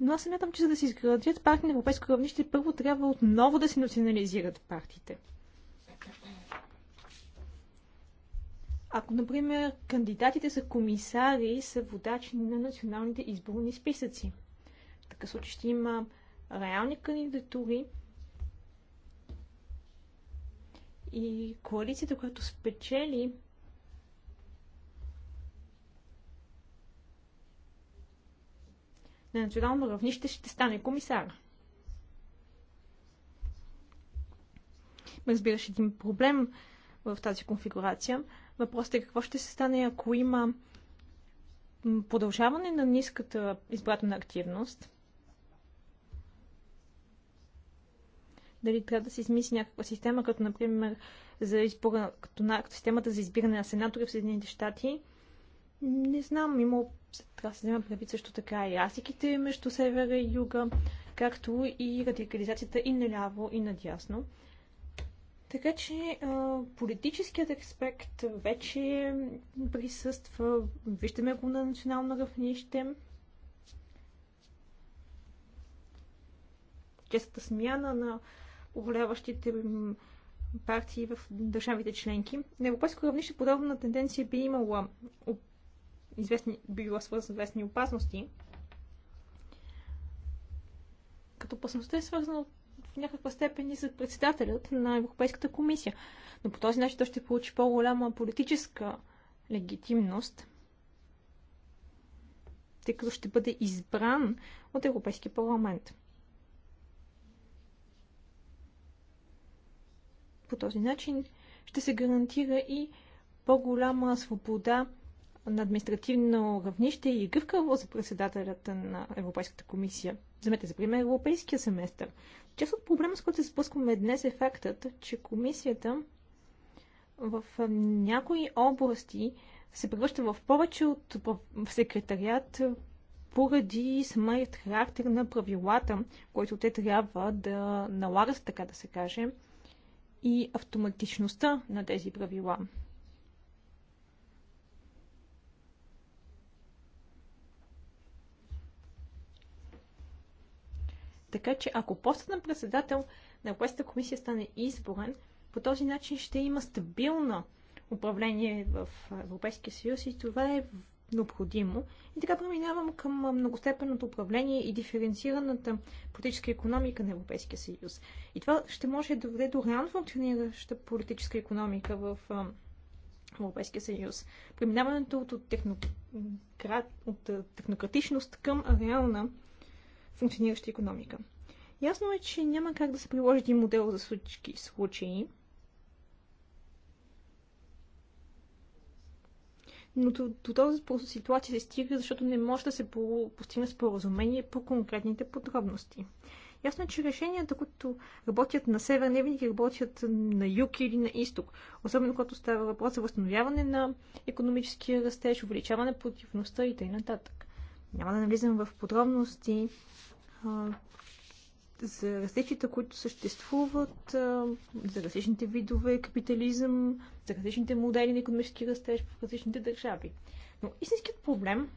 Но аз смятам, че за да се изградят партии на европейско равнище, първо трябва отново да се национализират партиите. ако, например, кандидатите за комисари са водачи на националните изборни списъци. В такъв случай ще има реални кандидатури и коалицията, която спечели на национално равнище, ще стане комисар. Разбираш един проблем в тази конфигурация – Въпросът е какво ще се стане, ако има продължаване на ниската избирателна активност. Дали трябва да се измисли някаква система, като например за избора, като, на, като системата за избиране на сенатори в Съединените щати, не знам, има, трябва да се взема предвид също така и асиките между севера и юга, както и радикализацията и наляво, и надясно. Така че политическият аспект вече присъства. Виждаме го на национално равнище. Честата смяна на управляващите партии в държавите членки. На европейско равнище подобна тенденция би имала известни, би била свързана с известни опасности. Като опасността е свързана в някаква степен и за председателят на Европейската комисия. Но по този начин той ще получи по-голяма политическа легитимност, тъй като ще бъде избран от Европейския парламент. По този начин ще се гарантира и по-голяма свобода на административно равнище и гъвкаво за председателята на Европейската комисия. Вземете за пример европейския семестър. Част от проблема, с който се спускаме днес е фактът, че комисията в някои области се превръща в повече от секретариат поради самият характер на правилата, които те трябва да налагат, така да се каже, и автоматичността на тези правила. Така че ако постът на председател на Европейската комисия стане изборен, по този начин ще има стабилно управление в Европейския съюз и това е необходимо. И така преминавам към многостепенното управление и диференцираната политическа економика на Европейския съюз. И това ще може да доведе до реално функционираща политическа економика в Европейския съюз. Преминаването от, техно... от технократичност към реална функционираща економика. Ясно е, че няма как да се приложи един модел за всички случаи. Но до, до този ситуация се стига, защото не може да се постигне споразумение по конкретните подробности. Ясно е, че решенията, които работят на север, не винаги работят на юг или на изток. Особено когато става въпрос за възстановяване на економическия растеж, увеличаване на противността и т.н. нататък. Няма да навлизам в подробности а, за различията, които съществуват, а, за различните видове капитализъм, за различните модели на економически растеж в различните държави. Но истинският проблем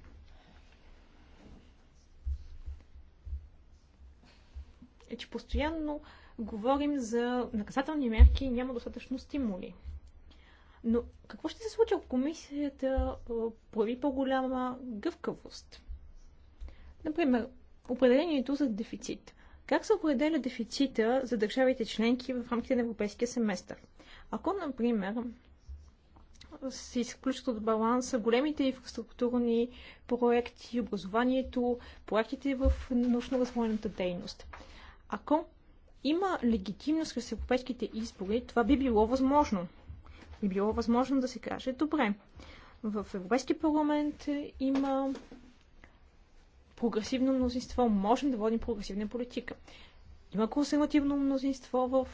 е, че постоянно говорим за наказателни мерки и няма достатъчно стимули. Но какво ще се случи, ако комисията прояви по-голяма гъвкавост? Например, определението за дефицит. Как се определя дефицита за държавите членки в рамките на европейския семестър? Ако, например, се изключат от баланса големите инфраструктурни проекти, образованието, проектите в научно-развойната дейност. Ако има легитимност през европейските избори, това би било възможно. Би било възможно да се каже, добре, в Европейски парламент има прогресивно мнозинство, можем да водим прогресивна политика. Има консервативно мнозинство в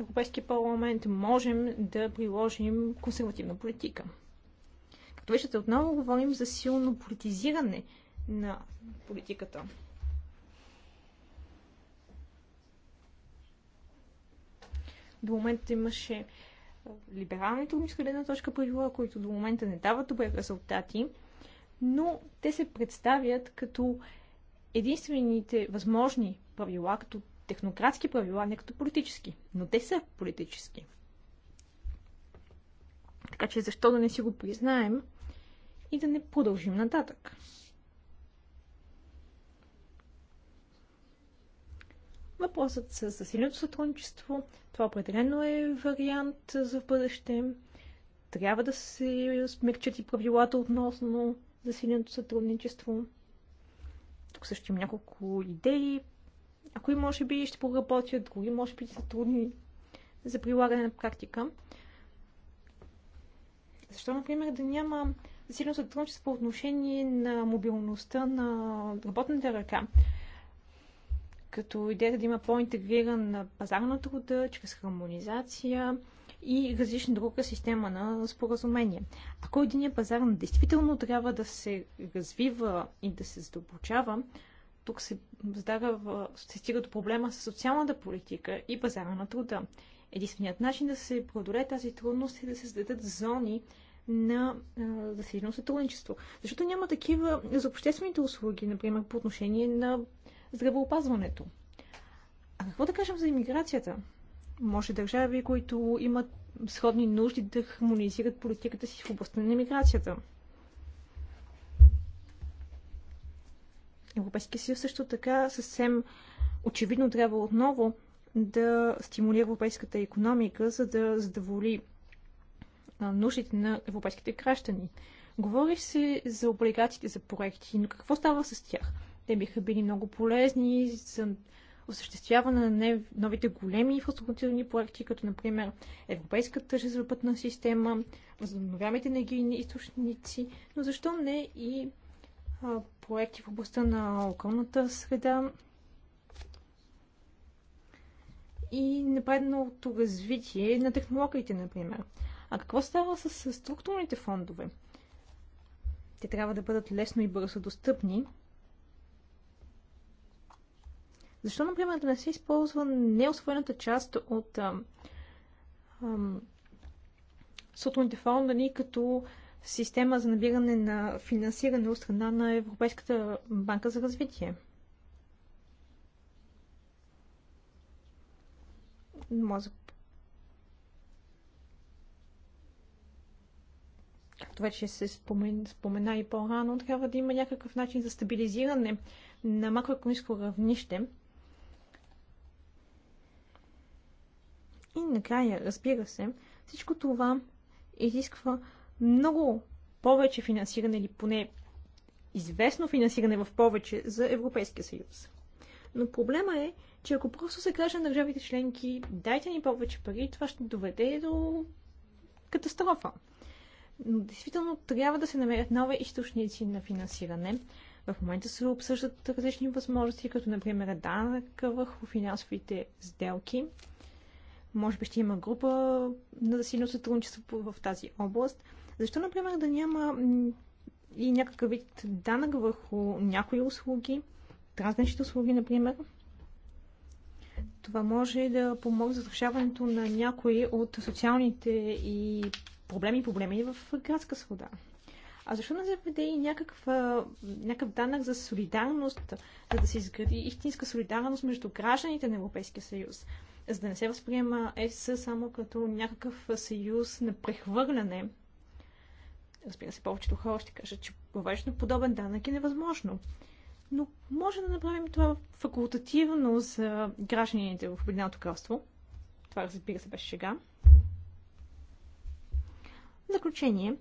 Европейския парламент, можем да приложим консервативна политика. Като виждате, отново говорим за силно политизиране на политиката. До момента имаше либералните економическа гледна точка правила, които до момента не дават добре резултати но те се представят като единствените възможни правила, като технократски правила, не като политически. Но те са политически. Така че защо да не си го признаем и да не продължим нататък? Въпросът с засиленото сътрудничество, това определено е вариант за в бъдеще. Трябва да се смекчат и правилата относно засиленото сътрудничество. Тук също има няколко идеи. Ако и може би ще поработят, други може би са трудни за прилагане на практика. Защо, например, да няма засилено сътрудничество по отношение на мобилността на работната ръка? Като идеята да има по-интегриран пазар на труда, чрез хармонизация, и различна друга система на споразумение. Ако един пазар действително трябва да се развива и да се задълбочава, тук се, задава, се стига до проблема с социалната политика и пазара на труда. Единственият начин да се преодолее тази трудност е да се създадат зони на засилено сътрудничество. Защото няма такива за обществените услуги, например, по отношение на здравеопазването. А какво да кажем за иммиграцията? Може държави, които имат сходни нужди да хармонизират политиката си в областта на миграцията. Европейския съюз също така съвсем очевидно трябва отново да стимулира европейската економика, за да задоволи нуждите на европейските граждани. Говори се за облигациите за проекти, но какво става с тях? Те биха били много полезни за осъществяване на новите големи инфраструктурни проекти, като например Европейската железопътна система, възобновяемите енергийни източници, но защо не и а, проекти в областта на околната среда и напредналото развитие на технологиите, например. А какво става с структурните фондове? Те трябва да бъдат лесно и бързо достъпни, защо, например, да не се използва неосвоената част от ам, фондани като система за набиране на финансиране от страна на Европейската банка за развитие? Може както вече се спомена, спомена и по-рано, трябва да има някакъв начин за стабилизиране на макроекономическо равнище, И накрая, разбира се, всичко това изисква много повече финансиране или поне известно финансиране в повече за Европейския съюз. Но проблема е, че ако просто се каже на държавите членки, дайте ни повече пари, това ще доведе до катастрофа. Но действително трябва да се намерят нови източници на финансиране. В момента се обсъждат различни възможности, като например данък върху финансовите сделки. Може би ще има група на засилено сътрудничество в тази област. Защо, например, да няма и някакъв вид данък върху някои услуги, транснични услуги, например? Това може да помогне за решаването на някои от социалните и проблеми, проблеми в градска свобода. А защо не заведе и някаква, някакъв данък за солидарност, за да се изгради истинска солидарност между гражданите на Европейския съюз? за да не се възприема ЕС само като някакъв съюз на прехвърляне. Разбира се, повечето хора ще кажат, че въвеждането на подобен данък е невъзможно. Но може да направим това факултативно за гражданите в Обединеното кралство. Това, разбира се, беше шега. В заключение,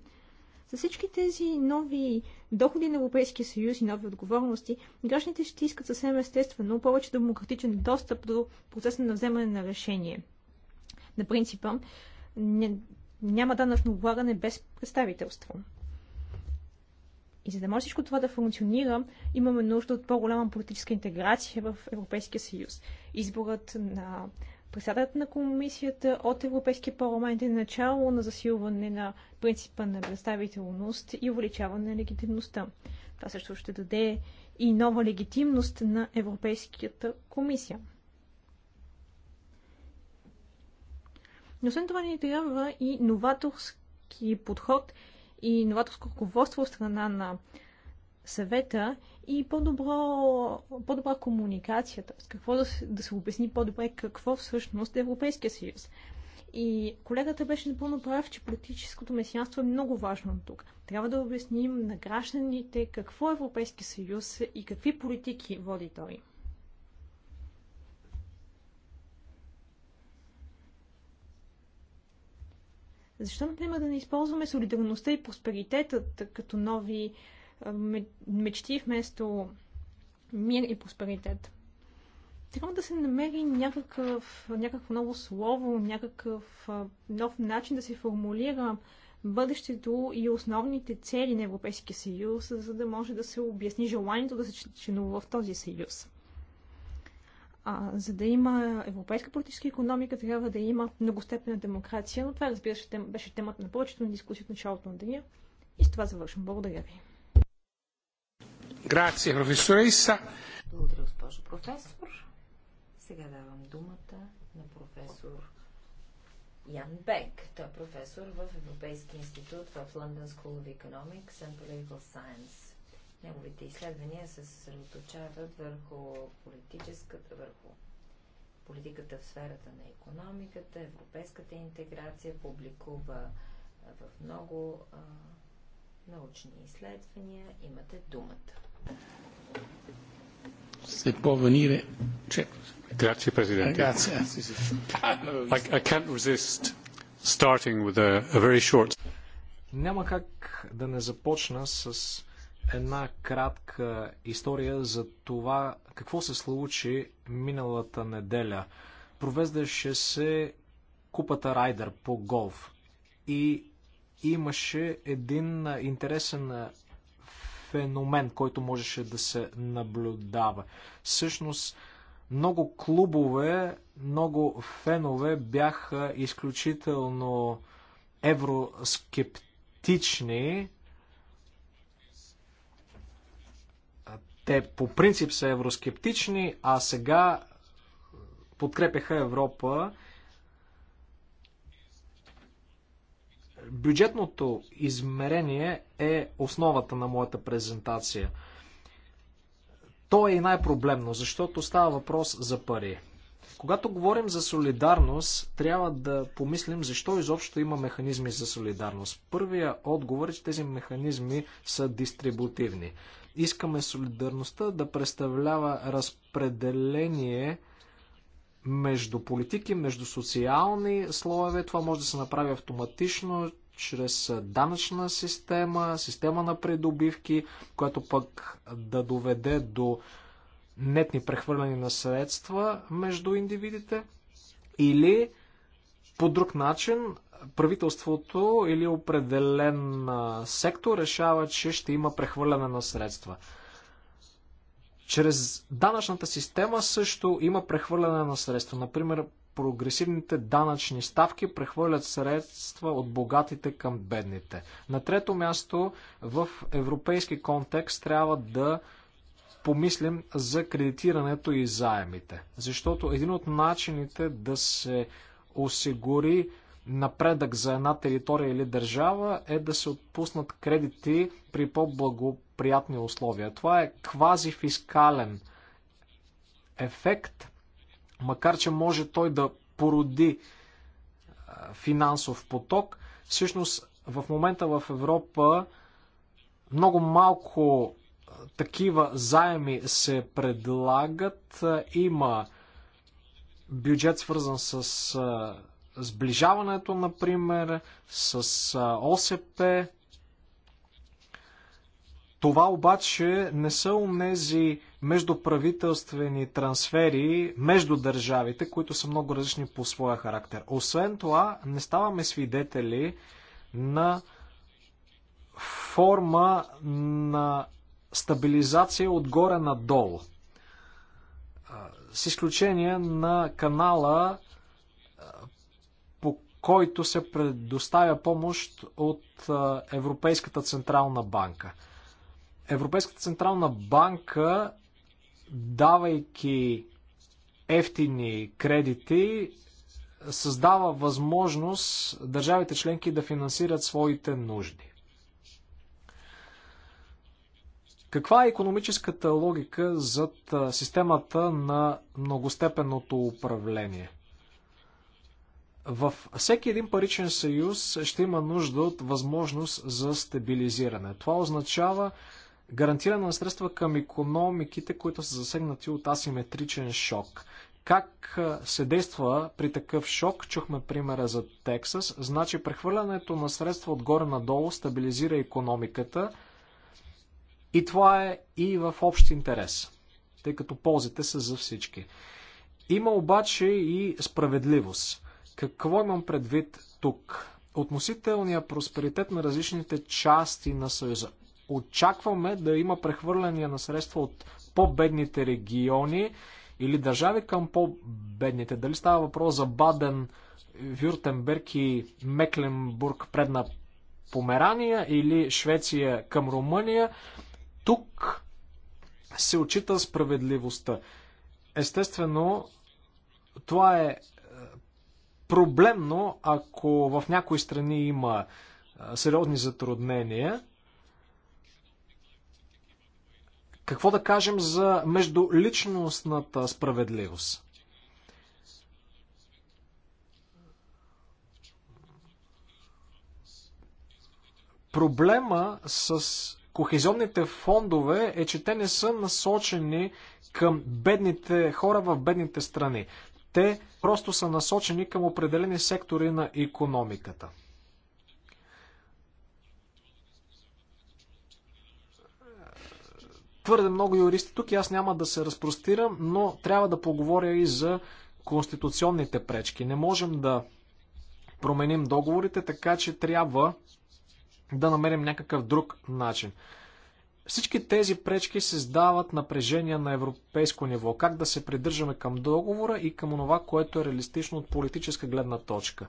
за всички тези нови доходи на Европейския съюз и нови отговорности, гражданите ще искат съвсем естествено повече демократичен достъп до процеса на вземане на решение. На принципа, няма данъчно облагане без представителство. И за да може всичко това да функционира, имаме нужда от по-голяма политическа интеграция в Европейския съюз. Изборът на председателят на комисията от Европейския парламент е начало на засилване на принципа на представителност и увеличаване на легитимността. Това също ще даде и нова легитимност на Европейската комисия. Но освен това ни трябва и новаторски подход и новаторско ръководство от страна на съвета и по-добро, по-добра комуникацията. т.е. какво да, да се обясни по-добре какво всъщност е Европейския съюз. И колегата беше напълно прав, че политическото месианство е много важно тук. Трябва да обясним на гражданите какво е Европейския съюз и какви политики води той. Защо, например, да не използваме солидарността и просперитетът като нови мечти вместо мир и просперитет. Трябва да се намери някакъв, някакво ново слово, някакъв нов начин да се формулира бъдещето и основните цели на Европейския съюз, за да може да се обясни желанието да се членува в този съюз. А, за да има европейска политическа економика, трябва да има многостепенна демокрация, но това, разбира се, беше темата на повечето на дискусия в началото на деня. И с това завършвам. Благодаря ви. Благодаря, госпожо професор. Сега давам думата на професор Ян Бек. Той е професор в Европейския институт в London School of Economics and Political Science. Неговите изследвания се съсредоточават върху политическата, върху политиката в сферата на економиката, европейската интеграция, публикува в много а, научни изследвания. Имате думата. Se può venire... Grazie Presidente. Eh, grazie. Eh, I, I can't resist starting with a, a very short... Няма как да не започна с една кратка история за това какво се случи миналата неделя. Провеждаше се купата Райдер по голф и имаше един интересен феномен, който можеше да се наблюдава. Всъщност, много клубове, много фенове бяха изключително евроскептични. Те по принцип са евроскептични, а сега подкрепяха Европа Бюджетното измерение е основата на моята презентация. То е и най-проблемно, защото става въпрос за пари. Когато говорим за солидарност, трябва да помислим защо изобщо има механизми за солидарност. Първия отговор е, че тези механизми са дистрибутивни. Искаме солидарността да представлява разпределение между политики, между социални слоеве. Това може да се направи автоматично, чрез данъчна система, система на придобивки, която пък да доведе до нетни прехвърляни на средства между индивидите или по друг начин правителството или определен сектор решава, че ще има прехвърляне на средства. Чрез данъчната система също има прехвърляне на средства. Например, прогресивните данъчни ставки прехвърлят средства от богатите към бедните. На трето място, в европейски контекст трябва да помислим за кредитирането и заемите. Защото един от начините да се осигури напредък за една територия или държава е да се отпуснат кредити при по благополучни благоприятни условия. Това е квазифискален ефект, макар че може той да породи е, финансов поток. Всъщност в момента в Европа много малко е, такива заеми се предлагат. Е, има бюджет свързан с сближаването, например, с ОСП, това обаче не са онези междуправителствени трансфери между държавите, които са много различни по своя характер. Освен това, не ставаме свидетели на форма на стабилизация отгоре надолу. С изключение на канала, по който се предоставя помощ от Европейската централна банка. Европейската централна банка, давайки ефтини кредити, създава възможност държавите членки да финансират своите нужди. Каква е економическата логика зад системата на многостепенното управление? Във всеки един паричен съюз ще има нужда от възможност за стабилизиране. Това означава, гарантиране на средства към економиките, които са засегнати от асиметричен шок. Как се действа при такъв шок? Чухме примера за Тексас. Значи прехвърлянето на средства отгоре надолу стабилизира економиката и това е и в общ интерес, тъй като ползите са за всички. Има обаче и справедливост. Какво имам предвид тук? Относителният просперитет на различните части на Съюза очакваме да има прехвърляния на средства от по-бедните региони или държави към по-бедните. Дали става въпрос за Баден, Вюртенберг и Мекленбург предна Померания или Швеция към Румъния, тук се очита справедливостта. Естествено, това е, е проблемно, ако в някои страни има е, сериозни затруднения. Какво да кажем за междуличностната справедливост? Проблема с кохезионните фондове е, че те не са насочени към бедните хора в бедните страни. Те просто са насочени към определени сектори на економиката. твърде много юристи тук и аз няма да се разпростирам, но трябва да поговоря и за конституционните пречки. Не можем да променим договорите, така че трябва да намерим някакъв друг начин. Всички тези пречки създават напрежение на европейско ниво. Как да се придържаме към договора и към това, което е реалистично от политическа гледна точка.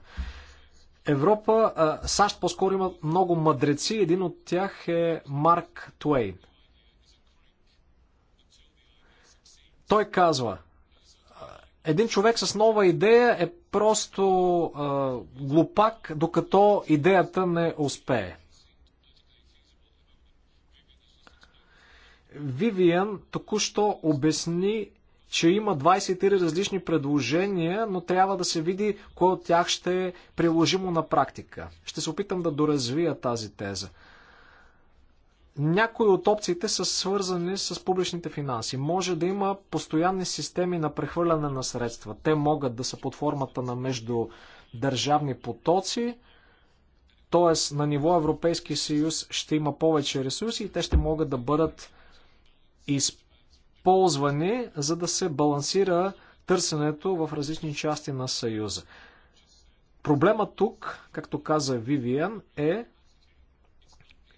Европа, САЩ по-скоро имат много мъдреци. Един от тях е Марк Туейн. Той казва, един човек с нова идея е просто а, глупак, докато идеята не успее. Вивиан току-що обясни, че има 23 различни предложения, но трябва да се види кое от тях ще е приложимо на практика. Ще се опитам да доразвия тази теза. Някои от опциите са свързани с публичните финанси. Може да има постоянни системи на прехвърляне на средства. Те могат да са под формата на междудържавни потоци, т.е. на ниво Европейски съюз ще има повече ресурси и те ще могат да бъдат използвани, за да се балансира търсенето в различни части на съюза. Проблема тук, както каза Вивиан, е,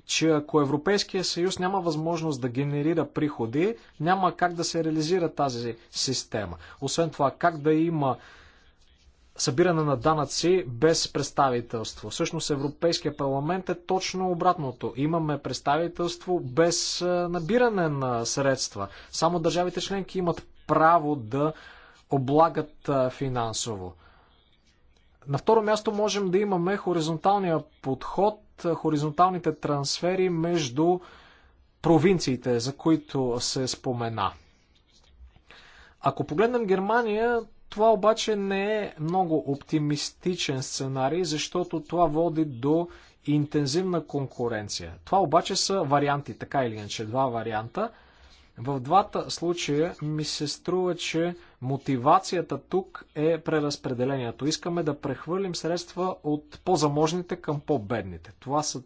че ако Европейския съюз няма възможност да генерира приходи, няма как да се реализира тази система. Освен това, как да има събиране на данъци без представителство. Всъщност Европейския парламент е точно обратното. Имаме представителство без набиране на средства. Само държавите членки имат право да облагат финансово. На второ място можем да имаме хоризонталния подход, хоризонталните трансфери между провинциите, за които се спомена. Ако погледнем Германия, това обаче не е много оптимистичен сценарий, защото това води до интензивна конкуренция. Това обаче са варианти, така или иначе, два варианта – в двата случая ми се струва, че мотивацията тук е преразпределението. Искаме да прехвърлим средства от по-заможните към по-бедните. Това са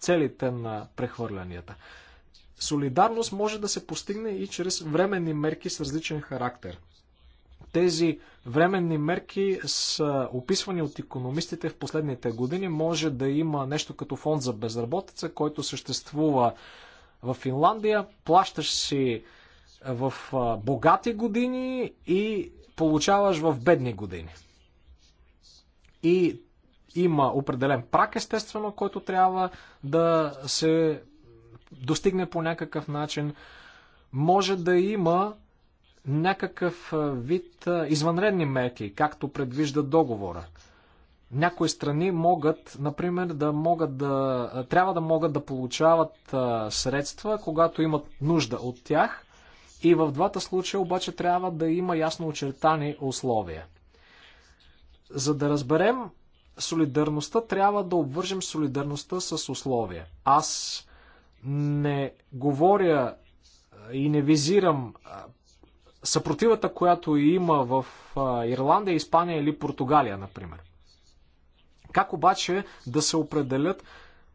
целите на прехвърлянията. Солидарност може да се постигне и чрез временни мерки с различен характер. Тези временни мерки са описвани от економистите в последните години. Може да има нещо като фонд за безработица, който съществува в Финландия плащаш си в богати години и получаваш в бедни години. И има определен прак, естествено, който трябва да се достигне по някакъв начин. Може да има някакъв вид извънредни мерки, както предвижда договора някои страни могат, например, да могат да, трябва да могат да получават средства, когато имат нужда от тях. И в двата случая обаче трябва да има ясно очертани условия. За да разберем солидарността, трябва да обвържем солидарността с условия. Аз не говоря и не визирам съпротивата, която има в Ирландия, Испания или Португалия, например. Как обаче да се определят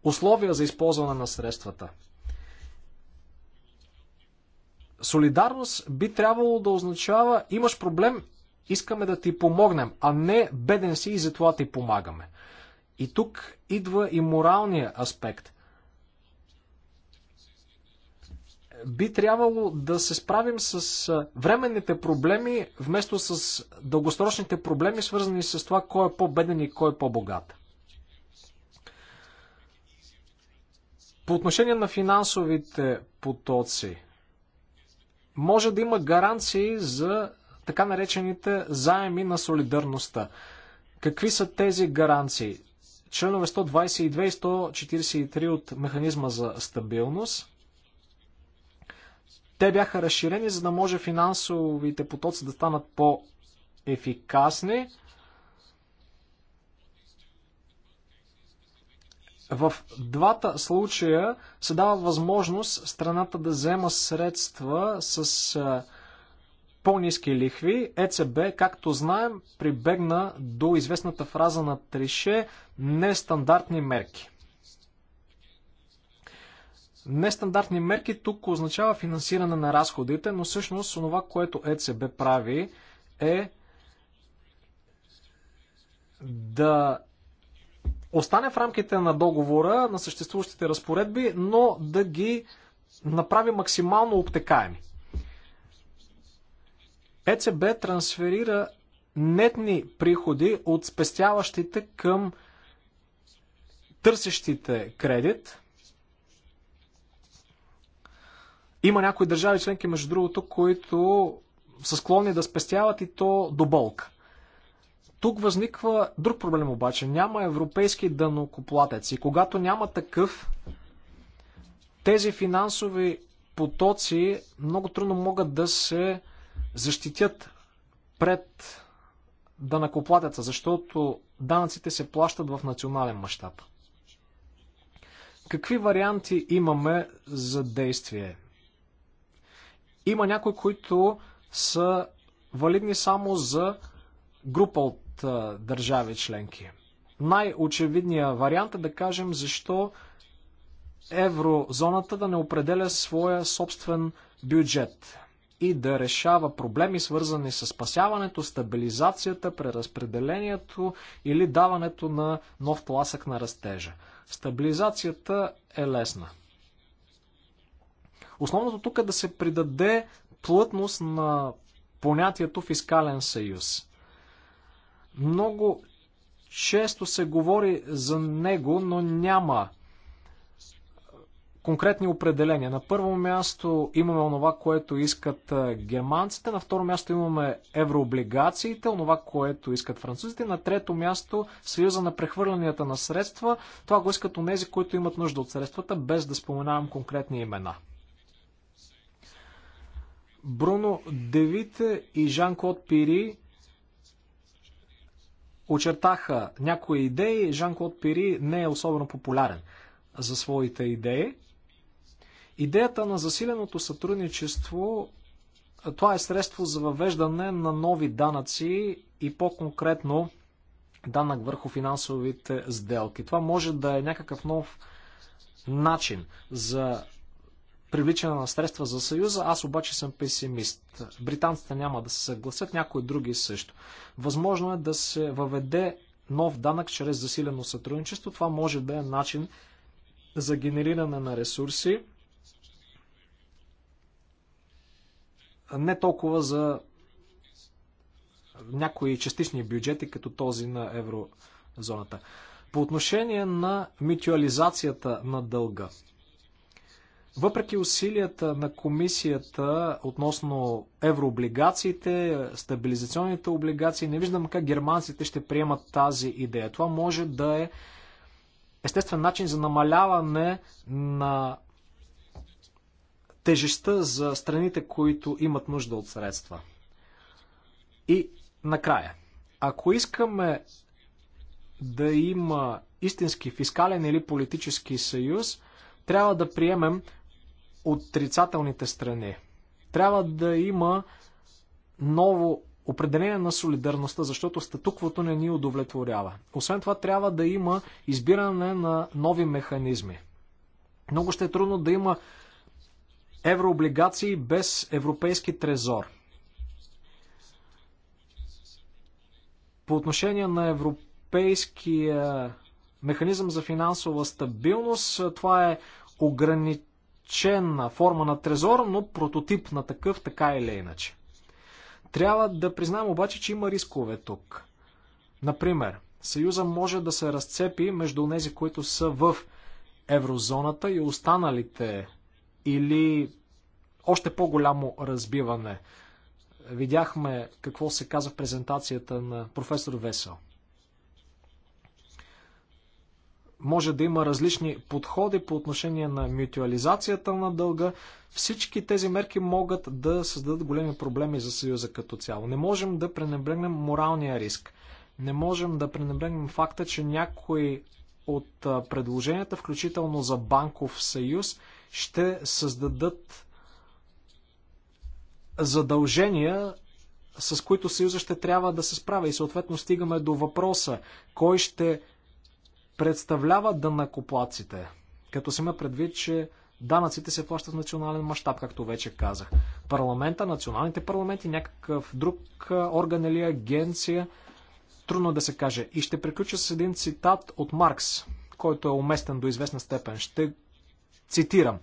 условия за използване на средствата? Солидарност би трябвало да означава имаш проблем, искаме да ти помогнем, а не беден си и затова ти помагаме. И тук идва и моралния аспект. би трябвало да се справим с временните проблеми, вместо с дългосрочните проблеми, свързани с това кой е по-беден и кой е по-богат. По отношение на финансовите потоци, може да има гаранции за така наречените заеми на солидарността. Какви са тези гаранции? Членове 122 и 143 от механизма за стабилност – те бяха разширени, за да може финансовите потоци да станат по-ефикасни. В двата случая се дава възможност страната да взема средства с по-низки лихви. ЕЦБ, както знаем, прибегна до известната фраза на Трише нестандартни мерки. Нестандартни мерки тук означава финансиране на разходите, но всъщност това, което ЕЦБ прави е да остане в рамките на договора на съществуващите разпоредби, но да ги направи максимално обтекаеми. ЕЦБ трансферира нетни приходи от спестяващите към търсещите кредит – Има някои държави членки, между другото, които са склонни да спестяват и то до болка. Тук възниква друг проблем обаче. Няма европейски дънокоплатец и когато няма такъв, тези финансови потоци много трудно могат да се защитят пред дънокоплатеца, защото данъците се плащат в национален мащаб. Какви варианти имаме за действие? Има някои, които са валидни само за група от а, държави членки. Най-очевидният вариант е да кажем защо еврозоната да не определя своя собствен бюджет и да решава проблеми, свързани с спасяването, стабилизацията, преразпределението или даването на нов тласък на растежа. Стабилизацията е лесна. Основното тук е да се придаде плътност на понятието фискален съюз. Много често се говори за него, но няма конкретни определения. На първо място имаме онова, което искат германците, на второ място имаме еврооблигациите, онова, което искат французите, на трето място съюза на прехвърлянията на средства, това го искат у нези, които имат нужда от средствата, без да споменавам конкретни имена. Бруно Девит и Жан-Клод Пири очертаха някои идеи. Жан-Клод Пири не е особено популярен за своите идеи. Идеята на засиленото сътрудничество това е средство за въвеждане на нови данъци и по-конкретно данък върху финансовите сделки. Това може да е някакъв нов начин за привличане на средства за Съюза, аз обаче съм песимист. Британците няма да се съгласят, някои други също. Възможно е да се въведе нов данък чрез засилено сътрудничество. Това може да е начин за генериране на ресурси, не толкова за някои частични бюджети, като този на еврозоната. По отношение на митуализацията на дълга, въпреки усилията на комисията относно еврооблигациите, стабилизационните облигации, не виждам как германците ще приемат тази идея. Това може да е естествен начин за намаляване на тежестта за страните, които имат нужда от средства. И накрая, ако искаме да има истински фискален или политически съюз, трябва да приемем отрицателните страни. Трябва да има ново определение на солидарността, защото статуквото не ни удовлетворява. Освен това, трябва да има избиране на нови механизми. Много ще е трудно да има еврооблигации без европейски трезор. По отношение на европейския механизъм за финансова стабилност, това е ограничено ограничена форма на трезор, но прототип на такъв, така или иначе. Трябва да признаем обаче, че има рискове тук. Например, Съюза може да се разцепи между тези, които са в еврозоната и останалите или още по-голямо разбиване. Видяхме какво се каза в презентацията на професор Весел. може да има различни подходи по отношение на мютуализацията на дълга. Всички тези мерки могат да създадат големи проблеми за Съюза като цяло. Не можем да пренебрегнем моралния риск. Не можем да пренебрегнем факта, че някои от предложенията, включително за банков съюз, ще създадат задължения, с които съюза ще трябва да се справя. И съответно стигаме до въпроса, кой ще представлява данакоплаците, като се има предвид, че данъците се плащат в национален мащаб, както вече казах. Парламента, националните парламенти, някакъв друг орган или агенция, трудно е да се каже. И ще приключа с един цитат от Маркс, който е уместен до известна степен. Ще цитирам.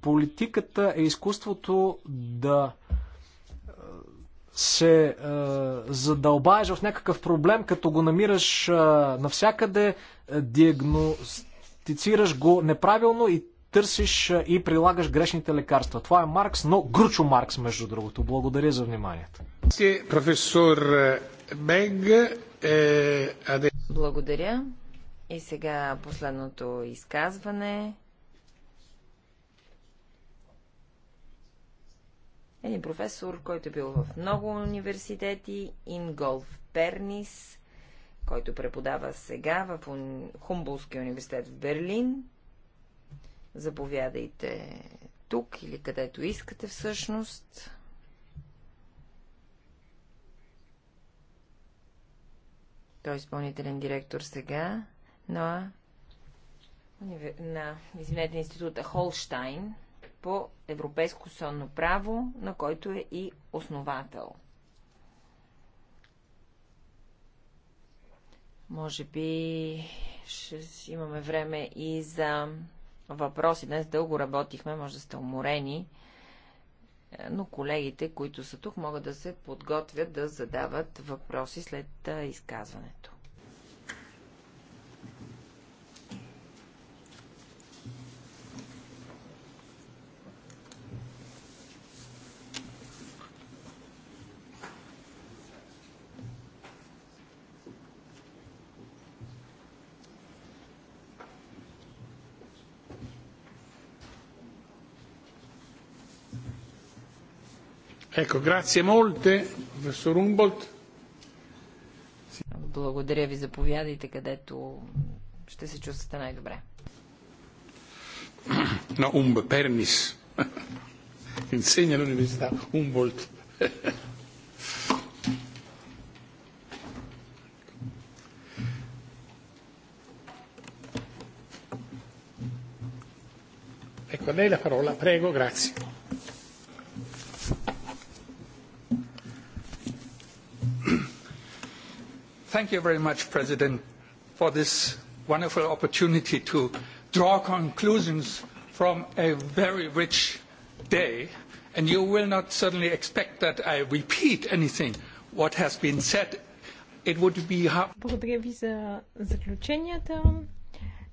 Политиката е изкуството да се а, е, задълбаеш в някакъв проблем, като го намираш а, е, навсякъде, а, е, диагностицираш го неправилно и търсиш а, и прилагаш грешните лекарства. Това е Маркс, но Гручо Маркс, между другото. Благодаря за вниманието. Професор Бег, е... Благодаря. И сега последното изказване. Един професор, който е бил в много университети, Инголф Пернис, който преподава сега в Хумбулския университет в Берлин. Заповядайте тук или където искате всъщност. Той е изпълнителен директор сега на, на извинете, института Холштайн по европейско сонно право, на който е и основател. Може би ще имаме време и за въпроси. Днес дълго работихме, може да сте уморени, но колегите, които са тук, могат да се подготвят да задават въпроси след изказването. Ecco, grazie molte, професор Умболт. Благодаря ви, заповядайте, където ще се чувствате най-добре. No, Umb, Pernis. Insegna all'università Humboldt. Ecco, a lei la parola, prego, grazie. Thank you very much, President, for this wonderful opportunity to draw conclusions from a very rich day. And you will not certainly expect that I repeat anything what has been said. It would be Благодаря ви за заключенията.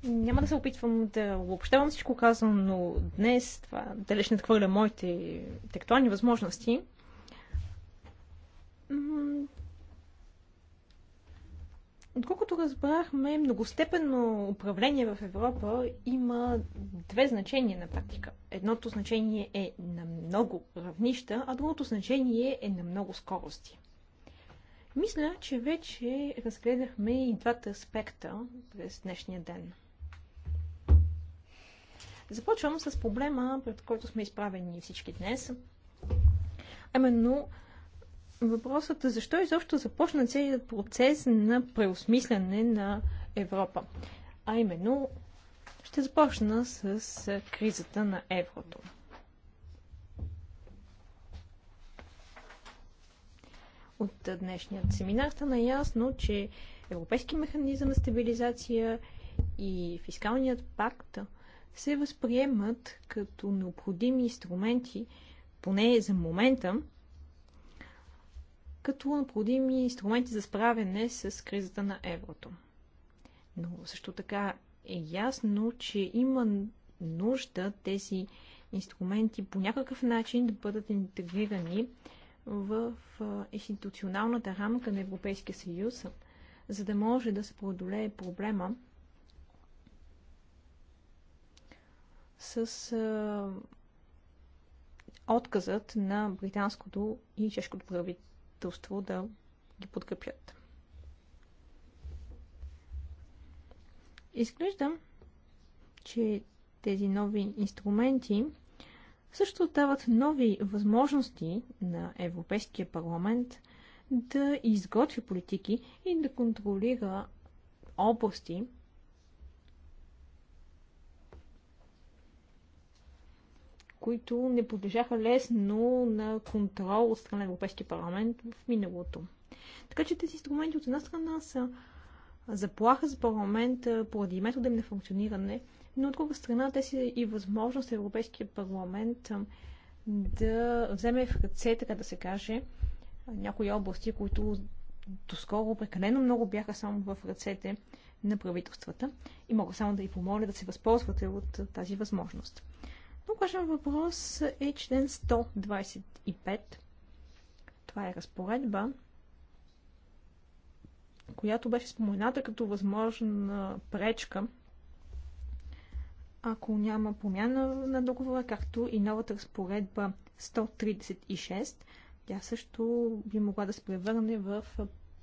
Няма да се опитвам да обобщавам всичко казано, но днес това далеч надхвърля моите тектуални възможности Отколкото разбрахме, многостепенно управление в Европа има две значения на практика. Едното значение е на много равнища, а другото значение е на много скорости. Мисля, че вече разгледахме и двата аспекта през днешния ден. Започвам с проблема, пред който сме изправени всички днес, именно въпросът защо изобщо започна целият процес на преосмисляне на Европа. А именно, ще започна с кризата на еврото. От днешният семинар стана ясно, че Европейски механизъм на стабилизация и фискалният пакт се възприемат като необходими инструменти, поне за момента, като необходими инструменти за справяне с кризата на еврото. Но също така е ясно, че има нужда тези инструменти по някакъв начин да бъдат интегрирани в институционалната рамка на Европейския съюз, за да може да се преодолее проблема с отказът на британското и чешкото правителство правителство да ги подкрепят. Изглежда, че тези нови инструменти също дават нови възможности на Европейския парламент да изготви политики и да контролира области, които не подлежаха лесно на контрол от страна на Европейския парламент в миналото. Така че тези инструменти от една страна са заплаха за парламента поради метода им на функциониране, но от друга страна те са и възможност Европейския парламент да вземе в ръце, така да се каже, някои области, които доскоро прекалено много бяха само в ръцете на правителствата и мога само да ви помоля да се възползвате от тази възможност. Много важен въпрос е член 125. Това е разпоредба, която беше спомената като възможна пречка, ако няма промяна на договора, както и новата разпоредба 136. Тя също би могла да се превърне в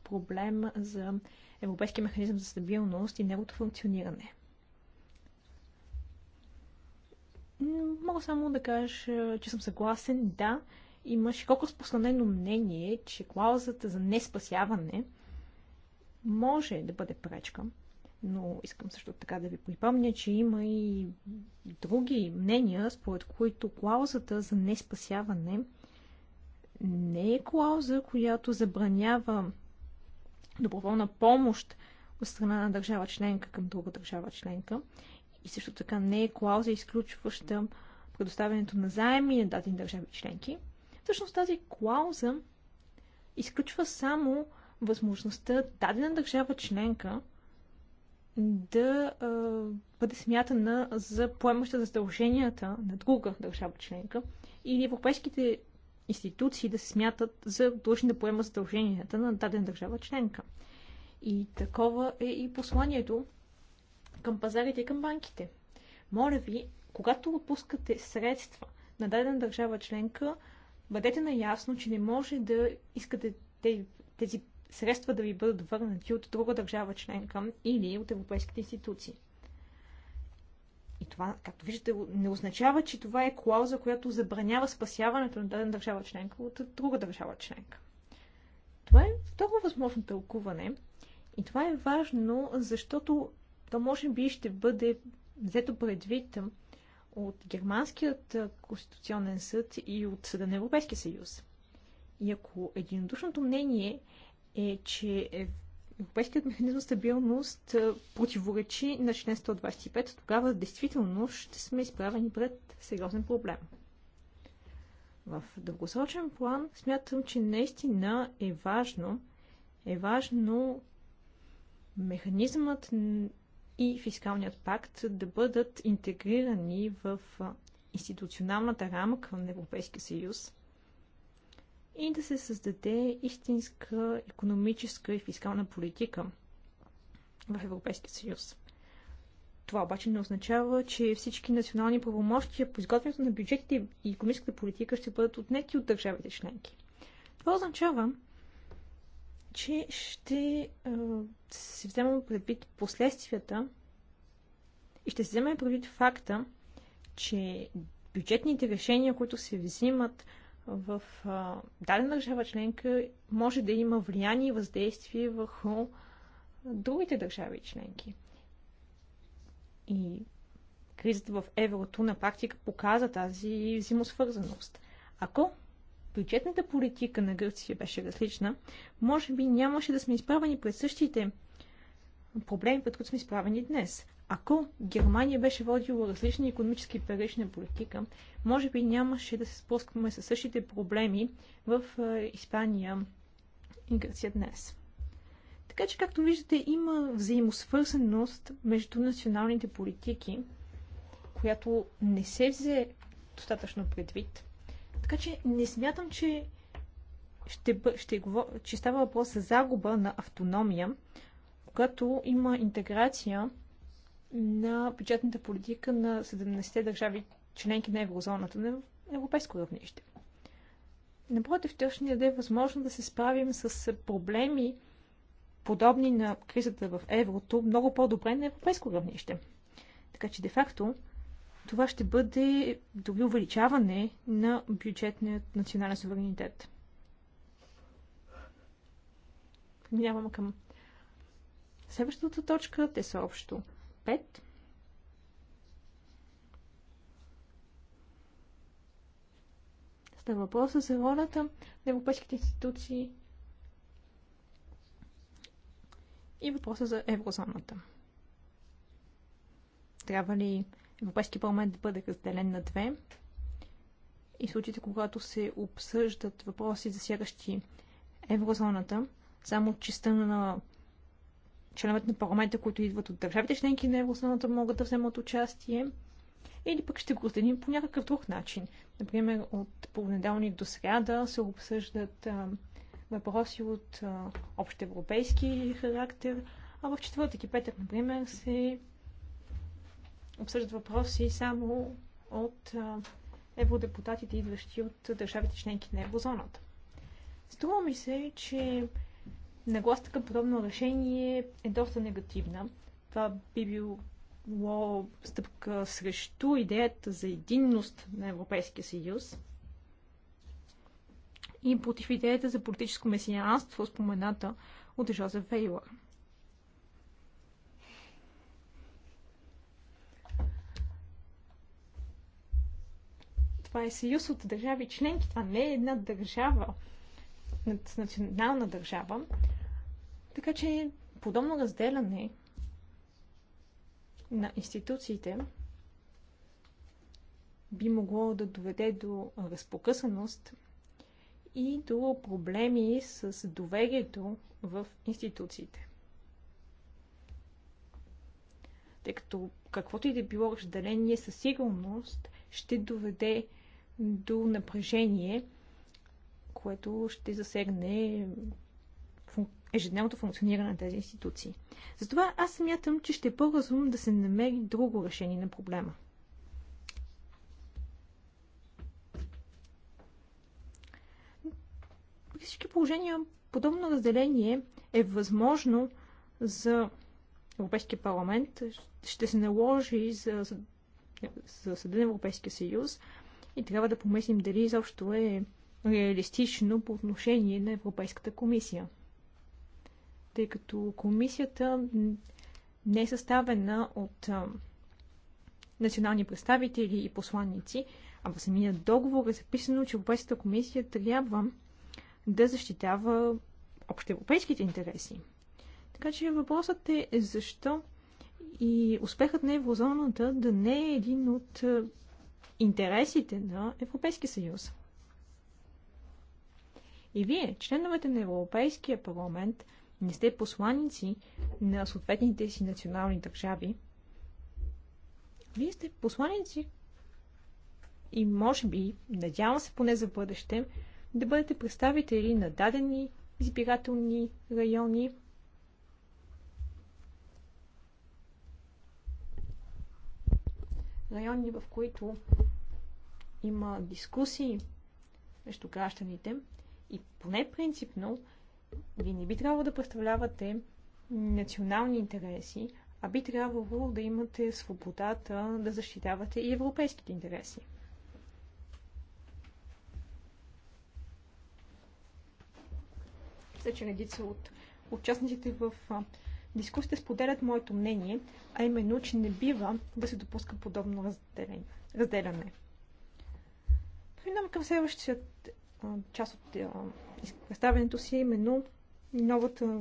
проблем за Европейския механизъм за стабилност и неговото функциониране. Мога само да кажа, че съм съгласен, да, има широко разпространено мнение, че клаузата за неспасяване може да бъде пречка, но искам също така да ви припомня, че има и други мнения, според които клаузата за неспасяване не е клауза, която забранява доброволна помощ от страна на държава членка към друга държава членка и също така не е клауза, изключваща предоставянето на заеми на дадени държави членки. Всъщност тази клауза изключва само възможността дадена държава членка да а, бъде смятана за поемаща задълженията на друга държава членка или европейските институции да се смятат за длъжни да поемат задълженията на дадена държава членка. И такова е и посланието, към пазарите и към банките. Моля ви, когато отпускате средства на дадена държава членка, бъдете наясно, че не може да искате тези средства да ви бъдат върнати от друга държава членка или от европейските институции. И това, както виждате, не означава, че това е клауза, която забранява спасяването на дадена държава членка от друга държава членка. Това е второ възможно тълкуване. И това е важно, защото то може би ще бъде взето предвид от Германският конституционен съд и от Съда на Европейския съюз. И ако единодушното мнение е, че Европейският механизъм стабилност противоречи на член 125, тогава действително ще сме изправени пред сериозен проблем. В дългосрочен план смятам, че наистина е важно, е важно механизмът и фискалният пакт да бъдат интегрирани в институционалната рамка на Европейския съюз и да се създаде истинска економическа и фискална политика в Европейския съюз. Това обаче не означава, че всички национални правомощия по изготвянето на бюджетите и економическата политика ще бъдат отнети от държавите членки. Това означава, че ще а, си вземем предвид последствията и ще си вземем предвид факта, че бюджетните решения, които се взимат в а, дадена държава членка, може да има влияние и въздействие върху другите държави членки. И кризата в еврото на практика показа тази взаимосвързаност. Ако бюджетната политика на Гърция беше различна, може би нямаше да сме изправени пред същите проблеми, пред които сме изправени днес. Ако Германия беше водила различна економически и парична политика, може би нямаше да се спускаме със същите проблеми в е, Испания и Гърция днес. Така че, както виждате, има взаимосвързаност между националните политики, която не се взе достатъчно предвид – така че не смятам, че, ще, ще говор... че става въпрос за загуба на автономия, когато има интеграция на бюджетната политика на 70 те държави, членки на еврозоната, на европейско равнище. Напротив, тя ще ни даде възможност да се справим с проблеми, подобни на кризата в еврото, много по-добре на европейско равнище. Така че, де-факто, това ще бъде дори увеличаване на бюджетният национален суверенитет. Минавам към следващата точка. Те са общо 5. Става въпроса за ролята на европейските институции и въпроса за еврозоната. Трябва ли Европейски парламент да бъде разделен на две и случаите, когато се обсъждат въпроси, засягащи еврозоната, само чиста на членовете на парламента, които идват от държавите членки на еврозоната, могат да вземат участие. Или пък ще го разделим по някакъв друг начин. Например, от понеделник до сряда се обсъждат а, въпроси от общ европейски характер, а в четвъртък и петък, например, се обсъждат въпроси само от евродепутатите, идващи от държавите членки на еврозоната. Струва ми се, че нагласта към подобно решение е доста негативна. Това би било стъпка срещу идеята за единност на Европейския съюз и против идеята за политическо месианство, спомената от Жозеф Вейлър. Това е съюз от държави членки. Това не е една държава, национална държава. Така че подобно разделяне на институциите би могло да доведе до разпокъсаност и до проблеми с доверието в институциите. Тъй като каквото и да е било разделение със сигурност ще доведе до напрежение, което ще засегне ежедневното функциониране на тези институции. Затова аз смятам, че ще е по-разумно да се намери друго решение на проблема. При всички положения, подобно разделение е възможно за Европейския парламент, ще се наложи за, за, за Съда на Европейския съюз и трябва да помислим дали изобщо е реалистично по отношение на Европейската комисия. Тъй като комисията не е съставена от национални представители и посланници, а в самия договор е записано, че Европейската комисия трябва да защитава общоевропейските интереси. Така че въпросът е защо и успехът на еврозоната да не е един от интересите на Европейския съюз. И вие, членовете на Европейския парламент, не сте посланици на съответните си национални държави. Вие сте посланици и може би, надявам се поне за бъдеще, да бъдете представители на дадени избирателни райони райони, в които има дискусии между гражданите и поне принципно вие не би трябвало да представлявате национални интереси, а би трябвало да имате свободата да защитавате и европейските интереси. Вече редица от участниците в Дискусите споделят моето мнение, а именно, че не бива да се допуска подобно разделяне. Преминавам към следващия част от представянето си, именно новата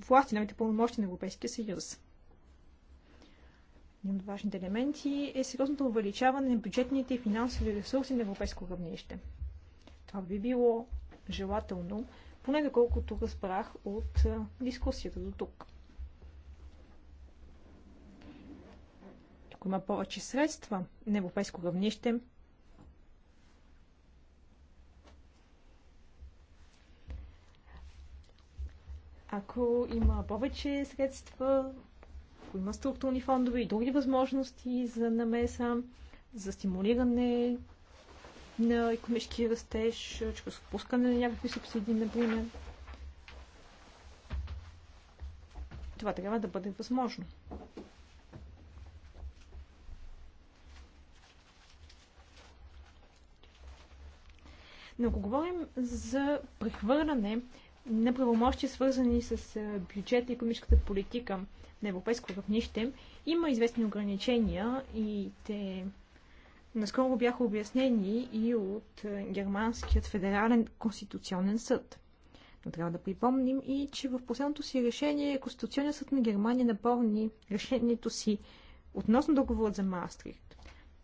власт и новите пълномощи на Европейския съюз. Един от важните елементи е сериозното увеличаване на бюджетните и финансови ресурси на европейско равнище. Това би било желателно, поне доколкото разбрах от дискусията до тук. ако има повече средства на европейско равнище, ако има повече средства, ако има структурни фондове и други възможности за намеса, за стимулиране на економически растеж, чрез отпускане на някакви субсидии, например. Това трябва да бъде възможно. Но ако говорим за прехвърляне на правомощи, свързани с бюджет и економическата политика на европейско равнище, има известни ограничения и те наскоро бяха обяснени и от Германският федерален конституционен съд. Но трябва да припомним и, че в последното си решение Конституционният съд на Германия напълни решението си относно договорът за Маастрихт.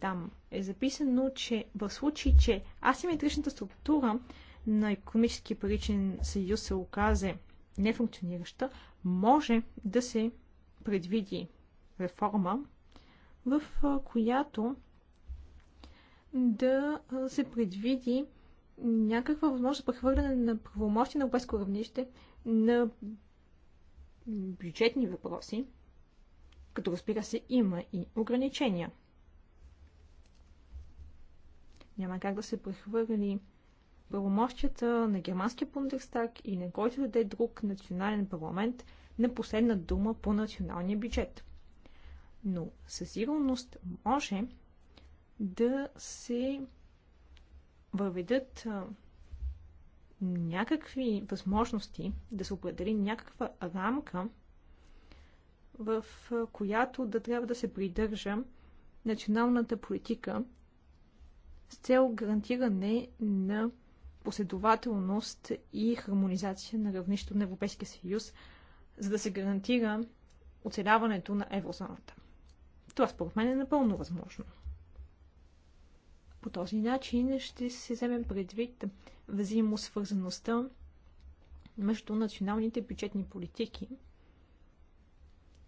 Там е записано, че в случай, че асиметричната структура на економически паричен съюз се оказа нефункционираща, може да се предвиди реформа, в която да се предвиди някаква възможност за прехвърляне на правомощи на европейско равнище на бюджетни въпроси, като разбира се има и ограничения – няма как да се прехвърли правомощията на германския Бундестаг и на който да даде друг национален парламент на последна дума по националния бюджет. Но със сигурност може да се въведат някакви възможности, да се определи някаква рамка, в която да трябва да се придържа националната политика с цел гарантиране на последователност и хармонизация на равнището на Европейския съюз, за да се гарантира оцеляването на еврозоната. Това според мен е напълно възможно. По този начин ще се вземем предвид взаимосвързаността между националните бюджетни политики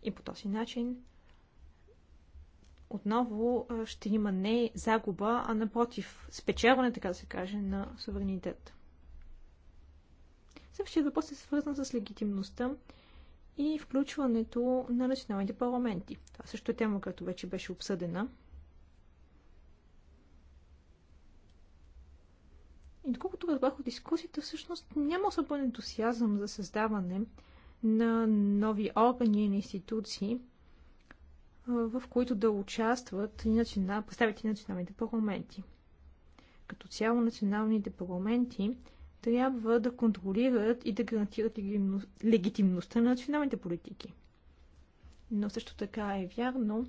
и по този начин отново ще има не загуба, а напротив, спечелване, така да се каже, на суверенитет. Следващия въпрос е свързан с легитимността и включването на националните парламенти. Това също е тема, която вече беше обсъдена. И доколкото разбрах от дискусията, всъщност няма особен ентусиазъм за създаване на нови органи и на институции, в които да участват национал, представители на националните парламенти. Като цяло националните парламенти трябва да контролират и да гарантират легитимността на националните политики. Но също така е вярно,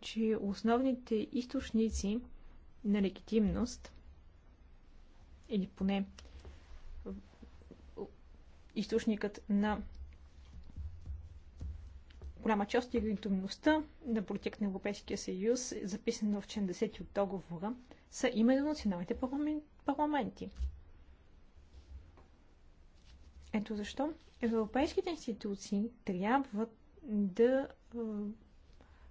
че основните източници на легитимност, или поне източникът на голяма част от легитимността на политик на Европейския съюз, записана в член 10 от договора, са именно националните парламенти. Ето защо европейските институции трябва да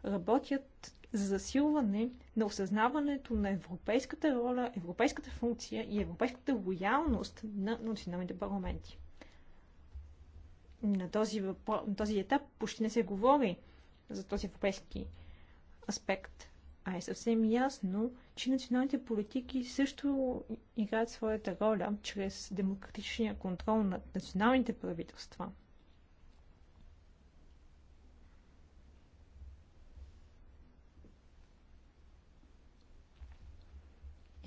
работят за засилване на осъзнаването на европейската роля, европейската функция и европейската лоялност на националните парламенти на този, въпро... на този етап почти не се говори за този европейски аспект. А е съвсем ясно, че националните политики също играят своята роля чрез демократичния контрол над националните правителства.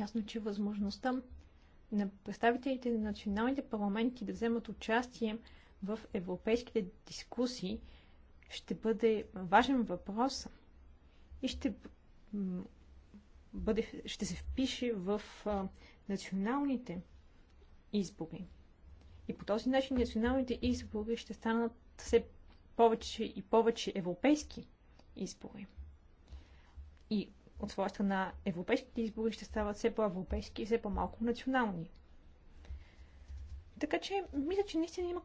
Ясно, че възможността на представителите на националните парламенти да вземат участие в европейските дискусии ще бъде важен въпрос и ще, бъде, ще се впише в националните избори. И по този начин националните избори ще станат все повече и повече европейски избори. И от своя страна европейските избори ще стават все по-европейски и все по-малко национални. Така че, мисля, че наистина има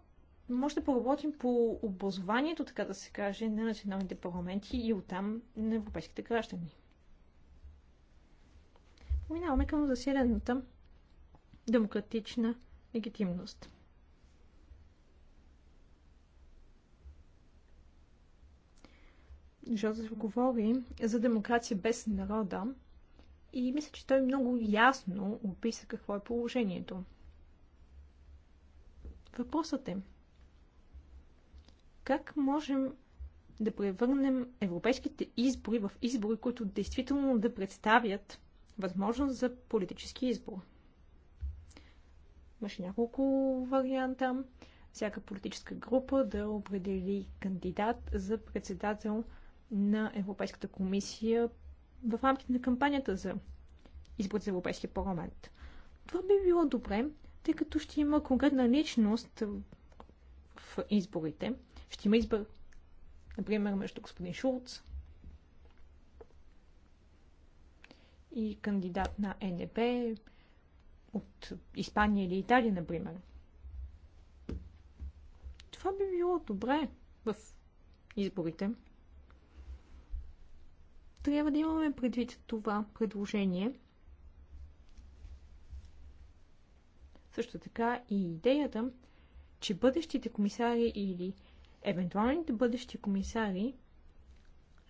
може да поработим по образованието, така да се каже, на националните парламенти и оттам на европейските граждани. Минаваме към засилената демократична легитимност. Жозеф говори за демокрация без народа и мисля, че той много ясно описа какво е положението. Въпросът е, как можем да превърнем европейските избори в избори, които действително да представят възможност за политически избор? Имаше няколко варианта. Всяка политическа група да определи кандидат за председател на Европейската комисия в рамките на кампанията за избор за Европейския парламент. Това би било добре, тъй като ще има конкретна личност в изборите ще има избор. Например, между господин Шулц и кандидат на НДП от Испания или Италия, например. Това би било добре в изборите. Трябва да имаме предвид това предложение. Също така и идеята, че бъдещите комисари или евентуалните бъдещи комисари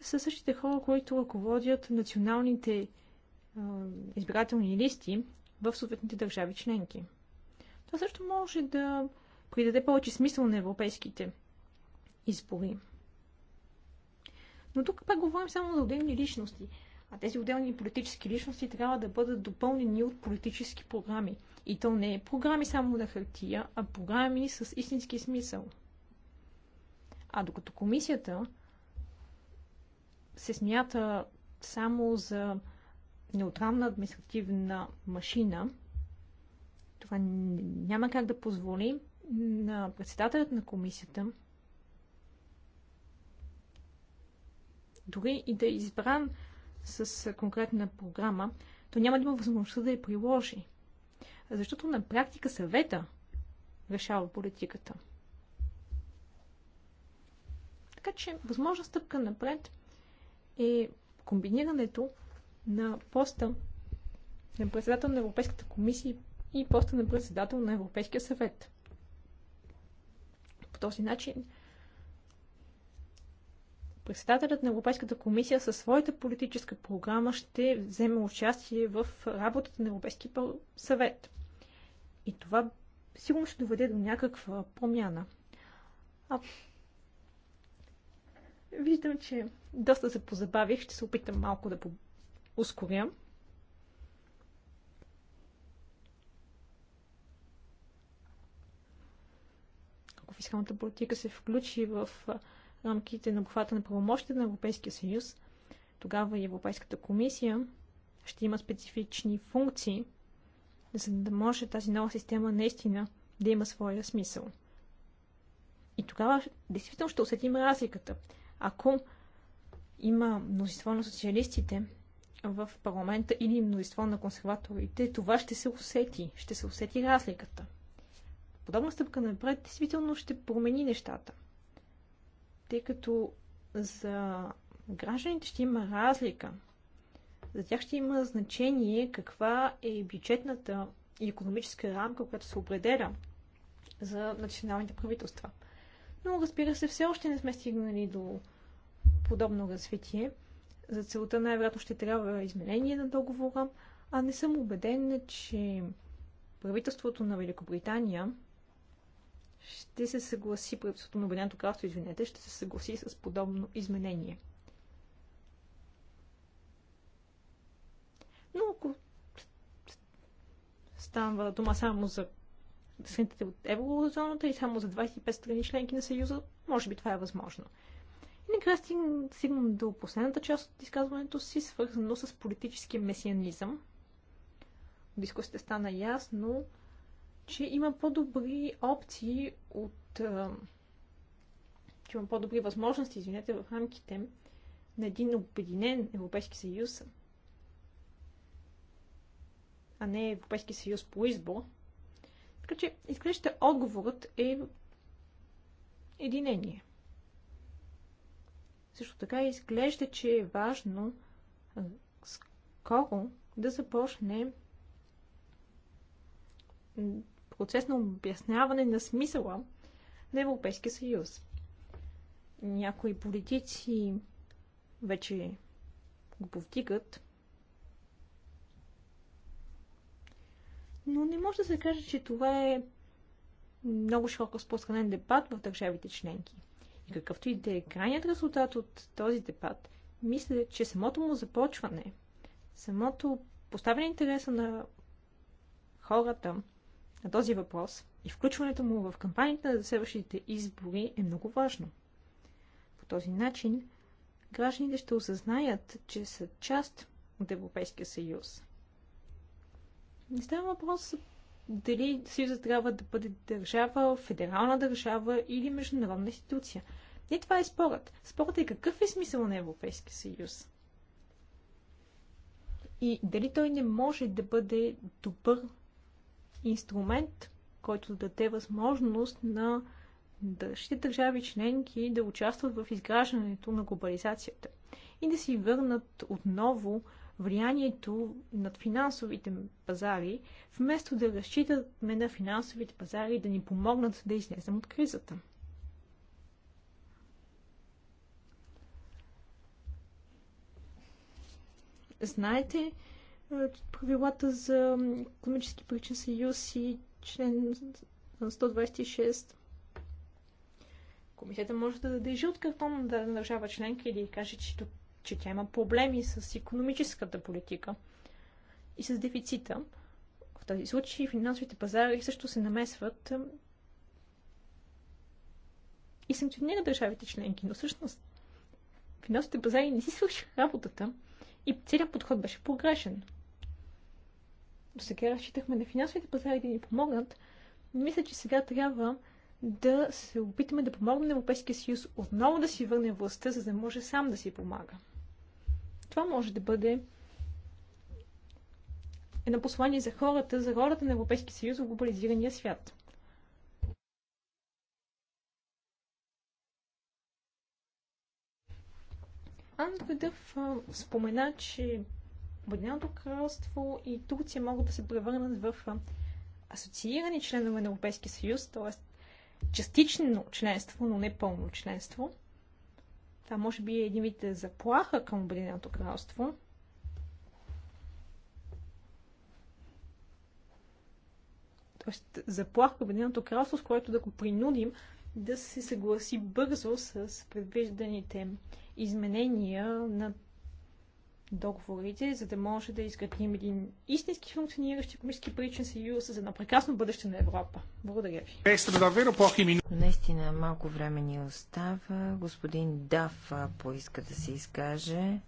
са същите хора, които ръководят националните избирателни листи в съответните държави членки. Това също може да придаде повече смисъл на европейските избори. Но тук пак говорим само за отделни личности. А тези отделни политически личности трябва да бъдат допълнени от политически програми. И то не е програми само на хартия, а програми с истински смисъл. А докато комисията се смята само за неутрална административна машина, това няма как да позволи на председателят на комисията, дори и да е избран с конкретна програма, то няма да има възможността да я приложи. Защото на практика съвета решава политиката. Така че възможна стъпка напред е комбинирането на поста на председател на Европейската комисия и поста на председател на Европейския съвет. По този начин председателят на Европейската комисия със своята политическа програма ще вземе участие в работата на Европейския съвет. И това сигурно ще доведе до някаква промяна. А Виждам, че доста се позабавих. Ще се опитам малко да по- ускоря. Ако фискалната политика се включи в рамките на обхвата на правомощите на Европейския съюз, тогава и Европейската комисия ще има специфични функции, за да може тази нова система наистина да има своя смисъл. И тогава действително ще усетим разликата. Ако има мнозинство на социалистите в парламента или мнозинство на консерваторите, това ще се усети. Ще се усети разликата. Подобна стъпка напред действително ще промени нещата. Тъй като за гражданите ще има разлика. За тях ще има значение каква е бюджетната и економическа рамка, която се определя за националните правителства но разбира се, все още не сме стигнали до подобно развитие. За целта най-вероятно ще трябва изменение на договора, а не съм убеден, че правителството на Великобритания ще се съгласи, правителството на Обединеното кралство, извинете, ще се съгласи с подобно изменение. Но ако става дума само за страните от еврозоната и само за 25 страни членки на Съюза, може би това е възможно. И накрая стигнем до последната част от изказването си, свързано с политическия месианизъм. В дискусията стана ясно, че има по-добри опции от... че има по-добри възможности, извинете, в рамките на един обединен Европейски съюз, а не Европейски съюз по избор, така че, изглежда, отговорът е единение. Също така изглежда, че е важно скоро да започне процес на обясняване на смисъла на Европейския съюз. Някои политици вече го повдигат. но не може да се каже, че това е много широко разпространен дебат в държавите членки. И какъвто и да е крайният резултат от този дебат, мисля, че самото му започване, самото поставяне интереса на хората на този въпрос и включването му в кампанията за следващите избори е много важно. По този начин гражданите ще осъзнаят, че са част от Европейския съюз. Не става въпрос дали Съюзът трябва да бъде държава, федерална държава или международна институция. Не това е спорът. Спорът е какъв е смисъл на Европейския съюз. И дали той не може да бъде добър инструмент, който да даде възможност на държите държави членки да участват в изграждането на глобализацията и да си върнат отново влиянието над финансовите пазари, вместо да разчитаме на финансовите пазари да ни помогнат да излезем от кризата. Знаете е, правилата за економически причин съюз и член 126 Комисията може да даде жълт картон на държава членка и да каже, че че тя има проблеми с економическата политика и с дефицита. В този случай финансовите пазари също се намесват и санкционира държавите членки. Но всъщност финансовите пазари не си свършиха работата и целият подход беше погрешен. До сега разчитахме на финансовите пазари да ни помогнат, но мисля, че сега трябва да се опитаме да помогнем на Европейския съюз отново да си върне властта, за да може сам да си помага. Това може да бъде едно послание за хората, за ролята на Европейския съюз в глобализирания свят. Андредъв Дъв спомена, че Обединеното кралство и Турция могат да се превърнат в асоциирани членове на Европейския съюз, т.е. частично членство, но не пълно членство – това може би е един вид заплаха към Обединеното кралство. Тоест заплаха към Обединеното кралство, с което да го принудим да се съгласи бързо с предвижданите изменения на договорите, за да може да изградим един истински функциониращ економически паричен съюз за едно прекрасно бъдеще на Европа. Благодаря ви. Наистина малко време ни остава. Господин Даф поиска да се изкаже.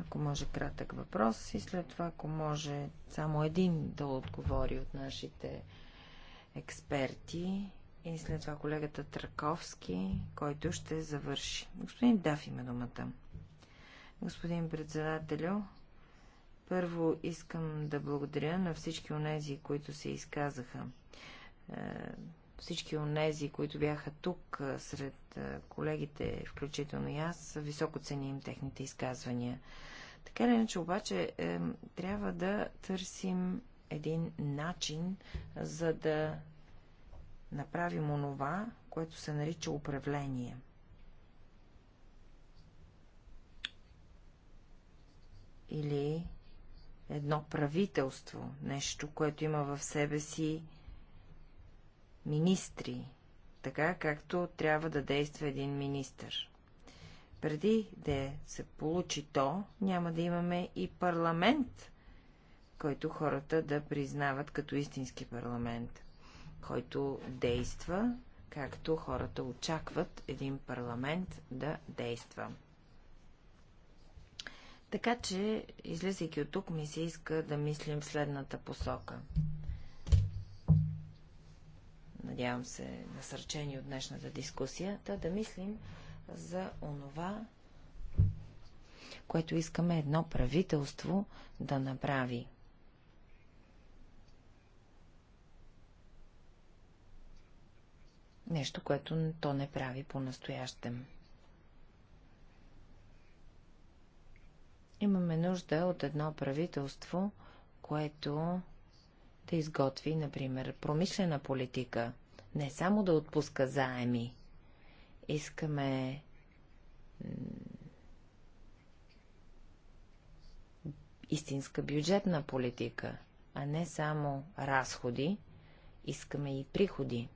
Ако може кратък въпрос и след това, ако може само един да отговори от нашите експерти и след това колегата Траковски, който ще завърши. Господин Даф има думата. Господин председателю, първо искам да благодаря на всички онези, които се изказаха. Е, всички онези, които бяха тук е, сред е, колегите, включително и аз, високо ценим техните изказвания. Така или иначе, обаче, трябва да търсим един начин, за да направим онова, което се нарича управление – или едно правителство, нещо, което има в себе си министри, така както трябва да действа един министър. Преди да се получи то, няма да имаме и парламент, който хората да признават като истински парламент, който действа, както хората очакват един парламент да действа. Така че, излизайки от тук, ми се иска да мислим в следната посока. Надявам се, насърчени от днешната дискусия, да, да мислим за онова, което искаме едно правителство да направи. Нещо, което то не прави по-настоящем. нужда от едно правителство, което да изготви, например, промишлена политика, не само да отпуска заеми. Искаме истинска бюджетна политика, а не само разходи, искаме и приходи.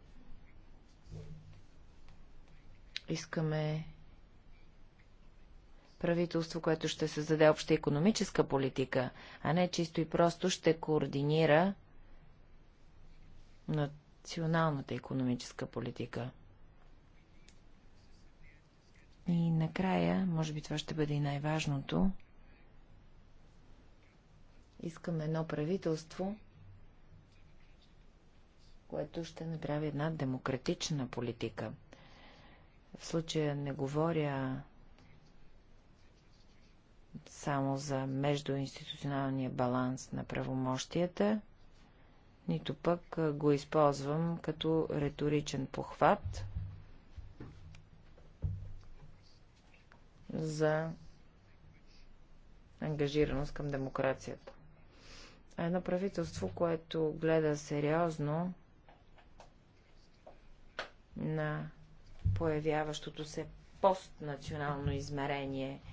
Искаме правителство, което ще създаде обща економическа политика, а не чисто и просто ще координира националната економическа политика. И накрая, може би това ще бъде и най-важното, искаме едно правителство, което ще направи една демократична политика. В случая не говоря само за междуинституционалния баланс на правомощията, нито пък го използвам като риторичен похват за ангажираност към демокрацията. А едно правителство, което гледа сериозно на появяващото се постнационално измерение –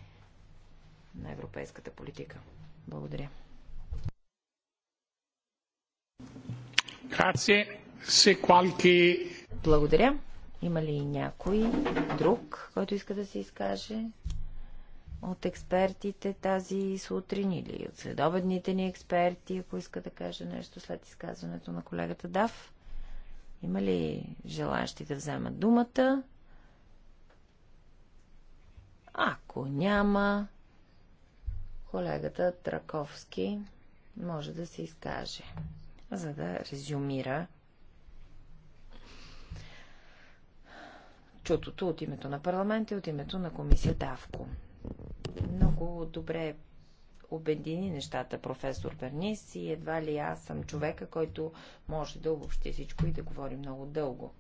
на европейската политика. Благодаря. Благодаря. Има ли някой друг, който иска да се изкаже от експертите тази сутрин или от следобедните ни експерти, ако иска да каже нещо след изказването на колегата Дав? Има ли желащи да вземат думата? Ако няма, колегата Траковски може да се изкаже, за да резюмира чутото от името на парламента и от името на комисията АВКО. Много добре обедини нещата професор Бернис и едва ли аз съм човека, който може да обобщи всичко и да говори много дълго.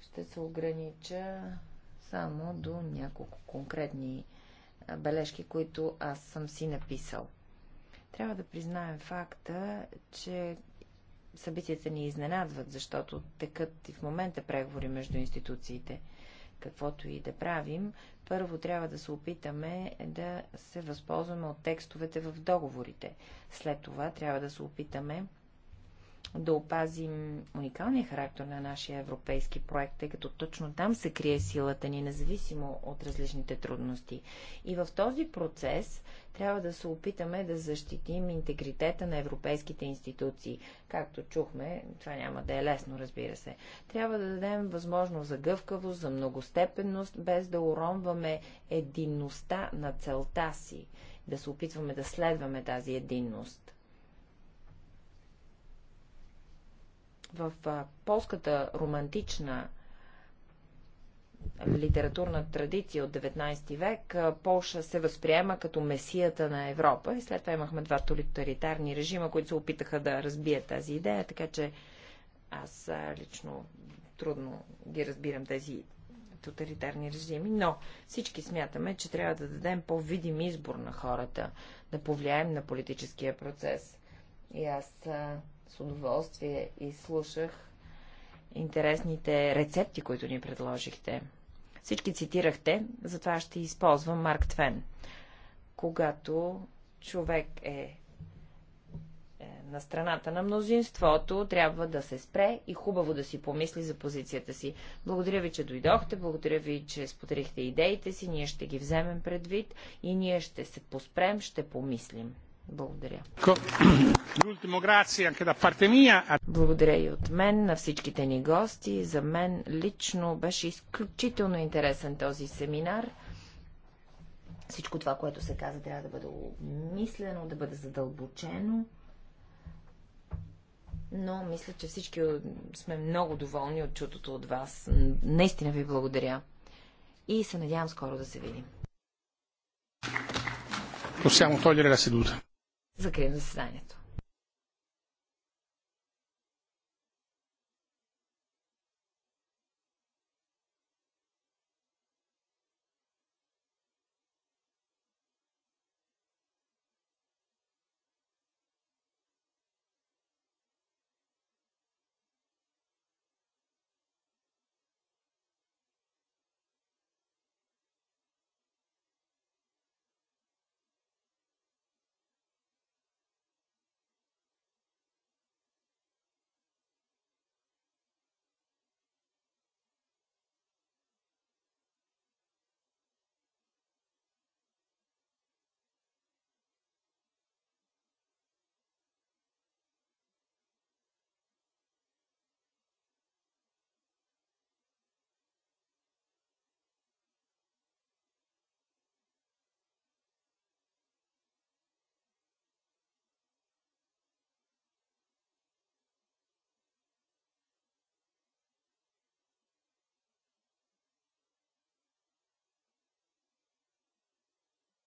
Ще се огранича само до няколко конкретни бележки, които аз съм си написал. Трябва да признаем факта, че събитията ни изненадват, защото текат и в момента преговори между институциите. Каквото и да правим, първо трябва да се опитаме да се възползваме от текстовете в договорите. След това трябва да се опитаме да опазим уникалния характер на нашия европейски проект, тъй като точно там се крие силата ни, независимо от различните трудности. И в този процес трябва да се опитаме да защитим интегритета на европейските институции. Както чухме, това няма да е лесно, разбира се. Трябва да дадем възможност за гъвкавост, за многостепенност, без да уронваме единността на целта си, да се опитваме да следваме тази единност В полската романтична литературна традиция от 19 век, Полша се възприема като месията на Европа и след това имахме два тоталитарни режима, които се опитаха да разбият тази идея, така че аз лично трудно ги разбирам тези тоталитарни режими, но всички смятаме, че трябва да дадем по-видим избор на хората, да повлияем на политическия процес. И аз с удоволствие и слушах интересните рецепти, които ни предложихте. Всички цитирахте, затова ще използвам Марк Твен. Когато човек е, е на страната на мнозинството, трябва да се спре и хубаво да си помисли за позицията си. Благодаря ви, че дойдохте, благодаря ви, че споделихте идеите си, ние ще ги вземем предвид и ние ще се поспрем, ще помислим. Благодаря. Благодаря и от мен, на всичките ни гости. За мен лично беше изключително интересен този семинар. Всичко това, което се каза, трябва да бъде мислено, да бъде задълбочено. Но мисля, че всички сме много доволни от чутото от вас. Наистина ви благодаря. И се надявам скоро да се видим possiamo togliere la seduta. Закривам заседанието.